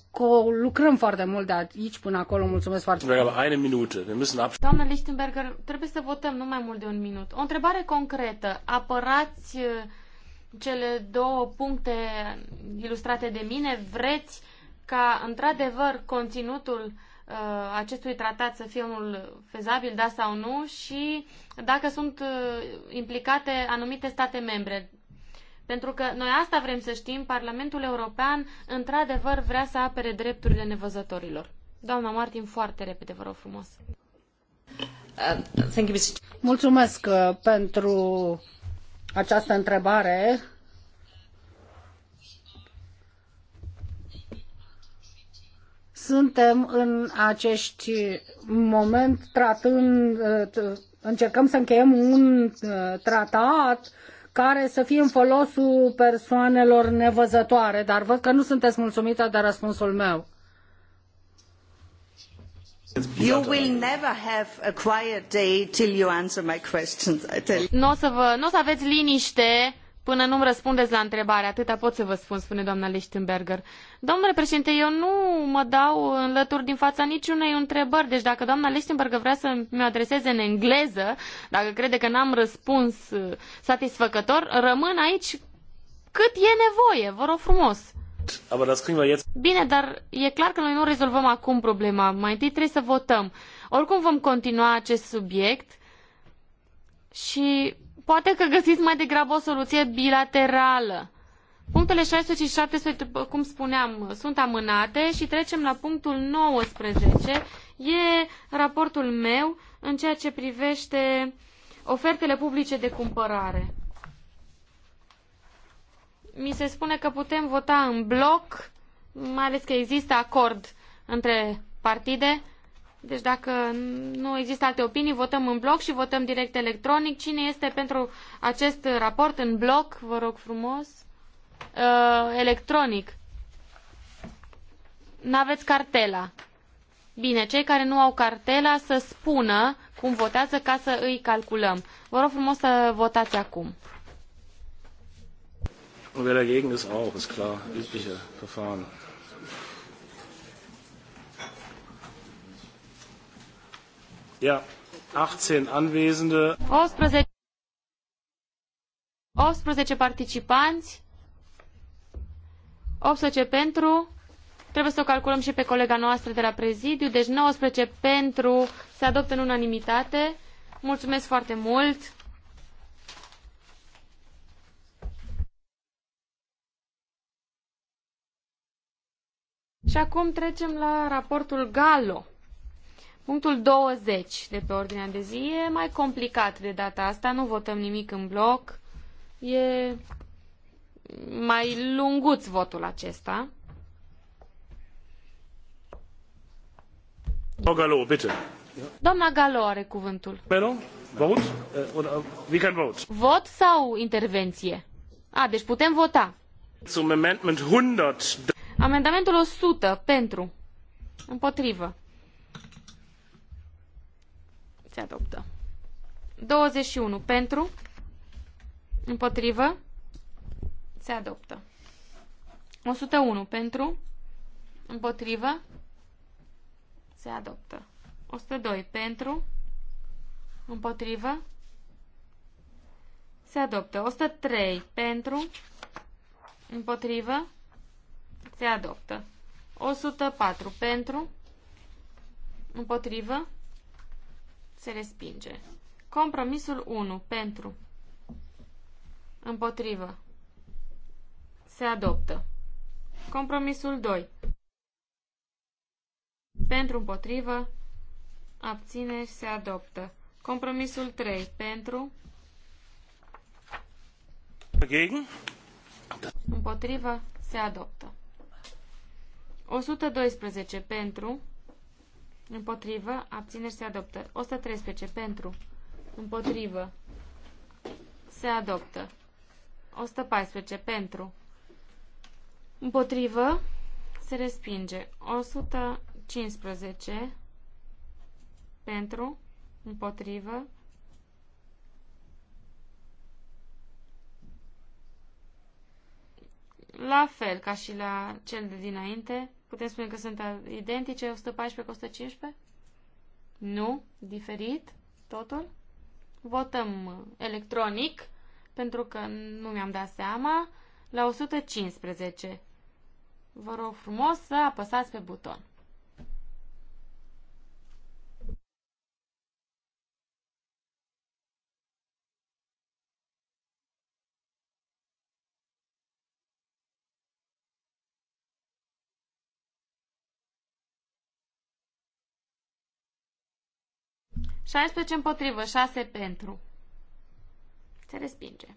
lucrăm foarte mult de aici până acolo. Mulțumesc foarte mult. Doamna Lichtenberger, trebuie să votăm nu mai mult de un minut. O întrebare concretă. Apărați uh, cele două puncte ilustrate de mine? Vreți ca într-adevăr conținutul uh, acestui tratat să fie unul fezabil, da sau nu, și dacă sunt uh, implicate anumite state membre. Pentru că noi asta vrem să știm, Parlamentul European într-adevăr vrea să apere drepturile nevăzătorilor. Doamna Martin, foarte repede, vă rog frumos. Mulțumesc uh, pentru această întrebare suntem în acești moment tratând, încercăm să încheiem un uh, tratat care să fie în folosul persoanelor nevăzătoare, dar văd că nu sunteți mulțumită de răspunsul meu. You will never have a quiet day till you answer my questions, I tell you. Nu o să, vă, n-o să aveți liniște Până nu-mi răspundeți la întrebare, atâta pot să vă spun, spune doamna Lichtenberger. Domnule președinte, eu nu mă dau în lături din fața niciunei întrebări, deci dacă doamna Lichtenberger vrea să mi adreseze în engleză, dacă crede că n-am răspuns uh, satisfăcător, rămân aici cât e nevoie, vă rog frumos. Bine, dar e clar că noi nu rezolvăm acum problema. Mai întâi trebuie să votăm. Oricum vom continua acest subiect și poate că găsiți mai degrabă o soluție bilaterală. Punctele 16 și 17, cum spuneam, sunt amânate și trecem la punctul 19. E raportul meu în ceea ce privește ofertele publice de cumpărare. Mi se spune că putem vota în bloc, mai ales că există acord între partide. Deci dacă nu există alte opinii, votăm în bloc și votăm direct electronic. Cine este pentru acest raport în bloc, vă rog frumos, uh, electronic? N-aveți cartela. Bine, cei care nu au cartela să spună cum votează ca să îi calculăm. Vă rog frumos să votați acum. Und wer dagegen ist auch, ist klar, übliche Verfahren. Ja, 18 anwesende. 18, 18 participanți. 18 pentru. Trebuie să o calculăm și pe colega noastră de la prezidiu. Deci 19 pentru se adoptă în unanimitate. Mulțumesc foarte mult. Și acum trecem la raportul Gallo. Punctul 20 de pe ordinea de zi e mai complicat de data asta, nu votăm nimic în bloc, e mai lunguț votul acesta. Galo, bitte. Doamna Galo are cuvântul. Vot? Uh, uh, We can vote. Vot sau intervenție? A, deci putem vota. Amendamentul 100 pentru. Împotrivă. Se adoptă. 21 pentru. Împotrivă. Se adoptă. 101 pentru. Împotrivă. Se adoptă. 102 pentru. Împotrivă. Se adoptă. 103 pentru. Împotrivă. Se adoptă. 104 pentru. Împotrivă. Se respinge. Compromisul 1. Pentru. Împotrivă. Se adoptă. Compromisul 2. Pentru împotrivă. Abțineri. Se adoptă. Compromisul 3. Pentru. Dagegen. Împotrivă. Se adoptă. 112. Pentru. Împotrivă. Abțineri se adoptă. 113 pentru. Împotrivă. Se adoptă. 114 pentru. Împotrivă. Se respinge. 115 pentru. Împotrivă. La fel ca și la cel de dinainte, Putem spune că sunt identice 114 cu 115? Nu, diferit totul. Votăm electronic pentru că nu mi-am dat seama la 115. Vă rog frumos să apăsați pe buton. 16 împotrivă, 6 pentru. Se respinge.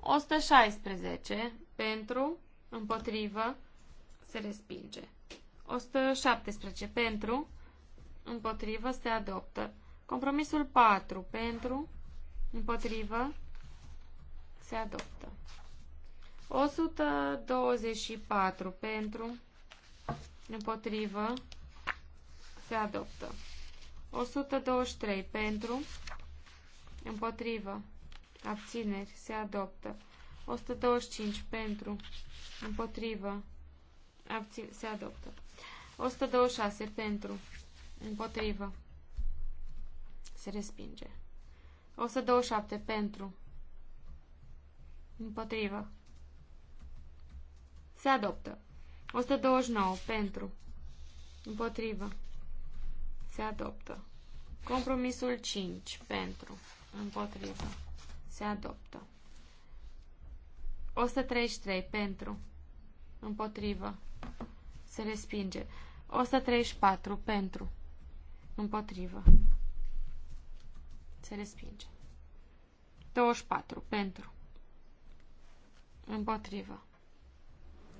116 pentru, împotrivă, se respinge. 117 pentru, împotrivă, se adoptă. Compromisul 4 pentru, împotrivă, se adoptă. 124 pentru, împotrivă, se adoptă. 123 pentru, împotrivă, abțineri, se adoptă. 125 pentru, împotrivă, abțineri, se adoptă. 126 pentru, împotrivă, se respinge. 127 pentru, împotrivă, se adoptă. 129 pentru, împotrivă, se adoptă. Compromisul 5 pentru, împotrivă, se adoptă. 133 pentru, împotrivă, se respinge. 134 pentru, împotrivă, se respinge. 24 pentru, împotrivă,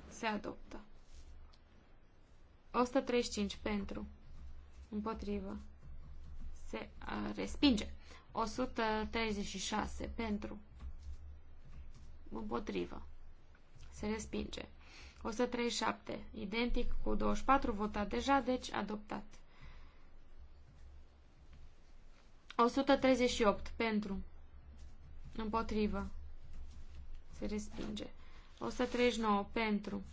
se adoptă. 135 pentru, Împotrivă. Se uh, respinge. 136 pentru. Împotrivă. Se respinge. 137. Identic cu 24 votat deja, deci adoptat. 138. Pentru. Împotrivă. Se respinge. 139. Pentru.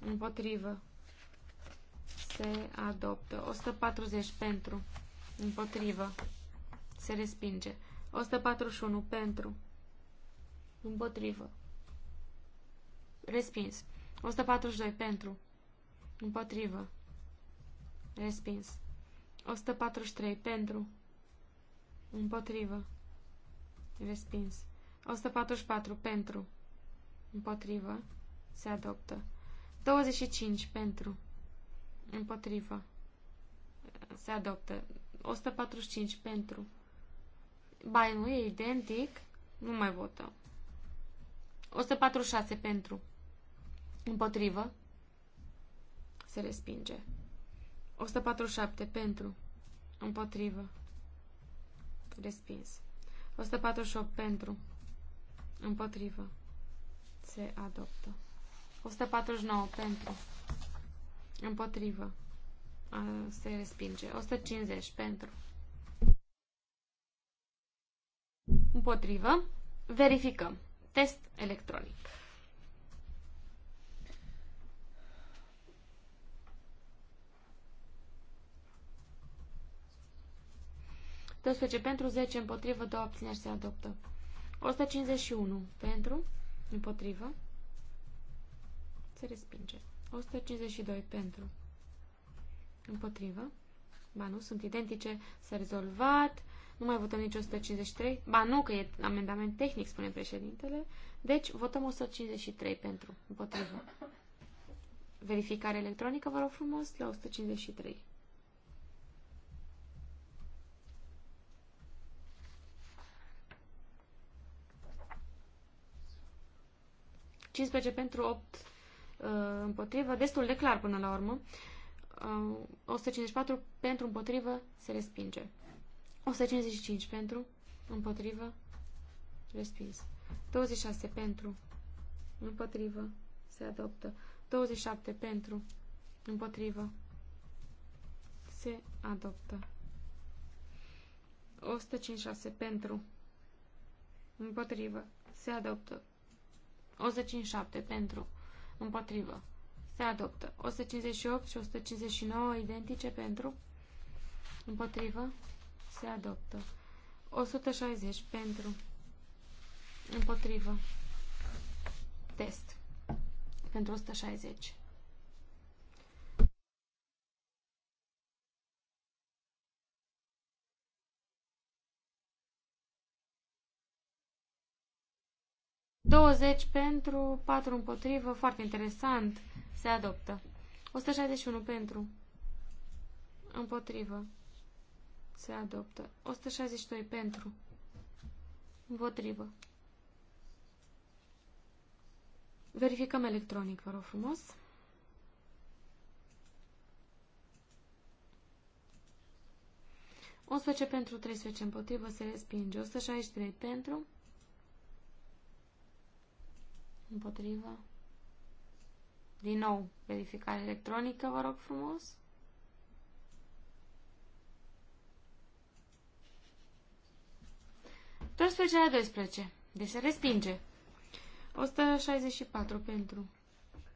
Împotrivă se adoptă. 140 pentru, împotrivă, se respinge. 141 pentru, împotrivă, respins. 142 pentru, împotrivă, respins. 143 pentru, împotrivă, respins. 144 pentru, împotrivă, se adoptă. 25 pentru, Împotrivă. Se adoptă. 145 pentru. Ba, nu e identic. Nu mai votăm. 146 pentru. Împotrivă. Se respinge. 147 pentru. Împotrivă. Respins. 148 pentru. Împotrivă. Se adoptă. 149 pentru. Împotrivă. Se respinge. 150 pentru. Împotrivă. Verificăm. Test electronic. Doisprezece pentru 10 împotrivă, 2 abțineri se adoptă. 151 pentru, împotrivă, se respinge. 152 pentru. Împotrivă. Ba nu, sunt identice. S-a rezolvat. Nu mai votăm nici 153. Ba nu, că e amendament tehnic, spune președintele. Deci, votăm 153 pentru. Împotrivă. Verificare electronică, vă rog frumos, la 153. Cincisprezece pentru 8 Uh, împotrivă, destul de clar până la urmă. 154 uh, pentru împotrivă se respinge. 155 pentru împotrivă respins. 26 pentru împotrivă se adoptă. 27 pentru împotrivă se adoptă. 156 pentru împotrivă se adoptă. 157 pentru Împotrivă. Se adoptă. 158 și 159 identice pentru. Împotrivă. Se adoptă. 160 pentru. Împotrivă. Test. Pentru 160. 20 pentru, 4 împotrivă, foarte interesant, se adoptă. 161 pentru, împotrivă, se adoptă. 162 pentru, împotrivă. Verificăm electronic, vă rog frumos. ce pentru 13 împotrivă se respinge. 163 pentru Împotrivă. Din nou, verificare electronică, vă rog frumos. Tot la 12. Deci se respinge. 164 pentru.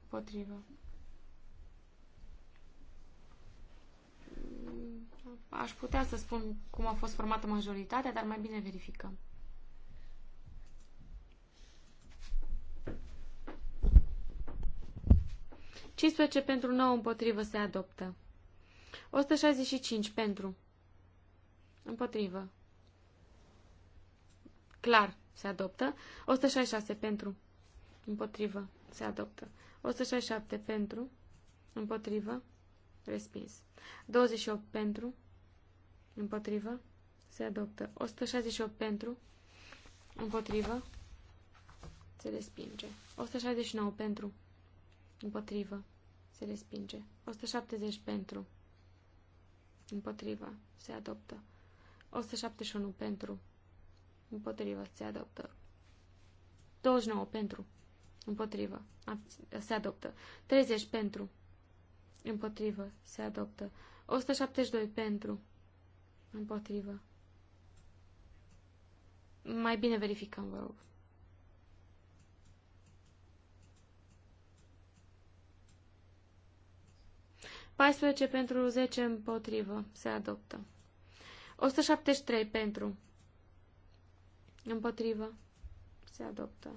Potrivă. Aș putea să spun cum a fost formată majoritatea, dar mai bine verificăm. 15 pentru 9 împotrivă se adoptă. 165 pentru. Împotrivă. Clar se adoptă. 166 pentru. Împotrivă se adoptă. 167 pentru. Împotrivă. Respins. 28 pentru. Împotrivă. Se adoptă. 168 pentru. Împotrivă. Se respinge. 169 pentru. Împotrivă. Se respinge. 170 pentru. Împotrivă. Se adoptă. 171 pentru. Împotrivă. Se adoptă. 29 pentru. Împotrivă. Se adoptă. 30 pentru. Împotrivă. Se adoptă. 172 pentru. Împotrivă. Mai bine verificăm, vă rog. 14 pentru 10 împotrivă. Se adoptă. 173 pentru. Împotrivă. Se adoptă.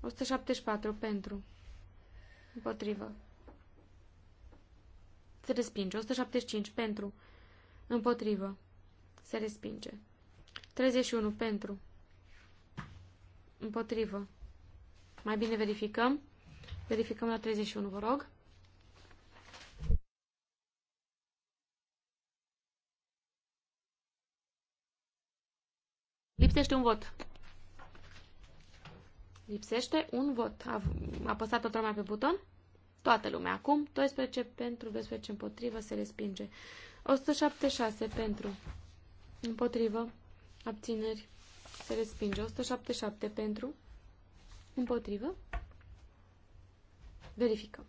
174 pentru. Împotrivă. Se respinge. 175 pentru. Împotrivă. Se respinge. 31 pentru. Împotrivă. Mai bine verificăm. Verificăm la 31, vă rog. Lipsește un vot. Lipsește un vot. A apăsat toată lumea pe buton? Toată lumea. Acum 12 pentru, 12 împotrivă, se respinge. 176 pentru, împotrivă, abțineri, se respinge. 177 pentru, împotrivă, verificăm.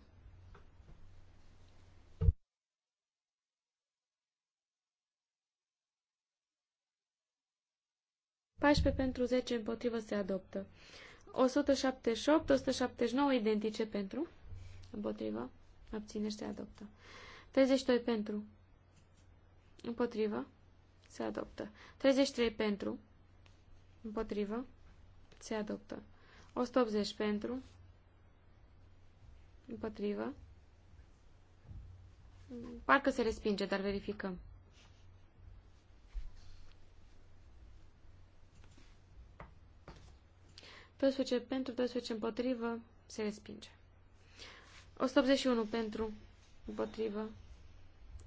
14 pentru 10 împotrivă se adoptă. 178, 179 identice pentru, împotrivă, abțineri se adoptă. 32 pentru, împotrivă, se adoptă. 33 pentru, împotrivă, se adoptă. 180 pentru, împotrivă, parcă se respinge, dar verificăm. 12 pentru, 12 împotrivă, se respinge. 181 pentru, împotrivă,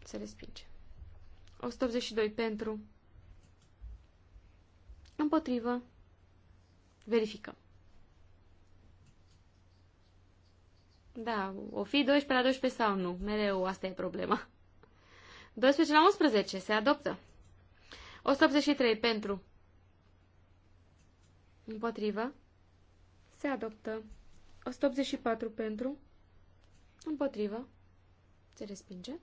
se respinge. 182 pentru, împotrivă, verificăm. Da, o fi 12 la 12 sau nu, mereu asta e problema. 12 la 11, se adoptă. 183 pentru, împotrivă, se adoptă. 184 pentru. Împotrivă. Se respinge.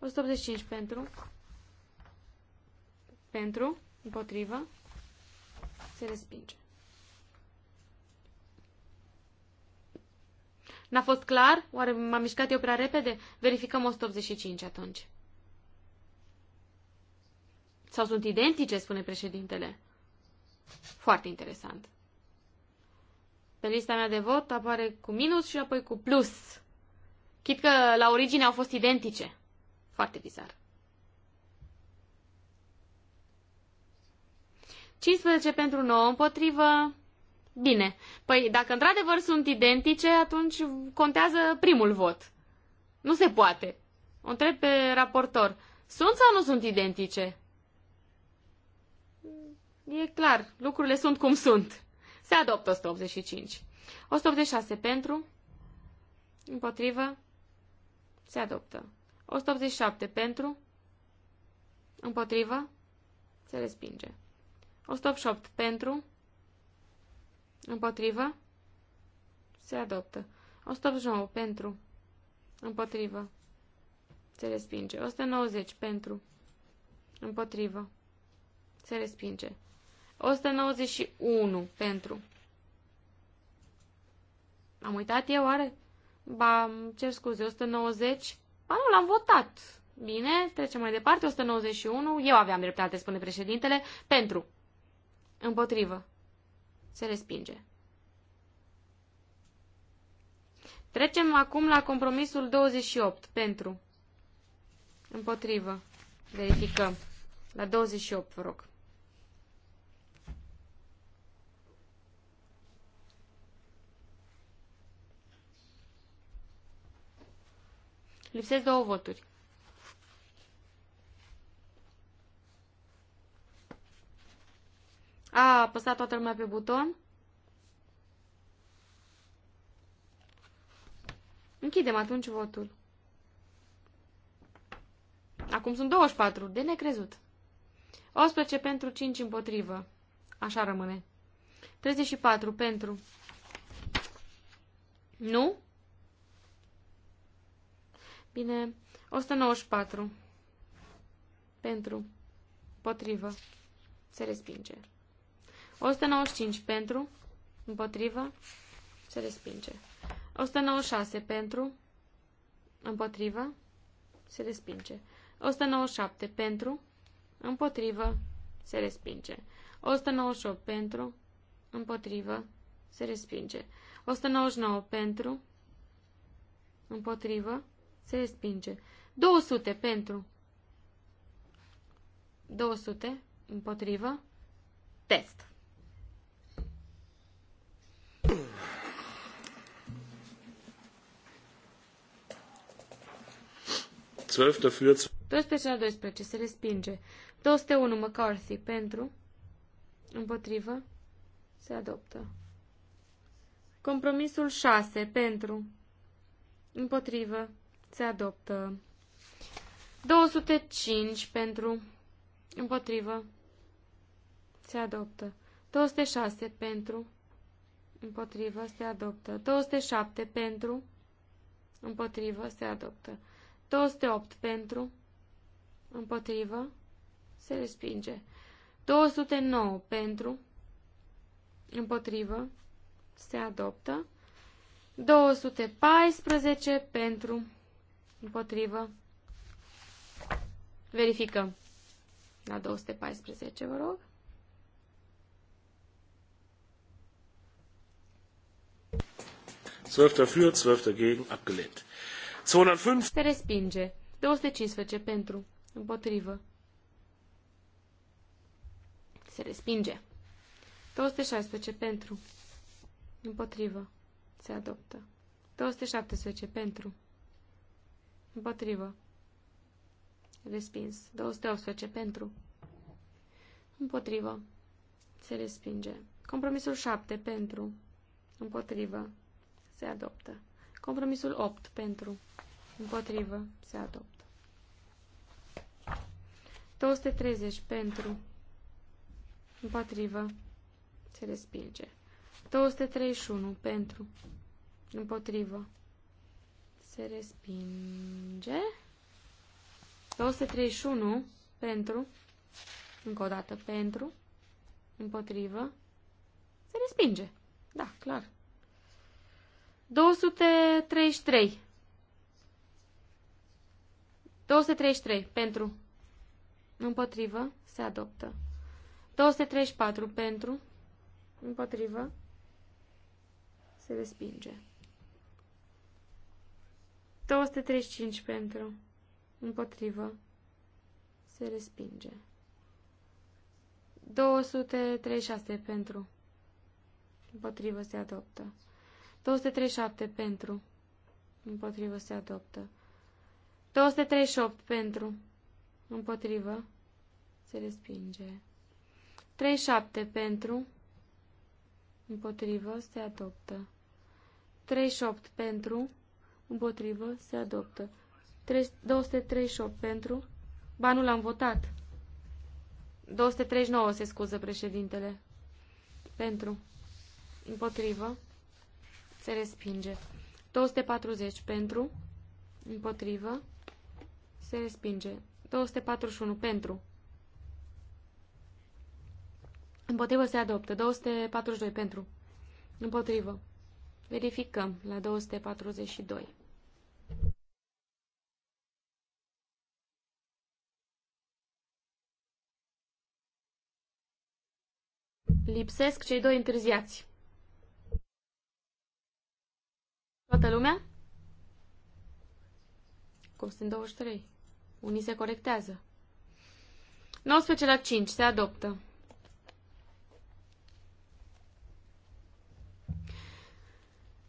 185 pentru. Pentru. Împotrivă. Se respinge. N-a fost clar? Oare m-am mișcat eu prea repede? Verificăm 185 atunci. Sau sunt identice, spune președintele. Foarte interesant. Pe lista mea de vot apare cu minus și apoi cu plus. Chit că la origine au fost identice. Foarte bizar. 15 pentru 9 împotrivă. Bine. Păi dacă într-adevăr sunt identice, atunci contează primul vot. Nu se poate. O întreb pe raportor. Sunt sau nu sunt identice? E clar, lucrurile sunt cum sunt. Se adoptă 185. 186 pentru, împotrivă, se adoptă. 187 pentru, împotrivă, se respinge. 188 pentru, împotrivă, se adoptă. 189 pentru, împotrivă, se respinge. 190 pentru, împotrivă, se respinge. 191 pentru. Am uitat eu, oare? Ba, cer scuze, 190? Ba nu, l-am votat. Bine, trecem mai departe. 191. Eu aveam dreptate, spune președintele. Pentru. Împotrivă. Se respinge. Trecem acum la compromisul 28. Pentru. Împotrivă. Verificăm. La 28, vă rog. Lipsesc două voturi. A apăsat toată lumea pe buton. Închidem atunci votul. Acum sunt 24, de necrezut. 18 pentru, 5 împotrivă. Așa rămâne. 34 pentru. Nu? Bine, 194. Pentru. Potrivă. Se respinge. 195 pentru. Împotrivă. Se respinge. 196 pentru. Împotrivă. Se respinge. 197 pentru. Împotrivă. Se respinge. 198 pentru. Împotrivă. Se respinge. 199 pentru. Împotrivă. Se respinge. 200 pentru. 200 împotrivă. Test. Dafür. 12 la 12 se respinge. 201 McCarthy pentru. Împotrivă. Se adoptă. Compromisul 6 pentru. Împotrivă. Se adoptă. 205 pentru. Împotrivă. Se adoptă. 206 pentru. Împotrivă. Se adoptă. 207 pentru. Împotrivă. Se adoptă. 208 pentru. Împotrivă. Se respinge. 209 pentru. Împotrivă. Se adoptă. 214 pentru. Împotrivă. Verificăm. La 214, vă rog. Zwölfter für, zwölfter gegen, abgelehnt. 205. Se respinge. 215 pentru. Împotrivă. Se respinge. 216 pentru. Împotrivă. Se adoptă. 217 pentru. Împotrivă. Respins. 218 pentru. Împotrivă. Se respinge. Compromisul 7 pentru. Împotrivă. Se adoptă. Compromisul 8 pentru. Împotrivă. Se adoptă. 230 pentru. Împotrivă. Se respinge. 231 pentru. Împotrivă. Se respinge. 231 pentru, încă o dată pentru, împotrivă, se respinge. Da, clar. 233. 233 pentru, împotrivă, se adoptă. 234 pentru, împotrivă, se respinge. 235 pentru. Împotrivă. Se respinge. 236 pentru. Împotrivă se adoptă. 237 pentru. Împotrivă se adoptă. 238 pentru. Împotrivă. Se respinge. 37 pentru. Împotrivă se adoptă. 38 pentru. Împotrivă. Se adoptă. 238 pentru. Ba, nu l-am votat. 239 se scuză președintele. Pentru. Împotrivă. Se respinge. 240 pentru. Împotrivă. Se respinge. 241 pentru. Împotrivă se adoptă. 242 pentru. Împotrivă. Verificăm la 242. Lipsesc cei doi întârziați. Toată lumea? Cum sunt 23. Unii se corectează. 19 la 5. Se adoptă.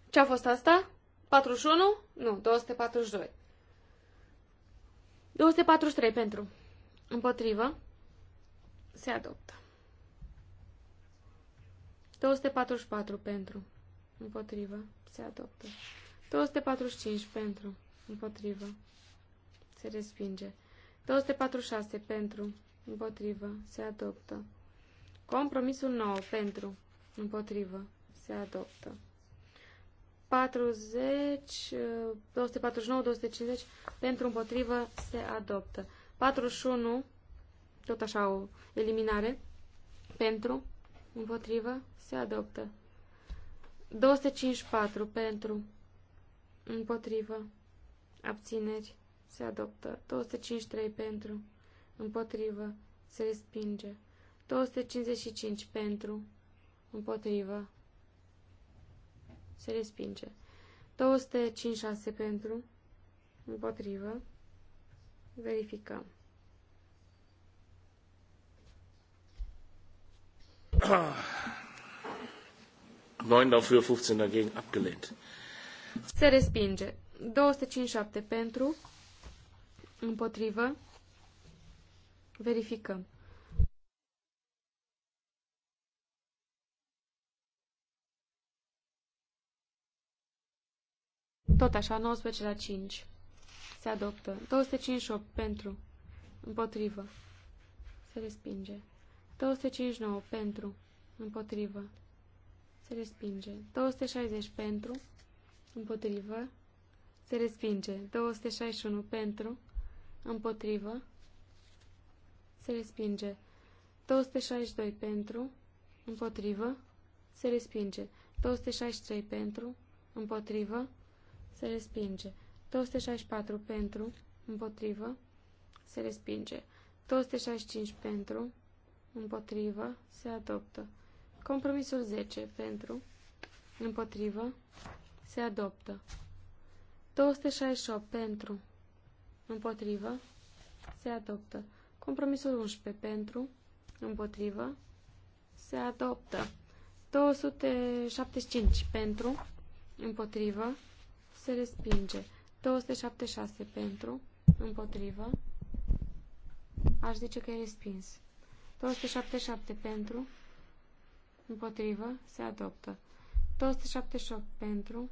Ce-a fost asta? 41? Nu, 242. 243 pentru. Împotrivă. Se adoptă. 244 pentru. Împotrivă. Se adoptă. 245 pentru. Împotrivă. Se respinge. 246 pentru. Împotrivă. Se adoptă. Compromisul 9 pentru. Împotrivă. Se adoptă. 40, 249, 250 pentru împotrivă se adoptă. 41, tot așa o eliminare, pentru Împotrivă. Se adoptă. 254 pentru. Împotrivă. Abțineri. Se adoptă. 253 pentru. Împotrivă. Se respinge. 255 pentru. Împotrivă. Se respinge. 256 pentru. Împotrivă. Verificăm. 9 dafür, 15 dagegen, abgelehnt. Se respinge. 257 pentru, împotrivă, verificăm. Tot așa, 19 la 5. Se adoptă. 258 pentru, împotrivă, se respinge. 259 pentru, împotrivă, se respinge. 260 pentru, împotrivă, se respinge. 261 pentru, împotrivă, se respinge. 262 pentru, împotrivă, se respinge. 263 pentru, împotrivă, se respinge. 264 pentru, împotrivă, se respinge. 265 pentru, împotrivă, se adoptă. Compromisul 10 pentru, împotrivă, se adoptă. 268 pentru, împotrivă, se adoptă. Compromisul 11 pentru, împotrivă, se adoptă. 275 pentru, împotrivă, se respinge. 276 pentru, împotrivă, aș zice că e respins. 277 pentru, împotrivă, se adoptă. 278 pentru,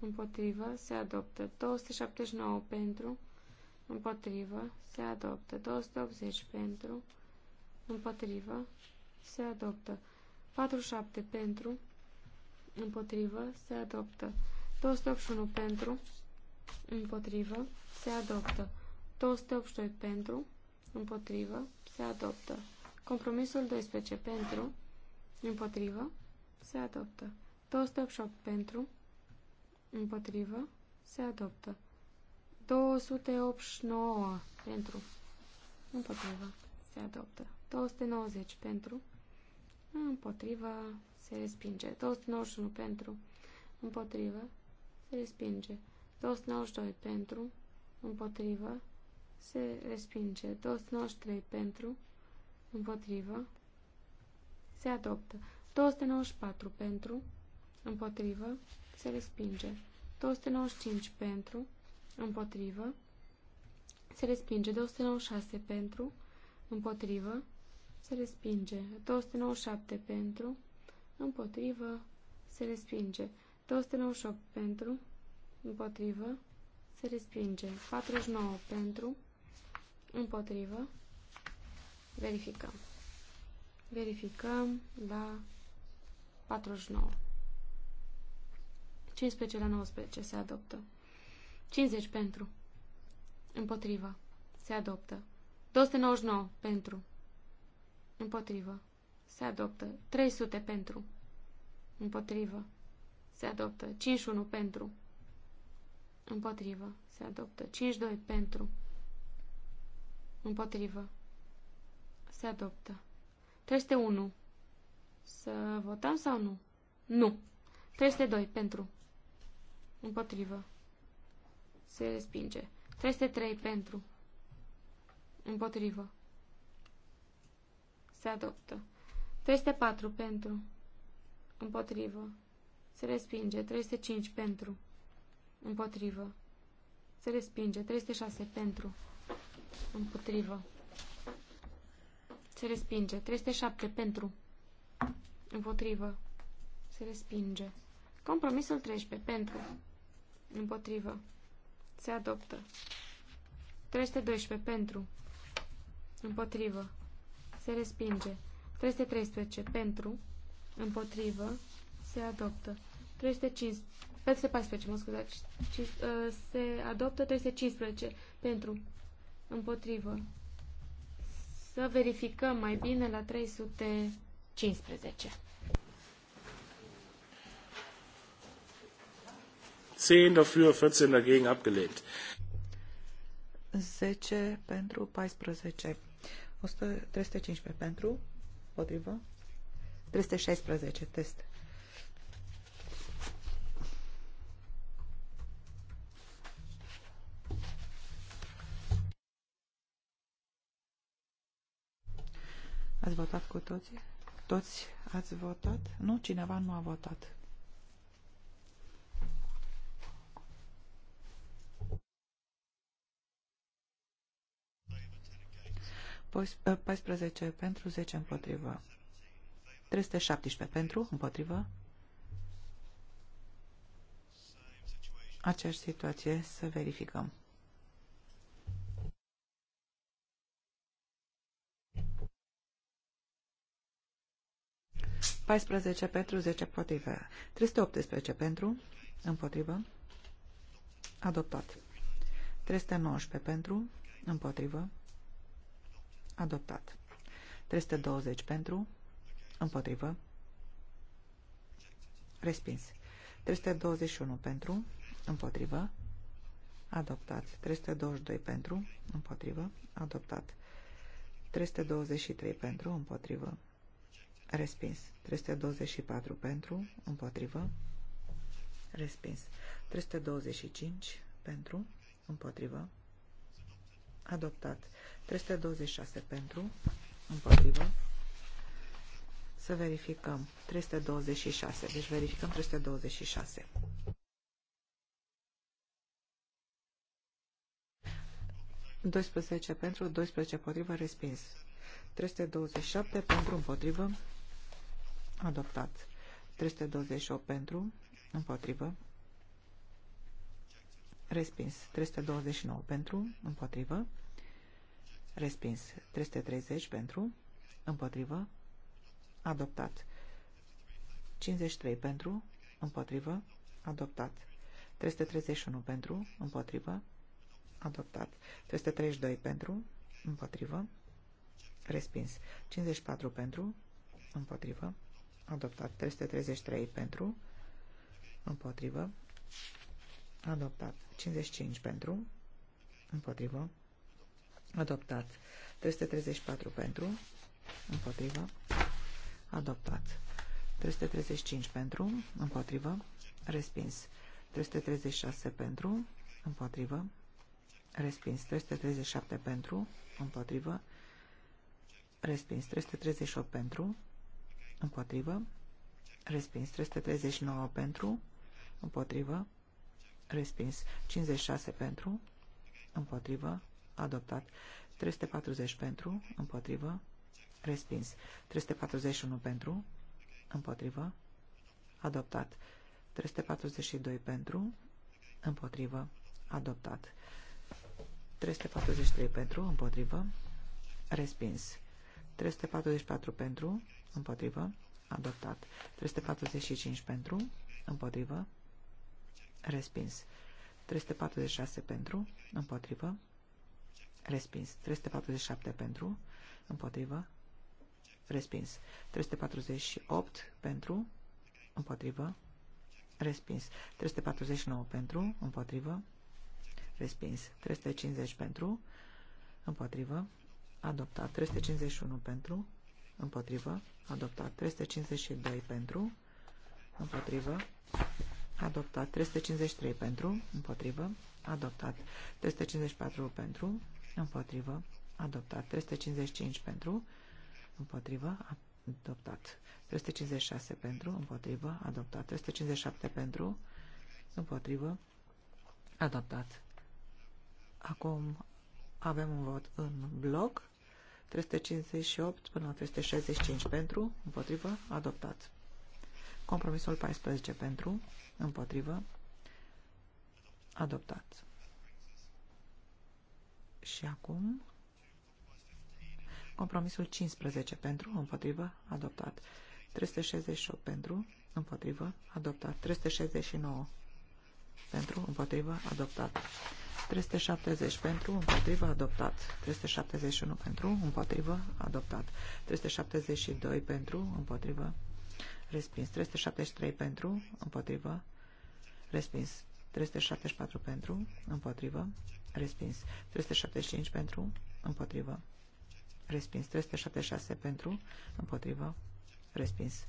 împotrivă, se adoptă. 279 pentru, împotrivă, se adoptă. 280 pentru, împotrivă, se adoptă. 47 pentru, împotrivă, se adoptă. 281 pentru, împotrivă, se adoptă. 282 pentru, împotrivă, se adoptă. Compromisul 12 pentru, împotrivă, se adoptă. 288 pentru, împotrivă, se adoptă. 289 pentru, împotrivă, se adoptă. 290 pentru, împotrivă, se respinge. 291 pentru, împotrivă, se respinge. 292 pentru, împotrivă, se respinge. 293 pentru, împotrivă, se adoptă. 294 pentru, împotrivă, se respinge. 295 pentru, împotrivă, se respinge. 296 pentru, împotrivă, se respinge. 297 pentru, împotrivă, se respinge. 298 pentru, împotrivă, se respinge. 49 pentru, împotrivă, Verificăm. Verificăm la 49. 15 la 19 se adoptă. 50 pentru. Împotriva. Se adoptă. 299 pentru. Împotrivă. Se adoptă. 300 pentru. Împotrivă. Se adoptă. 51 pentru. Împotrivă. Se adoptă. 52 pentru. Împotrivă. Se adoptă. 301. Să votăm sau nu? Nu. 302. Pentru. Împotrivă. Se respinge. 303. Pentru. Împotrivă. Se adoptă. 304. Pentru. Împotrivă. Se respinge. 305. Pentru. Împotrivă. Se respinge. 306. Pentru. Împotrivă. Se respinge. 307 pentru. Împotrivă. Se respinge. Compromisul 13 pentru. Împotrivă. Se adoptă. 312 pentru. Împotrivă. Se respinge. 313 pentru. Împotrivă. Se adoptă. 315. 314, mă scuzați. Uh, se adoptă 315 pentru. Împotrivă să verificăm mai bine la 315. 10 dafür, 14 dagegen abgelehnt. 10 pentru 14. 100, 315 pentru, potrivă. 316 test. Ați votat cu toții? Toți ați votat? Nu, cineva nu a votat. Pois, 14 ă, pentru, 10 împotrivă. 317 pentru, împotrivă. Aceeași situație, să verificăm. 14 pentru, 10 împotrivă. 318 pentru, împotrivă. Adoptat. 319 pentru, împotrivă. Adoptat. 320 pentru, împotrivă. Respins. 321 pentru, împotrivă. Adoptat. 322 pentru, împotrivă. Adoptat. 323 pentru, împotrivă. Respins. 324 pentru, împotrivă. Respins. 325 pentru, împotrivă. Adoptat. 326 pentru, împotrivă. Să verificăm. 326. Deci verificăm 326. Doisprezece pentru, doisprezece potrivă, respins. 327 pentru, împotrivă, Adoptat. 328 pentru, împotrivă. Respins. 329 pentru, împotrivă. Respins. 330 pentru, împotrivă. Adoptat. 53 pentru, împotrivă. Adoptat. 331 pentru, împotrivă. Adoptat. 332 pentru, împotrivă. Respins. 54 pentru, împotrivă adoptat 333 pentru, împotrivă, adoptat 55 pentru, împotrivă, adoptat 334 pentru, împotrivă, adoptat 335 pentru, împotrivă, respins 336 pentru, împotrivă, respins 337 pentru, împotrivă, respins 338 pentru, Împotrivă. Respins. 339 pentru. Împotrivă. Respins. 56 pentru. Împotrivă. Adoptat. 340 pentru. Împotrivă. Respins. 341 pentru. Împotrivă. Adoptat. 342 pentru. Împotrivă. Adoptat. 343 pentru. Împotrivă. Respins. 344 pentru. Împotrivă. Adoptat. 345 pentru. Împotrivă. Respins. 346 pentru. Împotrivă. Respins. 347 pentru. Împotrivă. Respins. 348 pentru. Împotrivă. Respins. 349 pentru. Împotrivă. Respins. 350 pentru. Împotrivă. Adoptat. 351 pentru împotrivă, adoptat 352 pentru, împotrivă, adoptat 353 pentru, împotrivă, adoptat 354 pentru, împotrivă, adoptat 355 pentru, împotrivă, adoptat 356 pentru, împotrivă, adoptat 357 pentru, împotrivă, adoptat. Acum avem un vot în bloc 358 până la 365 pentru, împotrivă, adoptat. Compromisul 14 pentru, împotrivă, adoptat. Și acum, compromisul 15 pentru, împotrivă, adoptat. 368 pentru, împotrivă, adoptat. 369 pentru, împotrivă, adoptat. 370 pentru, împotrivă, adoptat. 371 pentru, împotrivă, adoptat. 372 pentru, împotrivă, respins. 373 pentru, împotrivă, respins. 374 pentru, împotrivă, respins. 375 pentru, împotrivă, respins. 376 pentru, împotrivă, respins.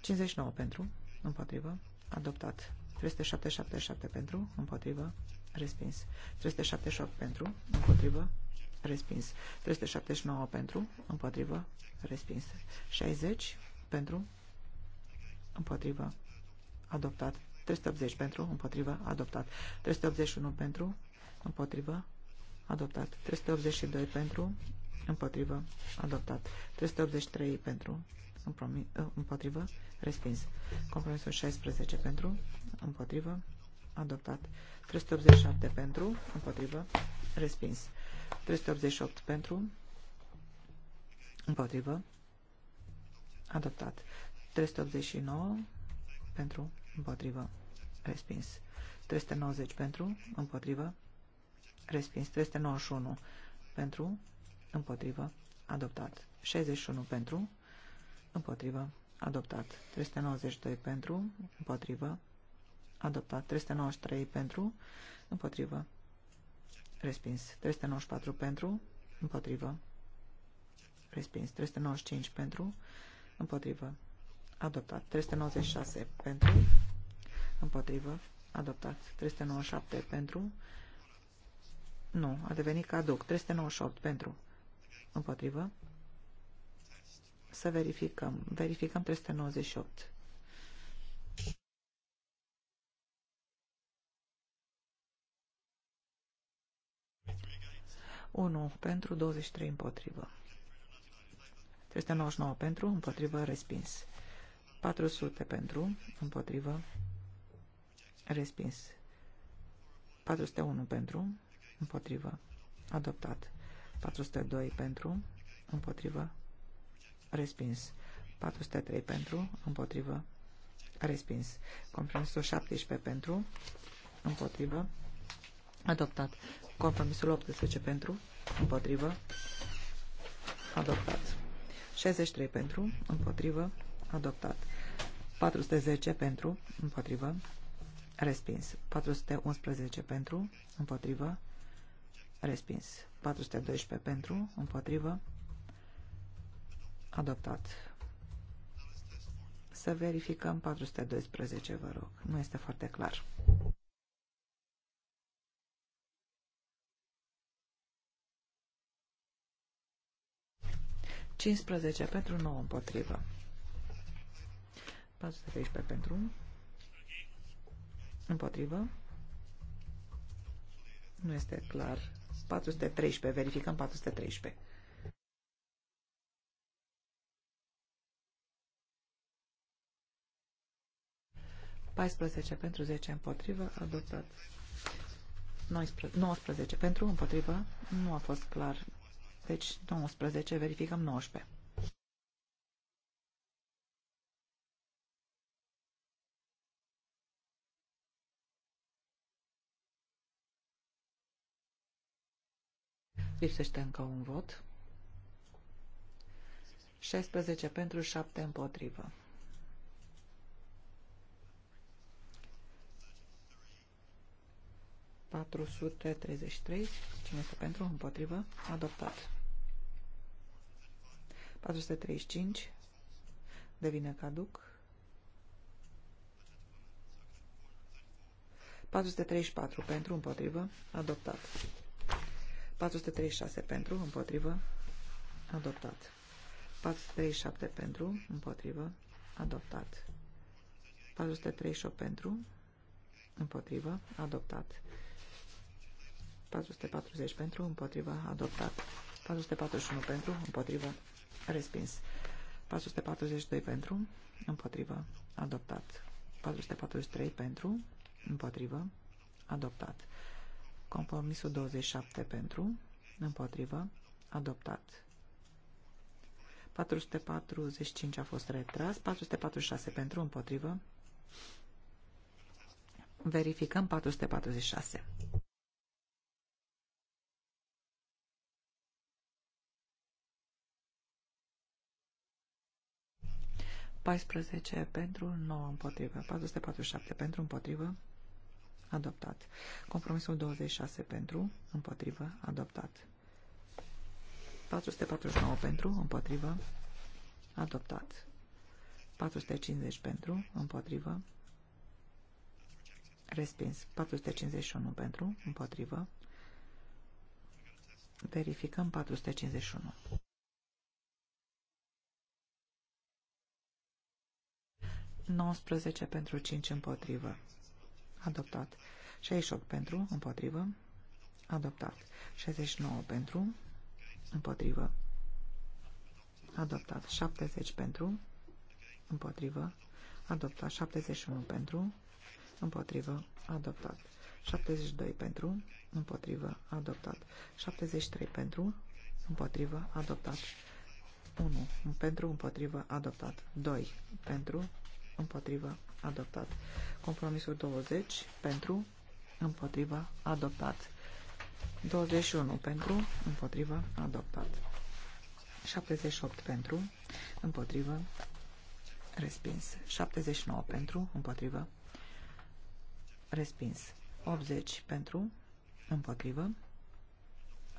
59 pentru, împotrivă, adoptat. 377 pentru, împotrivă, respins. 378 pentru, împotrivă, respins. 379 pentru, împotrivă, respins. 60 pentru, împotrivă, adoptat. 380 pentru, împotrivă, adoptat. 381 pentru, împotrivă, adoptat. 382 pentru, împotrivă, adoptat. 383 pentru, Uh, împotrivă, respins. Compromisul 16 pentru, împotrivă, adoptat. 387 pentru, împotrivă, respins. 388 pentru, împotrivă, adoptat. 389 pentru, împotrivă, respins. 390 pentru, împotrivă, respins. 391 pentru, împotrivă, adoptat. 61 pentru, Împotrivă. Adoptat. 392 pentru. Împotrivă. Adoptat. 393 pentru. Împotrivă. Respins. 394 pentru. Împotrivă. Respins. 395 pentru. Împotrivă. Adoptat. 396 pentru. Împotrivă. Adoptat. 397 pentru. Nu. A devenit caduc. 398 pentru. Împotrivă. Să verificăm. Verificăm 398. Unu pentru 23 împotrivă. 399 pentru, împotrivă, respins. 400 pentru, împotrivă, respins. 401 pentru, împotrivă, adoptat. 402 pentru, împotrivă, respins. 403 pentru, împotrivă, respins. Compromisul 17 pentru, împotrivă, adoptat. Compromisul 18 pentru, împotrivă, adoptat. 63 pentru, împotrivă, adoptat. 410 pentru, împotrivă, respins. 411 pentru, împotrivă, respins. 412 pentru, împotrivă, Adoptat. Să verificăm 412, vă rog. Nu este foarte clar. Cincisprezece pentru nouă împotrivă. 413 pentru împotrivă. Nu este clar. 413. Verificăm 413. 14 pentru 10 împotrivă, adoptat. 19 19 pentru împotrivă, nu a fost clar. Deci 19, verificăm 19. Lipsește încă un vot. 16 pentru 7 împotrivă. 433. Cine este pentru? Împotrivă. Adoptat. 435. Devine caduc. 434 pentru, împotrivă, adoptat. 436 pentru, împotrivă, adoptat. 437 pentru, împotrivă, adoptat. 438 pentru, împotrivă, adoptat. 440 pentru, împotriva, adoptat. 441 pentru, împotriva, respins. 442 pentru, împotriva, adoptat. 443 pentru, împotrivă, adoptat. Compromisul 27 pentru, împotrivă, adoptat. 445 a fost retras, 446 pentru, împotrivă. Verificăm 446. 14 pentru, 9 împotrivă. 447 pentru, împotrivă. Adoptat. Compromisul 26 pentru, împotrivă. Adoptat. 449 pentru, împotrivă. Adoptat. 450 pentru, împotrivă. Respins. 451 pentru, împotrivă. Verificăm 451. 19 pentru 5 împotrivă. Adoptat. 68 pentru, împotrivă. Adoptat. 69 pentru, împotrivă. Adoptat. 70 pentru, împotrivă. Adoptat. 71 pentru, împotrivă. Adoptat. 72 pentru, împotrivă. Adoptat. 73 pentru, împotrivă. Adoptat. 1. Pentru, împotrivă, adoptat. 2. Pentru, împotriva, adoptat. Compromisul 20 pentru, împotriva, adoptat. 21 pentru, împotriva, adoptat. 78 pentru, împotrivă, respins. 79 pentru, împotrivă, respins. 80 pentru, împotrivă,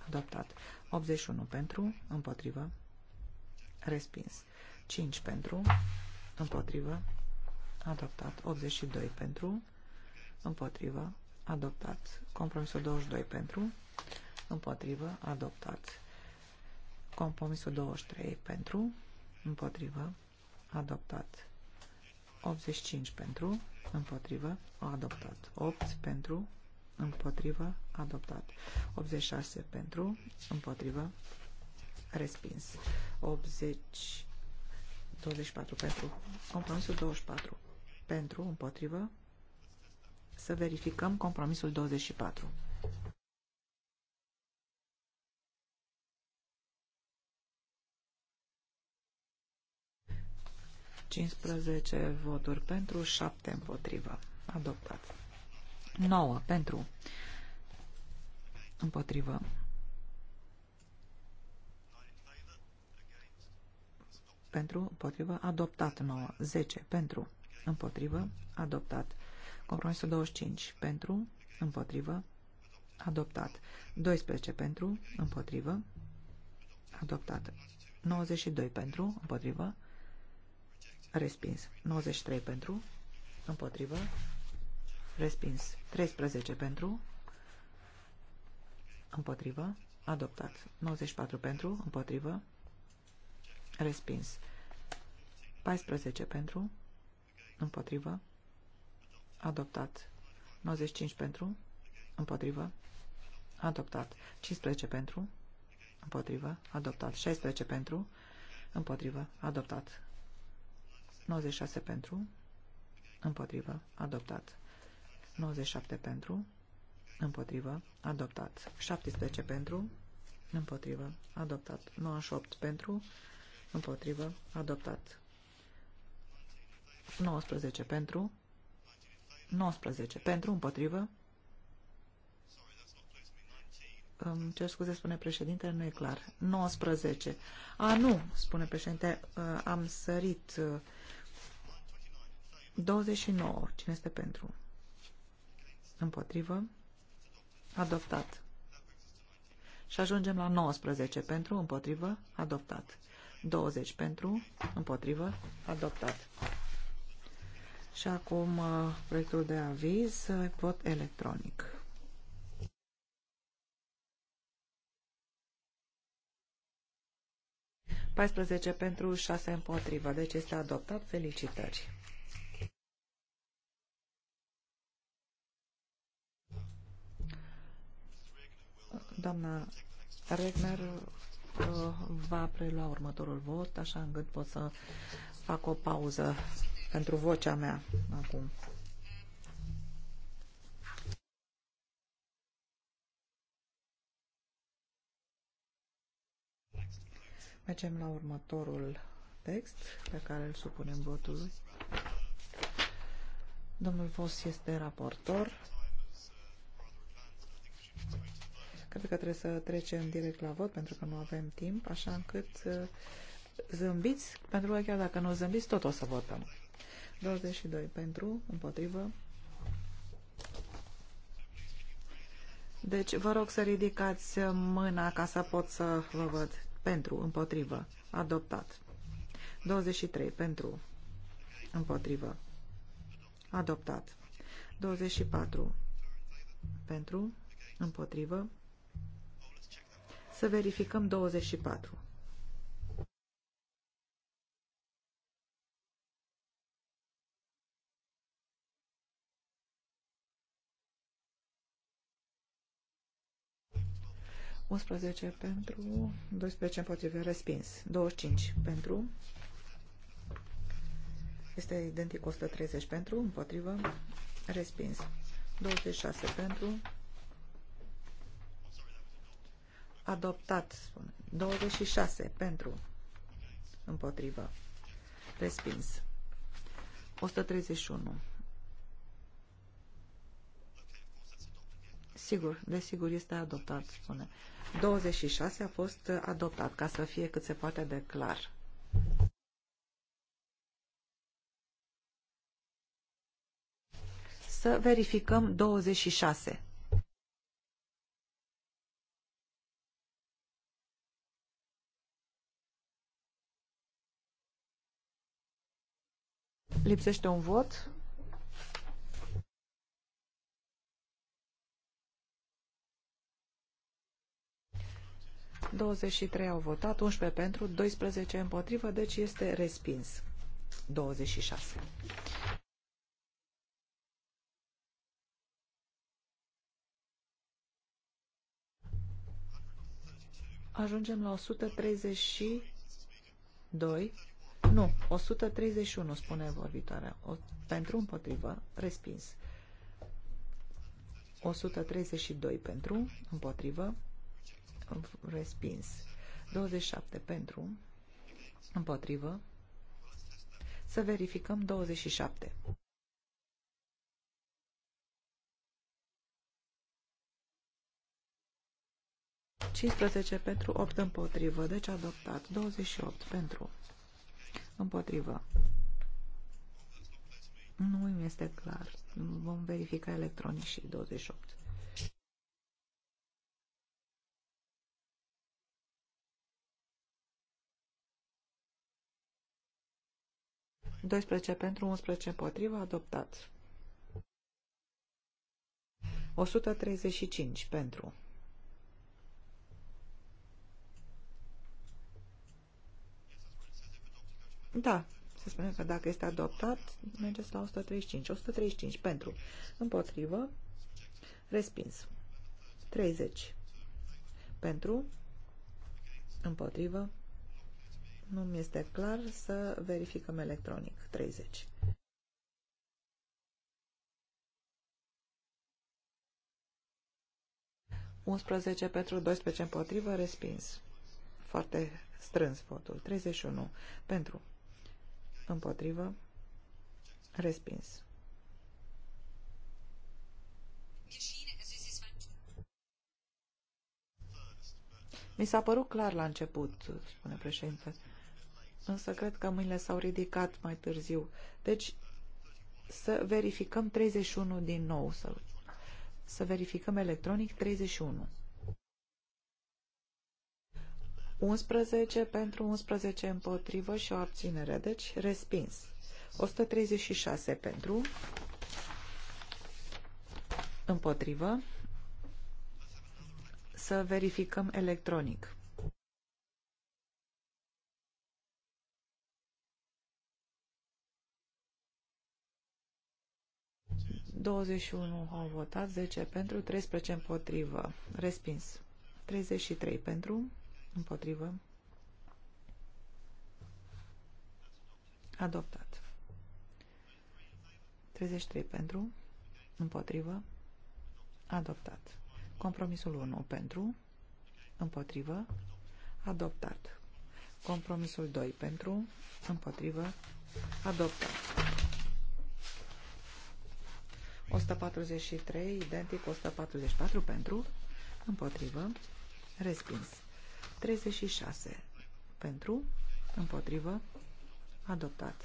adoptat. 81 pentru, împotrivă, respins. 5 pentru, împotrivă, adoptat. 82 pentru, împotrivă, adoptat. Compromisul 22 pentru, împotrivă, adoptat. Compromisul 23 pentru, împotrivă, adoptat. 85 pentru, împotrivă, adoptat. 8 pentru, împotrivă, adoptat. 86 pentru, împotrivă, respins. 80, 24 pentru, compromisul 24 pentru, împotrivă, să verificăm compromisul 24. Cincisprezece voturi pentru, șapte împotrivă. Adoptat. 9 pentru, împotrivă. Pentru, împotrivă, adoptat 9. 10 pentru, împotrivă, adoptat. Compromisul 25 pentru, împotrivă, adoptat. 12 pentru, împotrivă, adoptat. 92 pentru, împotrivă, respins. 93 pentru, împotrivă, respins. 13 pentru, împotrivă, adoptat. 94 pentru, împotrivă, respins. 14 pentru, Împotrivă. Adoptat. 95 pentru. Împotrivă. Adoptat. 15 pentru. Împotrivă. Adoptat. 16 pentru. Împotrivă. Adoptat. 96 pentru. Împotrivă. Adoptat. 97 pentru. Împotrivă. Adoptat. 17 pentru. Împotrivă. Adoptat. 98 pentru. Împotrivă. Adoptat. 19 pentru, 19 pentru, împotrivă. Îmi cer scuze, spune președinte, nu e clar. 19. A, nu, spune președinte, ă, am sărit. 29. Cine este pentru? Împotrivă. Adoptat. Și ajungem la 19 pentru, împotrivă, adoptat. 20 pentru, împotrivă, adoptat. Și acum uh, proiectul de aviz, uh, vot electronic. pentru 6 împotriva, deci este adoptat. Felicitări! Doamna Regner uh, va prelua următorul vot, așa încât pot să fac o pauză pentru vocea mea acum. Mergem la următorul text pe care îl supunem votului. Domnul Vos este raportor. Cred că trebuie să trecem direct la vot pentru că nu avem timp, așa încât uh, zâmbiți, pentru că chiar dacă nu zâmbiți, tot o să votăm. 22 pentru, împotrivă. Deci vă rog să ridicați mâna ca să pot să vă văd. Pentru, împotrivă, adoptat. 23 pentru, împotrivă, adoptat. 24 pentru, împotrivă. Să verificăm 24. 11 pentru, 12 împotrivă, respins. 25 pentru, este identic 130 pentru, împotrivă, respins. 26 pentru, adoptat, spune. 26 pentru, împotrivă, respins. 131 Sigur, desigur, este adoptat, spune. 26 a fost adoptat, ca să fie cât se poate de clar. Să verificăm 26. Lipsește un vot. 23 au votat, 11 pentru, 12 împotrivă, deci este respins. 26. Ajungem la 132. Nu, 131, spune vorbitoarea. O, pentru împotrivă, respins. 132 pentru, împotrivă, respins. 27 pentru, împotrivă. Să verificăm 27. pentru, 8 împotrivă, deci adoptat. 28 pentru, împotrivă. Nu este clar. Vom verifica electronic și 28. 12 pentru, 11 împotrivă, adoptat. 135 pentru. Da, se spune că dacă este adoptat, mergeți la 135. 135 pentru. Împotrivă. Respins. 30. Pentru. Împotrivă. Nu mi este clar să verificăm electronic. 30. Unsprezece pentru 12 împotrivă, respins. Foarte strâns votul. 31 pentru împotrivă, respins. Mi s-a părut clar la început, spune președintele însă cred că mâinile s-au ridicat mai târziu. Deci să verificăm 31 din nou, să, să verificăm electronic 31. 11 pentru 11 împotrivă și o abținere, deci respins. 136 pentru împotrivă. Să verificăm electronic. 21 au votat, 10 pentru, 13 împotrivă. Respins. 33 pentru, împotrivă. Adoptat. 33 pentru, împotrivă. Adoptat. Compromisul 1 pentru, împotrivă. Adoptat. Compromisul 2 pentru, împotrivă. Adoptat. 143, identic 144 pentru, împotrivă, respins. 36 pentru, împotrivă, adoptat.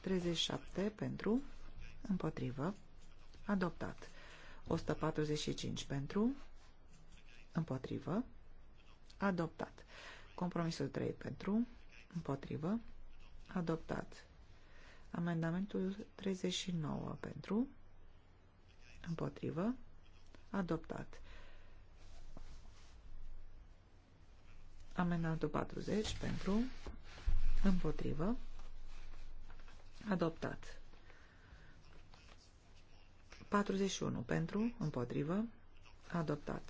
37 pentru, împotrivă, adoptat. 145 pentru, împotrivă, adoptat. Compromisul 3 pentru, împotrivă, adoptat. Amendamentul 39 pentru, Împotrivă. Adoptat. Amendamentul 40 pentru. Împotrivă. Adoptat. 41 pentru. Împotrivă. Adoptat.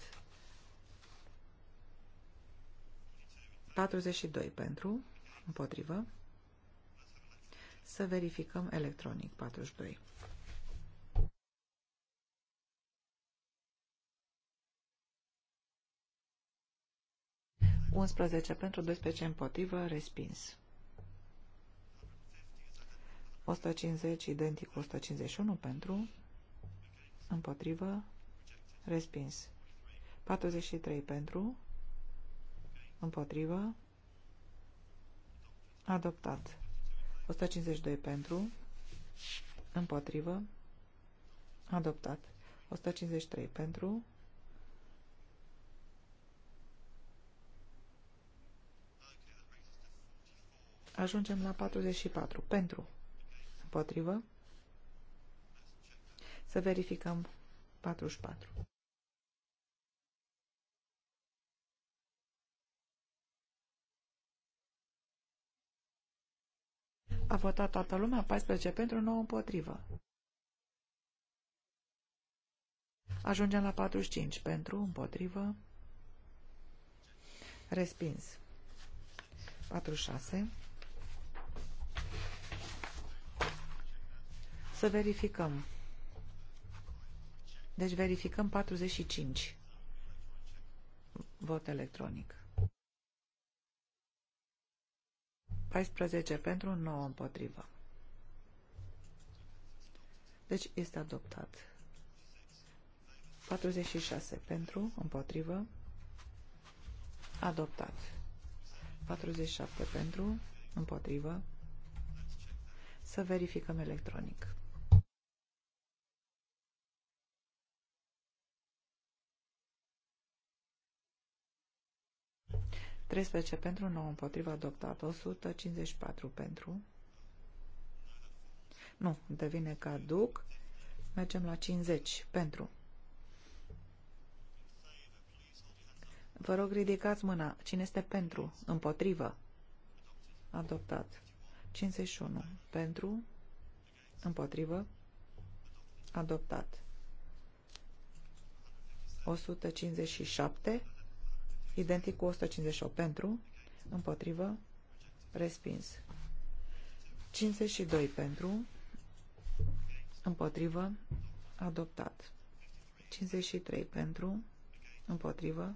42 pentru. Împotrivă. Să verificăm electronic 42. 11 pentru, 12 împotrivă, respins. 150 identic 151 pentru, împotrivă, respins. 43 pentru, împotrivă, adoptat. 152 pentru, împotrivă, adoptat. 153 pentru, Ajungem la 44. Pentru. Împotrivă. Să verificăm 44. A votat toată lumea 14 pentru 9 împotrivă. Ajungem la 45 pentru împotrivă. Respins. 46 Să verificăm. Deci verificăm 45. Vot electronic. 14 pentru, 9 împotrivă. Deci este adoptat. 46 pentru, împotrivă, adoptat. 47 pentru, împotrivă, să verificăm electronic. 13 pentru, 9 împotriva, adoptat. 154 pentru. Nu, devine caduc. Mergem la 50 pentru. Vă rog, ridicați mâna. Cine este pentru? Împotrivă. Adoptat. 51. Pentru. Împotrivă. Adoptat. 157. Identic cu 158 pentru, împotrivă, respins. 52 pentru, împotrivă, adoptat. 53 pentru, împotrivă,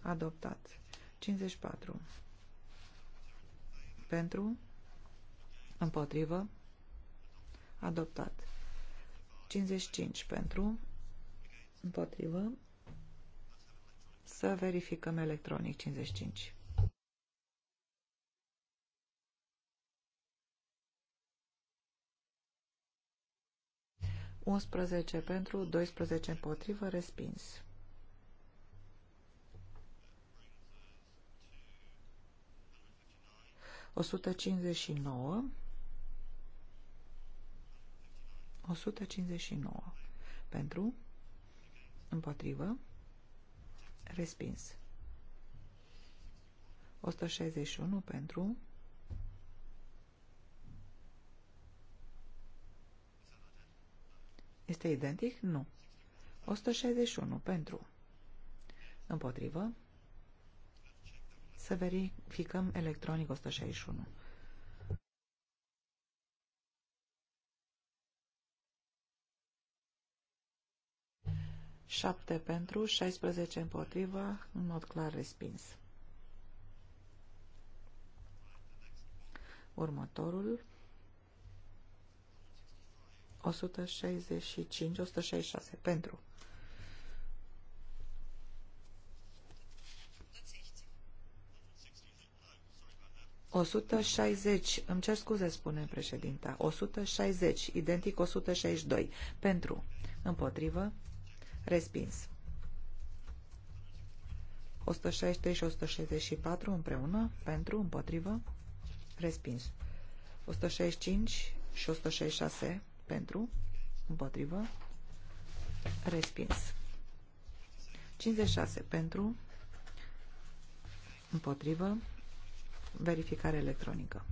adoptat. 54 pentru, împotrivă, adoptat. 55 pentru, împotrivă, să verificăm electronic 55. Unsprezece pentru, 12 împotrivă, respins. O sută cincizeci și nouă. 159. Pentru, împotrivă, Respins. 161 pentru Este identic? Nu. 161 pentru. Împotrivă. Să verificăm electronic 161. 7 pentru, 16 împotrivă, în mod clar respins. Următorul 165, 166 pentru. O 160, îmi cer scuze, spune președinta, 160, identic 162, pentru, împotrivă, Respins. 163 și 164 împreună, pentru, împotrivă, respins. 165 și 166 pentru, împotrivă, respins. 56 pentru, împotrivă, verificare electronică.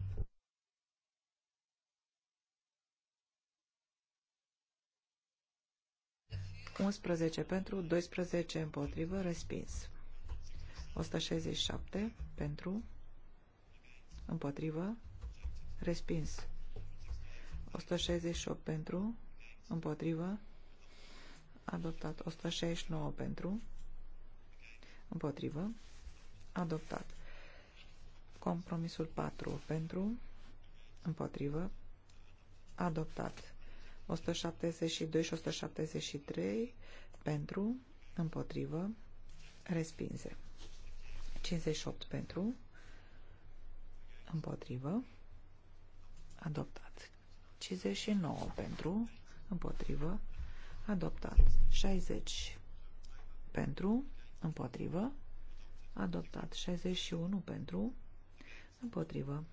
11 pentru, 12 împotrivă, respins. 167 pentru, împotrivă, respins. 168 pentru, împotrivă, adoptat. 169 pentru, împotrivă, adoptat. Compromisul 4 pentru, împotrivă, adoptat. 172 și 173 pentru, împotrivă, respinse. 58 pentru, împotrivă, adoptat. 59 pentru, împotrivă, adoptat. 60 pentru, împotrivă, adoptat. 61 pentru, împotrivă,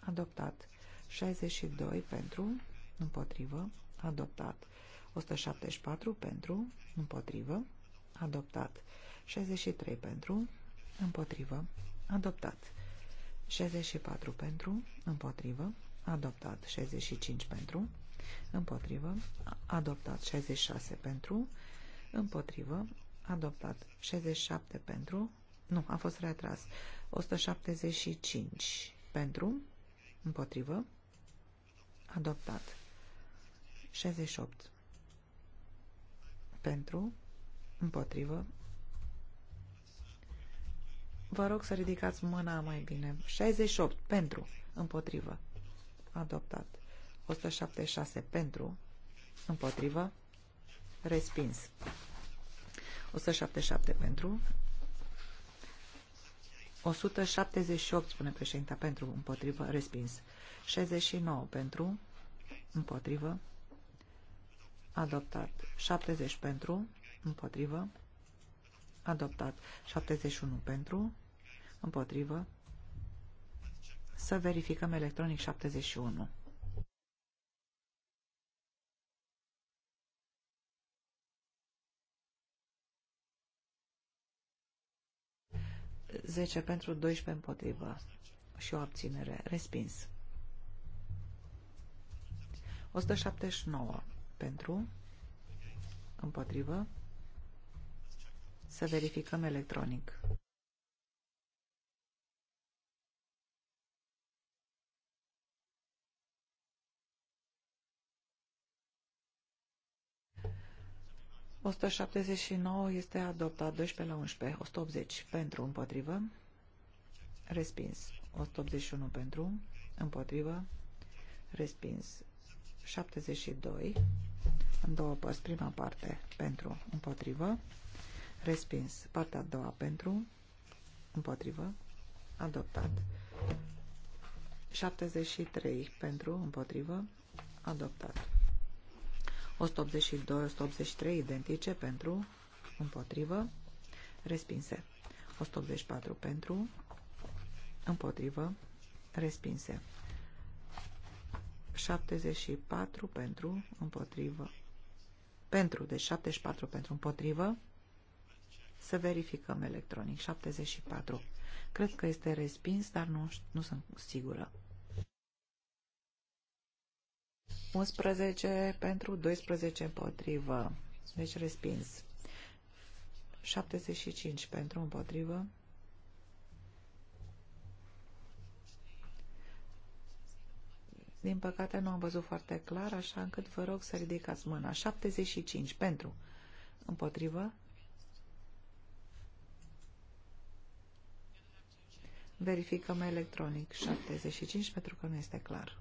adoptat. 62 pentru, împotrivă, adoptat. 174 pentru, împotrivă, adoptat. 63 pentru, împotrivă, adoptat. 64 pentru, împotrivă, adoptat. 65 pentru, împotrivă, adoptat. 66 pentru, împotrivă, adoptat. 67 pentru, nu, a fost retras. 175 pentru, împotrivă, adoptat. 68. Pentru, împotrivă. Vă rog să ridicați mâna mai bine. 68. Pentru, împotrivă. Adoptat. 176. Pentru, împotrivă. Respins. 177 pentru. 178, spune președinta, pentru, împotrivă, respins. 69 pentru, împotrivă, adoptat 70 pentru, împotrivă, adoptat 71 pentru, împotrivă, să verificăm electronic 71. Zece pentru 12 împotrivă și o abținere. Respins. 179 pentru, împotrivă, să verificăm electronic. Osta este adoptat 12 la 11, 180 pentru împotrivă, respins, 181 pentru împotrivă, respins, 72 în două părți. Prima parte pentru, împotrivă, respins. Partea a doua pentru, împotrivă, adoptat. 73 pentru, împotrivă, adoptat. 182, 183 identice pentru, împotrivă, respinse. 184 pentru, împotrivă, respinse. 74 pentru, împotrivă, pentru, de deci 74 pentru împotrivă. Să verificăm electronic. 74. Cred că este respins, dar nu, nu sunt sigură. 11 pentru, 12 împotrivă. Deci respins. 75 pentru împotrivă. Din păcate nu am văzut foarte clar, așa încât vă rog să ridicați mâna. 75 pentru. Împotrivă. Verificăm electronic 75 pentru că nu este clar.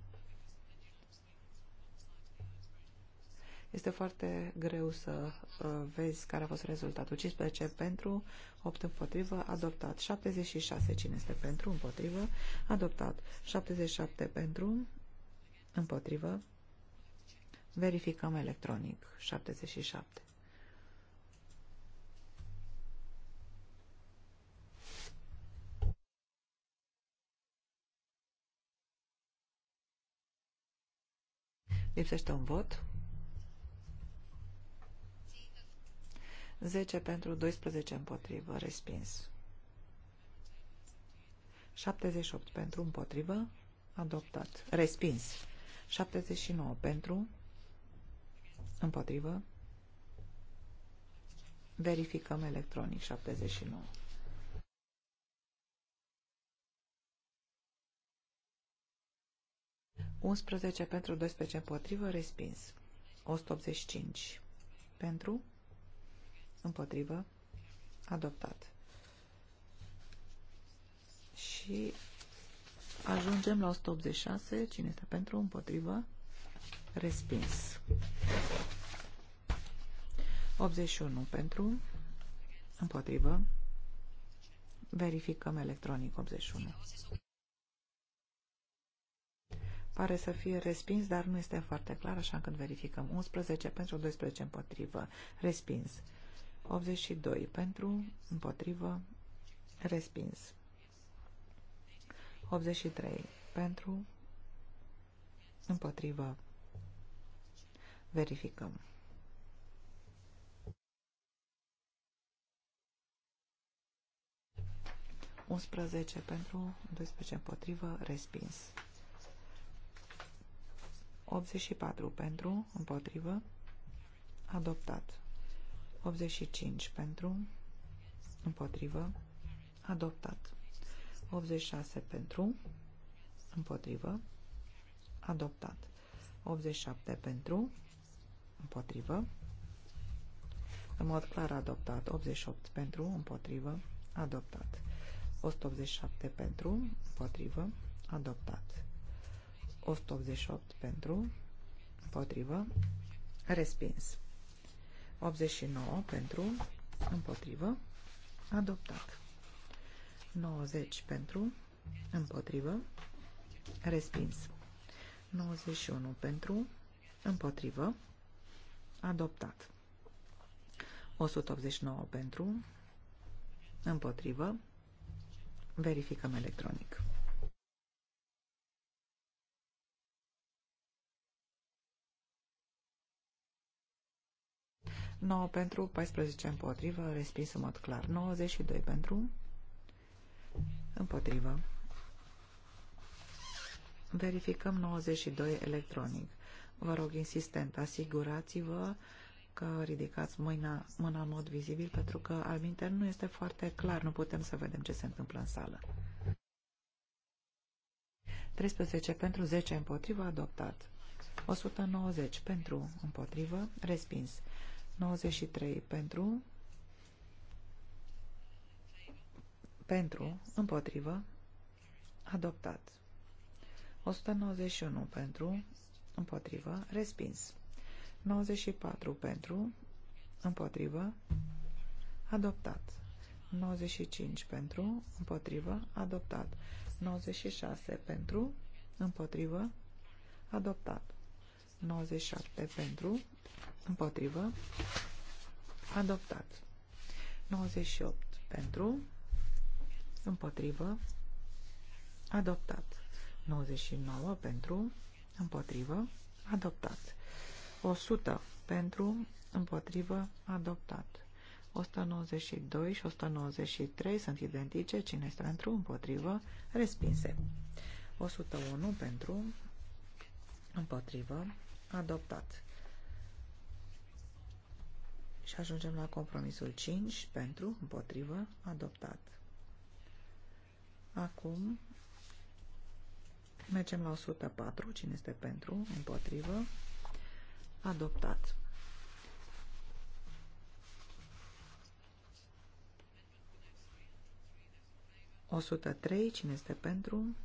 Este foarte greu să uh, vezi care a fost rezultatul. 15 pentru, 8 împotrivă, adoptat. 76, cine este pentru, împotrivă, adoptat. 77 pentru, Împotrivă. Verificăm electronic. 77. Lipsește un vot. 10 pentru 12 împotrivă, respins. 78 pentru împotrivă, adoptat, respins. 79 pentru, împotrivă, verificăm electronic 79. Unsprezece pentru 12 împotrivă, respins. 185 pentru, împotrivă, adoptat. Și Ajungem la 186. Cine este pentru? Împotrivă? Respins. 81 pentru? Împotrivă? Verificăm electronic 81. Pare să fie respins, dar nu este foarte clar, așa când verificăm. 11 pentru, 12 împotrivă. Respins. 82 pentru, împotrivă, respins. 83 pentru, împotrivă, verificăm. Unsprezece pentru, 12 împotrivă, respins. 84 pentru, împotrivă, adoptat. 85 pentru, împotrivă, adoptat. 86 pentru, împotrivă, adoptat. 87 pentru, împotrivă, în mod clar adoptat. 88 pentru, împotrivă, adoptat. 187 pentru, împotrivă, adoptat. 188 pentru, împotrivă, respins. 89 pentru, împotrivă, adoptat. 90 pentru, împotrivă, respins. 91 pentru, împotrivă, adoptat. 189 pentru, împotrivă, verificăm electronic. Nouă pentru, 14 împotrivă, respins în mod clar. 92 pentru, Împotrivă. Verificăm 92 electronic. Vă rog insistent, asigurați-vă că ridicați mâna, mâna în mod vizibil, pentru că al minter nu este foarte clar, nu putem să vedem ce se întâmplă în sală. 13 pentru 10 împotrivă, adoptat. 190 pentru împotrivă, respins. 93 pentru pentru, împotrivă, adoptat. 191 pentru, împotrivă, respins. 94 pentru, împotrivă, adoptat. 95 pentru, împotrivă, adoptat. 96 pentru, împotrivă, adoptat. 97 pentru, împotrivă, adoptat. 98 pentru, împotrivă, adoptat. 99 pentru, împotrivă, adoptat. 100 pentru, împotrivă, adoptat. 192 și 193 sunt identice, cine este pentru, împotrivă, respinse. 101 pentru, împotrivă, adoptat. Și ajungem la compromisul 5 pentru, împotrivă, adoptat. Acum mergem la 104. Cine este pentru? Împotrivă. Adoptat. O 103. Cine este pentru?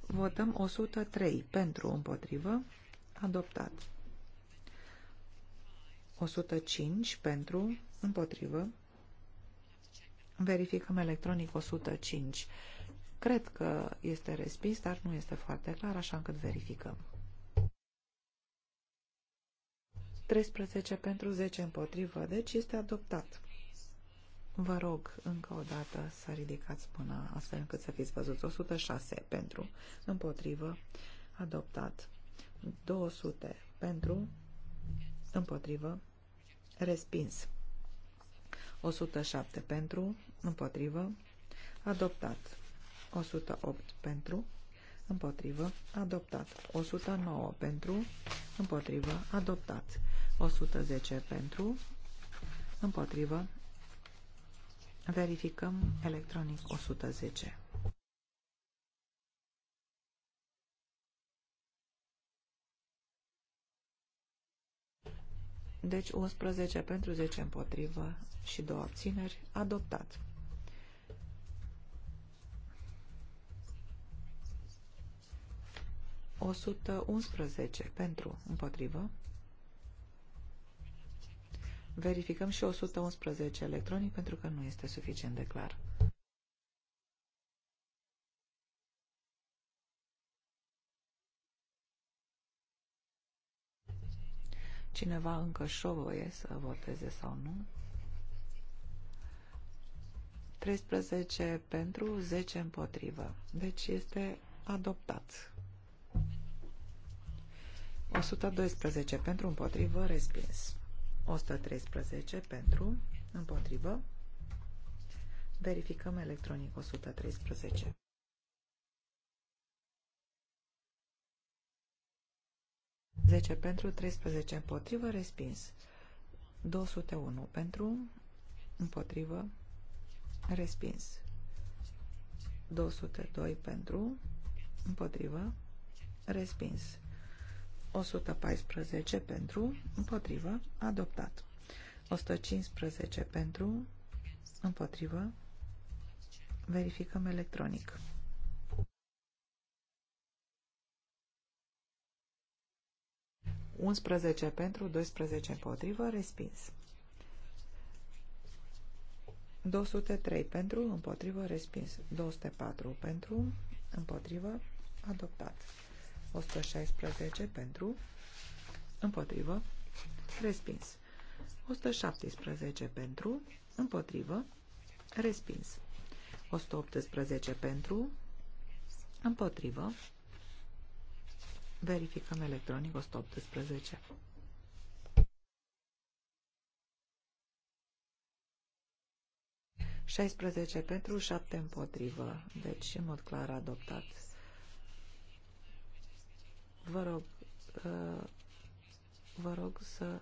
Votăm 103 pentru împotrivă. Adoptat. 105 pentru, împotrivă. Verificăm electronic 105. Cred că este respins, dar nu este foarte clar, așa încât verificăm. 13 pentru 10 împotrivă, deci este adoptat. Vă rog încă o dată să ridicați până astfel încât să fiți văzuți. 106 pentru împotrivă, adoptat. 200 pentru împotrivă, respins. 107 pentru, împotrivă, adoptat. 108 pentru, împotrivă, adoptat. 109 pentru, împotrivă, adoptat. 110 pentru, împotrivă, verificăm electronic 110. deci 11 pentru 10 împotrivă și 2 abțineri, adoptat. O 111 pentru împotrivă. Verificăm și 111 electronic pentru că nu este suficient de clar. cineva încă șovoie să voteze sau nu. 13 pentru, 10 împotrivă. Deci este adoptat. 112 pentru, împotrivă, respins. 113 pentru, împotrivă. Verificăm electronic 113. 10 pentru, 13 împotrivă, respins. 201 pentru, împotrivă, respins. 202 pentru, împotrivă, respins. 114 pentru, împotrivă, adoptat. 115 pentru, împotrivă, verificăm electronic. 11 pentru, 12 împotrivă, respins. 203 pentru, împotrivă, respins. 204 pentru, împotrivă, adoptat. 116 pentru, împotrivă, respins. 117 pentru, împotrivă, respins. 118 pentru, împotrivă, Verificăm electronic 118. șaisprezece pentru, șapte împotrivă. Deci, în mod clar, adoptat. Vă rog, uh, vă rog să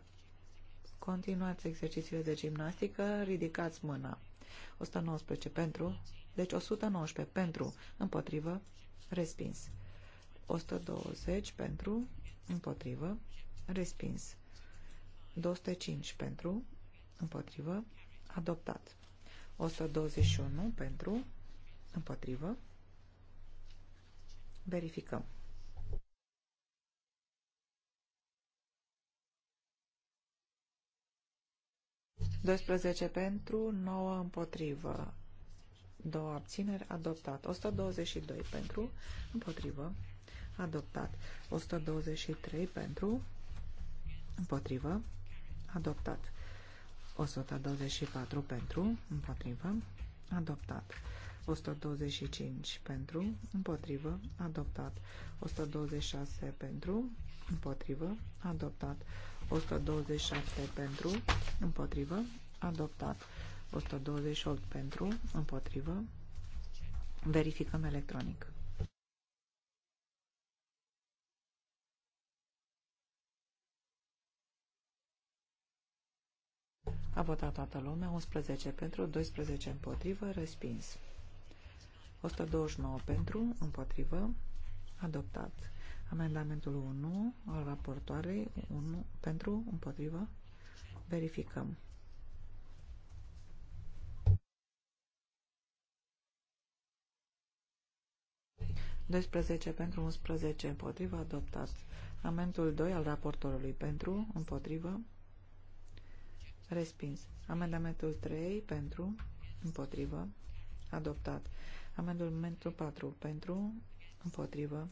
continuați exercițiile de gimnastică, ridicați mâna. 119 pentru, deci 119 pentru, împotrivă, respins. 120 pentru, împotrivă, respins. 205 pentru, împotrivă, adoptat. 121 pentru, împotrivă, verificăm. Doisprezece pentru, nouă împotrivă, două abțineri, adoptat. 122 pentru, împotrivă, adoptat. 123 pentru, împotrivă, adoptat. 124 pentru, împotrivă, adoptat. 125 pentru, împotrivă, adoptat. 126 pentru, împotrivă, adoptat. 127 pentru, împotrivă, adoptat. 128 pentru, împotrivă, verificăm electronic. A votat toată lumea, 11 pentru, 12 împotrivă, respins. 129 pentru, împotrivă, adoptat. Amendamentul 1 al raportoarei, 1 pentru, împotrivă, verificăm. pentru, 11 împotrivă, adoptat. Amendamentul 2 al raportorului pentru, împotrivă, Respins. Amendamentul 3 pentru, împotrivă, adoptat. Amendamentul 4 pentru, împotrivă.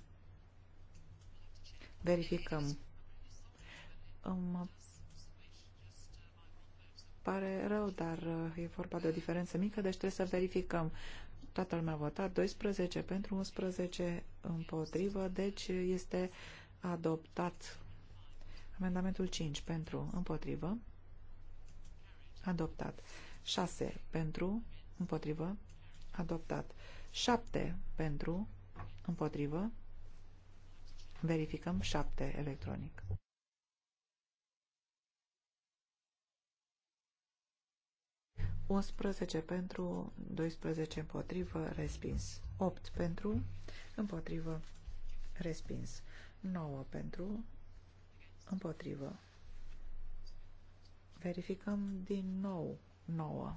Verificăm. Îmi pare rău, dar uh, e vorba de o diferență mică, deci trebuie să verificăm. Toată lumea a votat 12 pentru 11 împotrivă, deci este adoptat amendamentul 5 pentru împotrivă adoptat. 6 pentru, împotrivă, adoptat. 7 pentru, împotrivă, verificăm 7 electronic. Unsprezece pentru, 12 împotrivă, respins. 8 pentru, împotrivă, respins. 9 pentru, împotrivă, Verificăm din nou 9.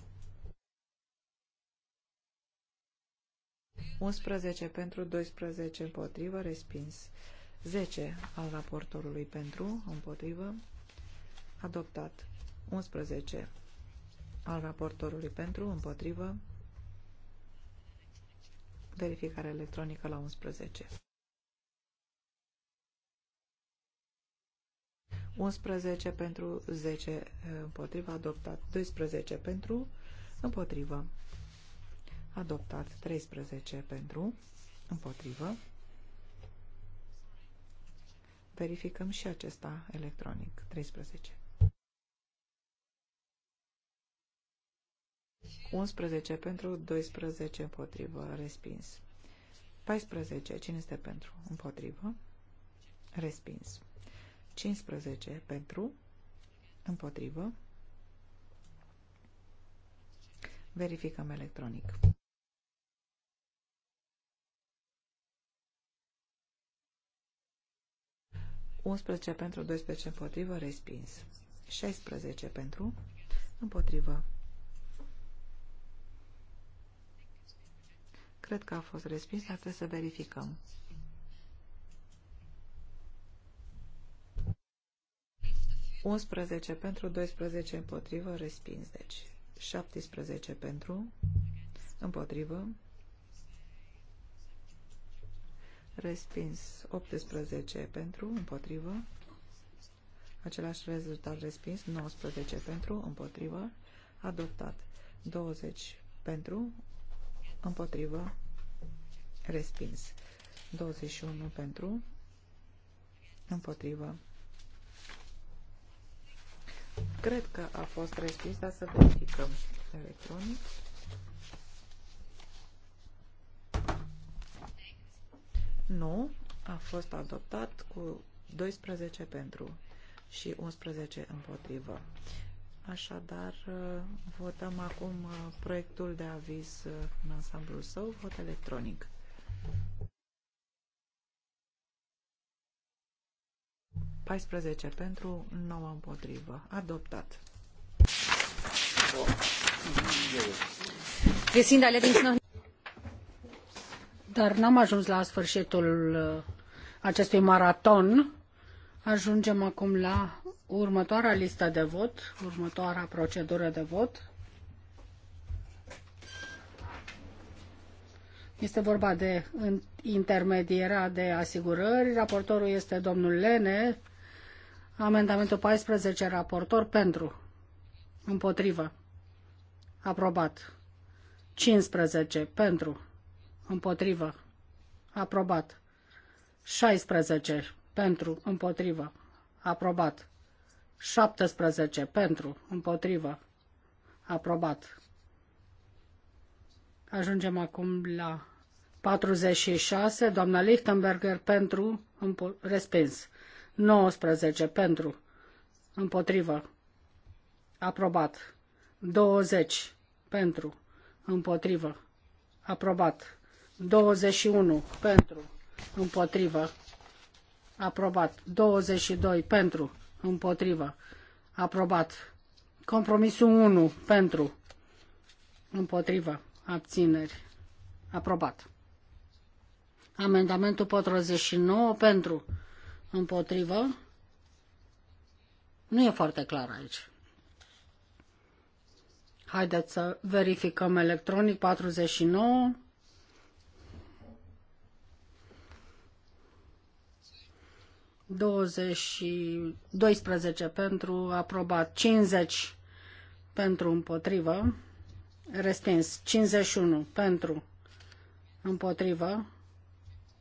11 pentru, 12 împotrivă, respins. 10 al raportorului pentru, împotrivă, adoptat. 11 al raportorului pentru, împotrivă, verificare electronică la 11. 11 pentru 10 eh, împotriva adoptat, 12 pentru împotrivă adoptat, 13 pentru împotrivă. Verificăm și acesta electronic, 13. 11 pentru, 12 împotrivă, respins. 14. Cine este pentru? Împotrivă. Respins. 15 pentru, împotrivă. Verificăm electronic. Unsprezece pentru, 12 împotrivă, respins. 16 pentru, împotrivă. Cred că a fost respins, dar trebuie să verificăm. 11 pentru, 12 împotrivă, respins, deci 17 pentru, împotrivă, respins, 18 pentru, împotrivă, același rezultat respins, 19 pentru, împotrivă, adoptat, 20 pentru, împotrivă, respins, 21 pentru, împotrivă, Cred că a fost respins, dar să verificăm electronic. Nu, a fost adoptat cu 12 pentru și 11 împotrivă. Așadar, uh, votăm acum uh, proiectul de aviz uh, în ansamblul său, vot electronic. 14 pentru, 9 împotrivă. Adoptat. Dar n-am ajuns la sfârșitul uh, acestui maraton. Ajungem acum la următoarea listă de vot, următoarea procedură de vot. Este vorba de intermedierea de asigurări. Raportorul este domnul Lene, Amendamentul 14, raportor, pentru. Împotrivă. Aprobat. 15, pentru. Împotrivă. Aprobat. 16, pentru. Împotrivă. Aprobat. 17, pentru. Împotrivă. Aprobat. Ajungem acum la 46, doamna Lichtenberger, pentru. Respins. 19 pentru, împotrivă, aprobat. 20 pentru, împotrivă, aprobat. 21 pentru, împotrivă, aprobat. 22 pentru, împotrivă, aprobat. Compromisul 1 pentru, împotrivă, abțineri, aprobat. Amendamentul 49 pentru, Împotrivă? Nu e foarte clar aici. Haideți să verificăm electronic 49. și 12 pentru aprobat, 50 pentru împotrivă, respins, 51 pentru împotrivă,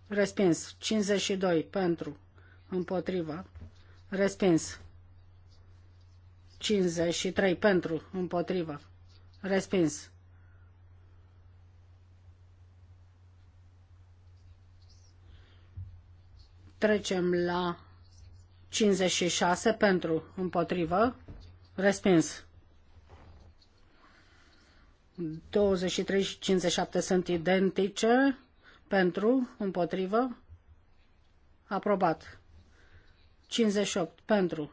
respins, 52 pentru împotrivă, respins. 53 pentru, împotrivă, respins. Trecem la 56 pentru, împotrivă, respins. 23 și 57 sunt identice, pentru, împotrivă, aprobat. 58 pentru.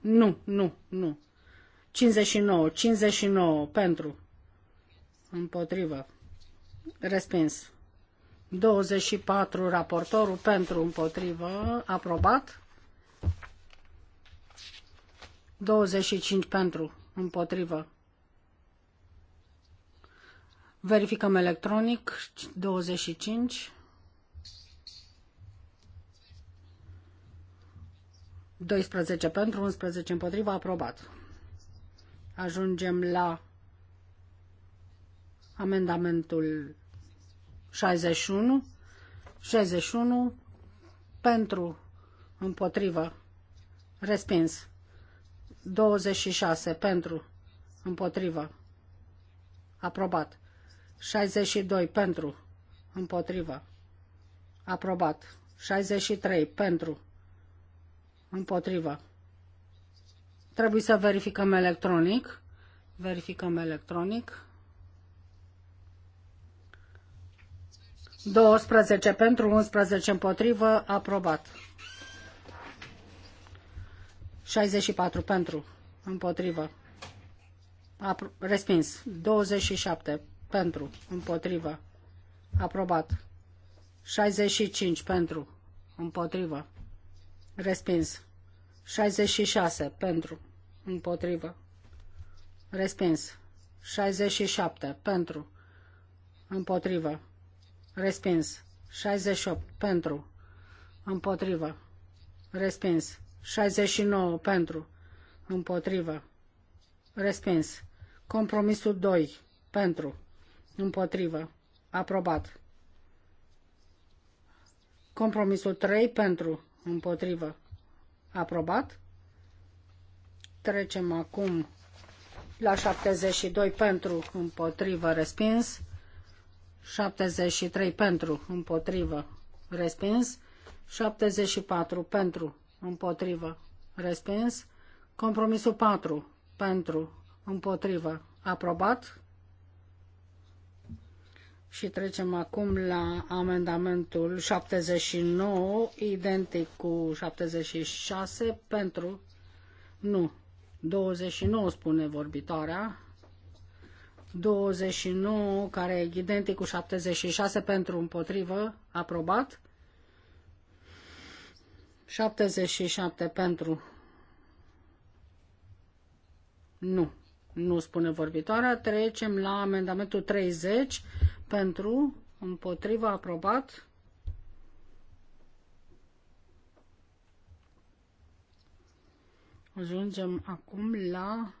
Nu, nu, nu. 59, 59 pentru. Împotrivă. Respins. 24 raportorul pentru împotrivă. Aprobat. 25 pentru împotrivă. Verificăm electronic. 25. 12 pentru, 11 împotriva, aprobat. Ajungem la amendamentul 61. 61 pentru, împotrivă, respins. 26 pentru, împotrivă, aprobat. 62 pentru, împotrivă, aprobat. 63 pentru, Împotrivă. Trebuie să verificăm electronic. Verificăm electronic. 12 pentru, 11 împotrivă, aprobat. 64 pentru, împotrivă. Apro- respins. 27 pentru, împotrivă. Aprobat. 65 pentru, împotrivă. Respins. 66 pentru. Împotrivă. Respins. 67 pentru. Împotrivă. Respins. 68 pentru. Împotrivă. Respins. 69 pentru. Împotrivă. Respins. Compromisul 2 pentru. Împotrivă. Aprobat. Compromisul 3 pentru împotrivă, aprobat. Trecem acum la 72 pentru, împotrivă, respins. 73 pentru, împotrivă, respins. 74 pentru, împotrivă, respins. Compromisul 4 pentru, împotrivă, aprobat. Și trecem acum la amendamentul 79, identic cu 76, pentru... Nu, 29 spune vorbitoarea. 29, care e identic cu 76 pentru împotrivă, aprobat. 77 pentru. Nu. Nu spune vorbitoarea. Trecem la amendamentul 30 pentru împotriva aprobat. Ajungem acum la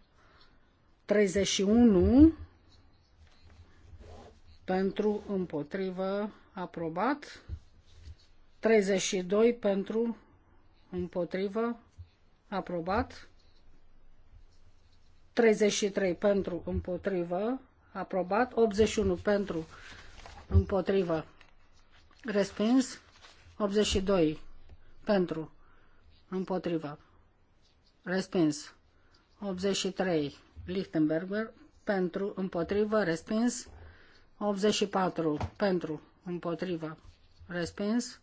31 pentru împotrivă aprobat, 32 pentru împotrivă aprobat, 33 pentru împotrivă, aprobat, 81 pentru împotrivă, respins, 82 pentru împotrivă, respins, 83 Lichtenberger pentru împotrivă, respins, 84 pentru împotrivă, respins,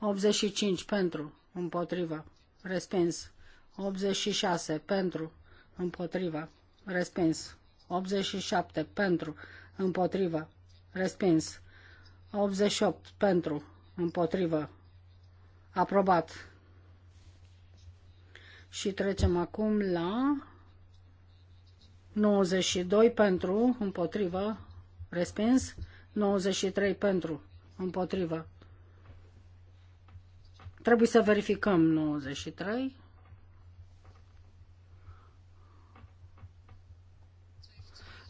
85 pentru împotrivă, respins, 86 pentru împotriva, respins. 87 pentru, împotriva, respins. 88 pentru, împotrivă, aprobat. Și trecem acum la 92 pentru, împotrivă, respins. 93 pentru, împotrivă. Trebuie să verificăm 93.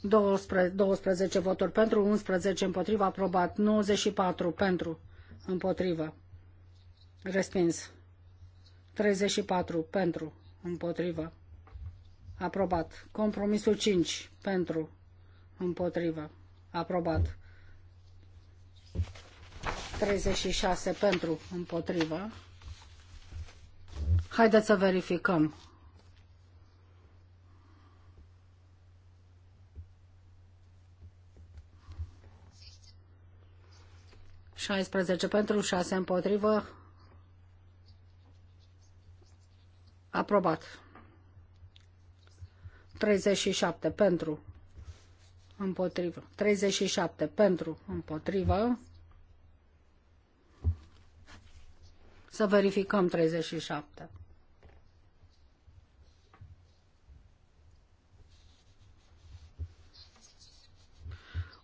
12, 12 voturi pentru, 11 împotriva, aprobat, 94 pentru, împotriva, respins, 34 pentru, împotriva, aprobat, compromisul 5 pentru, împotriva, aprobat, 36 pentru, împotriva. Haideți să verificăm. 16 pentru, 6 împotrivă. Aprobat. 37 pentru. Împotrivă. 37 pentru. Împotrivă. Să verificăm 37.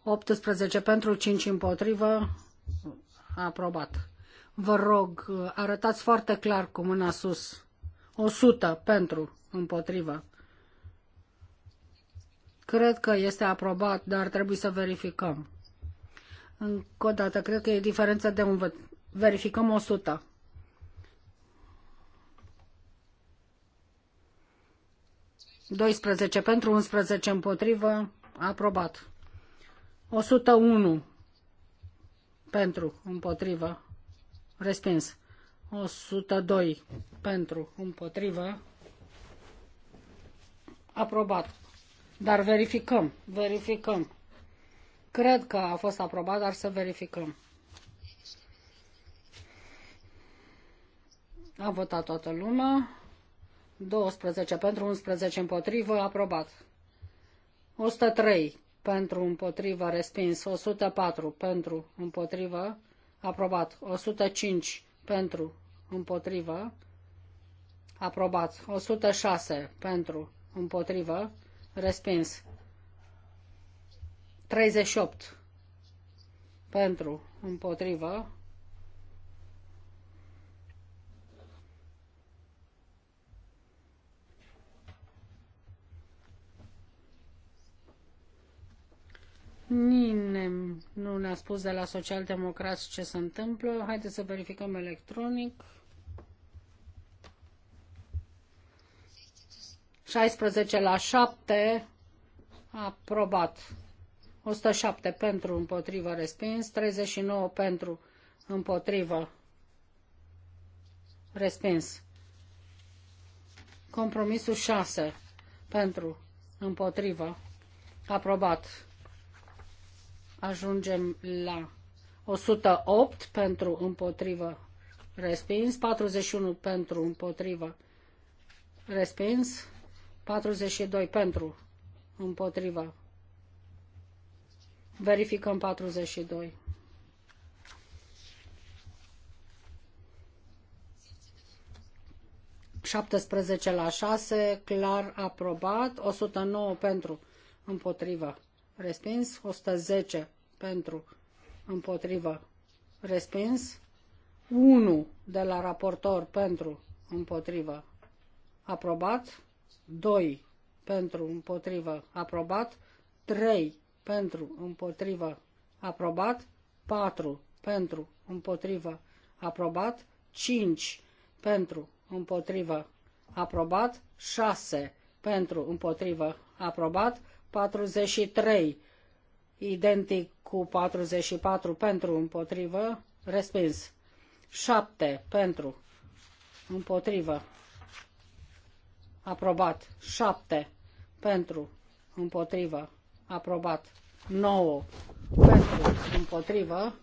Optsprezece pentru, cinci împotrivă aprobat. Vă rog, arătați foarte clar cu mâna sus. 100 pentru, împotrivă. Cred că este aprobat, dar trebuie să verificăm. Încă o dată, cred că e diferență de un vot. Verificăm 100. Doisprezece pentru, unsprezece împotrivă, aprobat. 101 pentru, împotrivă, respins. 102 pentru, împotrivă, aprobat. Dar verificăm, verificăm. Cred că a fost aprobat, dar să verificăm. A votat toată lumea. 12 pentru, 11 împotrivă, aprobat. 103 pentru împotriva respins, 104 pentru împotrivă aprobat, 105 pentru împotrivă aprobat, 106 pentru împotrivă respins, 38 pentru împotrivă Nimeni nu ne-a spus de la socialdemocrați ce se întâmplă. Haideți să verificăm electronic. 16 la 7, aprobat. 107 pentru, împotrivă, respins. 39 pentru, împotrivă, respins. Compromisul 6 pentru, împotrivă, aprobat. Ajungem la 108 pentru împotrivă respins, 41 pentru împotrivă respins, 42 pentru împotrivă. Verificăm 42. șaptesprezece la șase, clar aprobat, 109 pentru împotrivă respins, 110 pentru, împotrivă, respins, 1 de la raportor pentru, împotrivă, aprobat, 2 pentru, împotrivă, aprobat, 3 pentru, împotrivă, aprobat, 4 pentru, împotrivă, aprobat, 5 pentru, împotrivă, aprobat, 6 pentru, împotrivă, aprobat, 43 identic cu 44 pentru împotrivă, respins. 7 pentru împotrivă, aprobat. 7 pentru împotrivă, aprobat. 9 pentru împotrivă,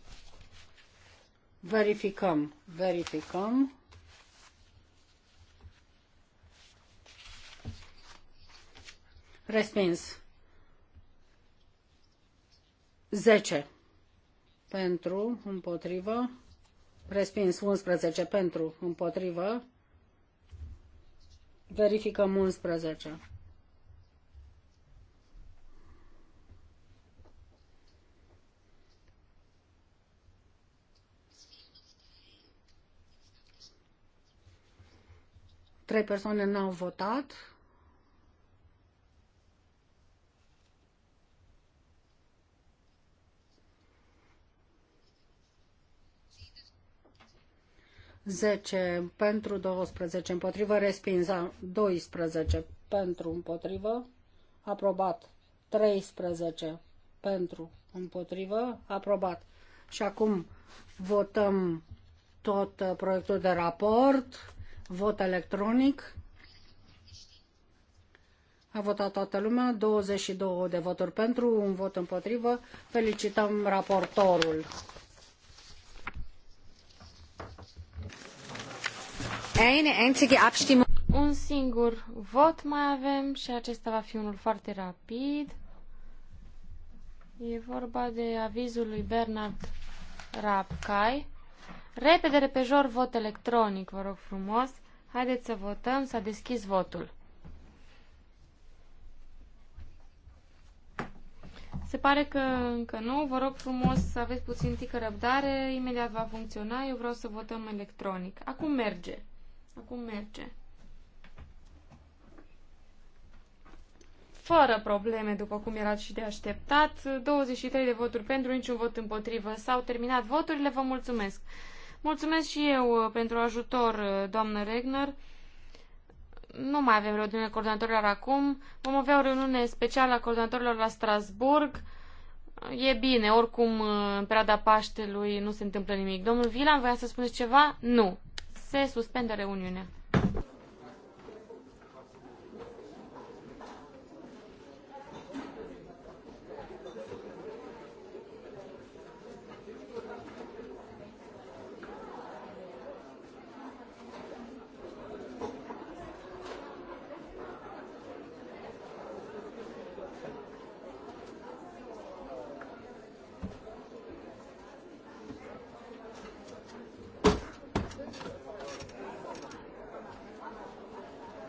verificăm, verificăm. Respins. 10 pentru, împotrivă, respins 11 pentru, împotrivă, verificăm 11. Trei persoane n-au votat. 10 pentru 12 împotrivă, respins 12 pentru împotrivă, aprobat 13 pentru împotrivă, aprobat. Și acum votăm tot proiectul de raport, vot electronic. A votat toată lumea, 22 de voturi pentru, un vot împotrivă. Felicităm raportorul. eine einzige Abstimmung. Un singur vot mai avem și acesta va fi unul foarte rapid. E vorba de avizul lui Bernard Rapcai. Repede, repejor, vot electronic, vă rog frumos. Haideți să votăm, s-a deschis votul. Se pare că încă nu. Vă rog frumos să aveți puțin tică răbdare. Imediat va funcționa. Eu vreau să votăm electronic. Acum merge. Acum merge. Fără probleme, după cum era și de așteptat, 23 de voturi pentru, niciun vot împotrivă. S-au terminat voturile, vă mulțumesc. Mulțumesc și eu uh, pentru ajutor, uh, doamnă Regner. Nu mai avem reuniune coordonatorilor acum. Vom avea o reuniune specială a coordonatorilor la Strasburg. E bine, oricum uh, în perioada Paștelui nu se întâmplă nimic. Domnul Vilan, voia să spuneți ceva? Nu. Se suspendă reuniunea.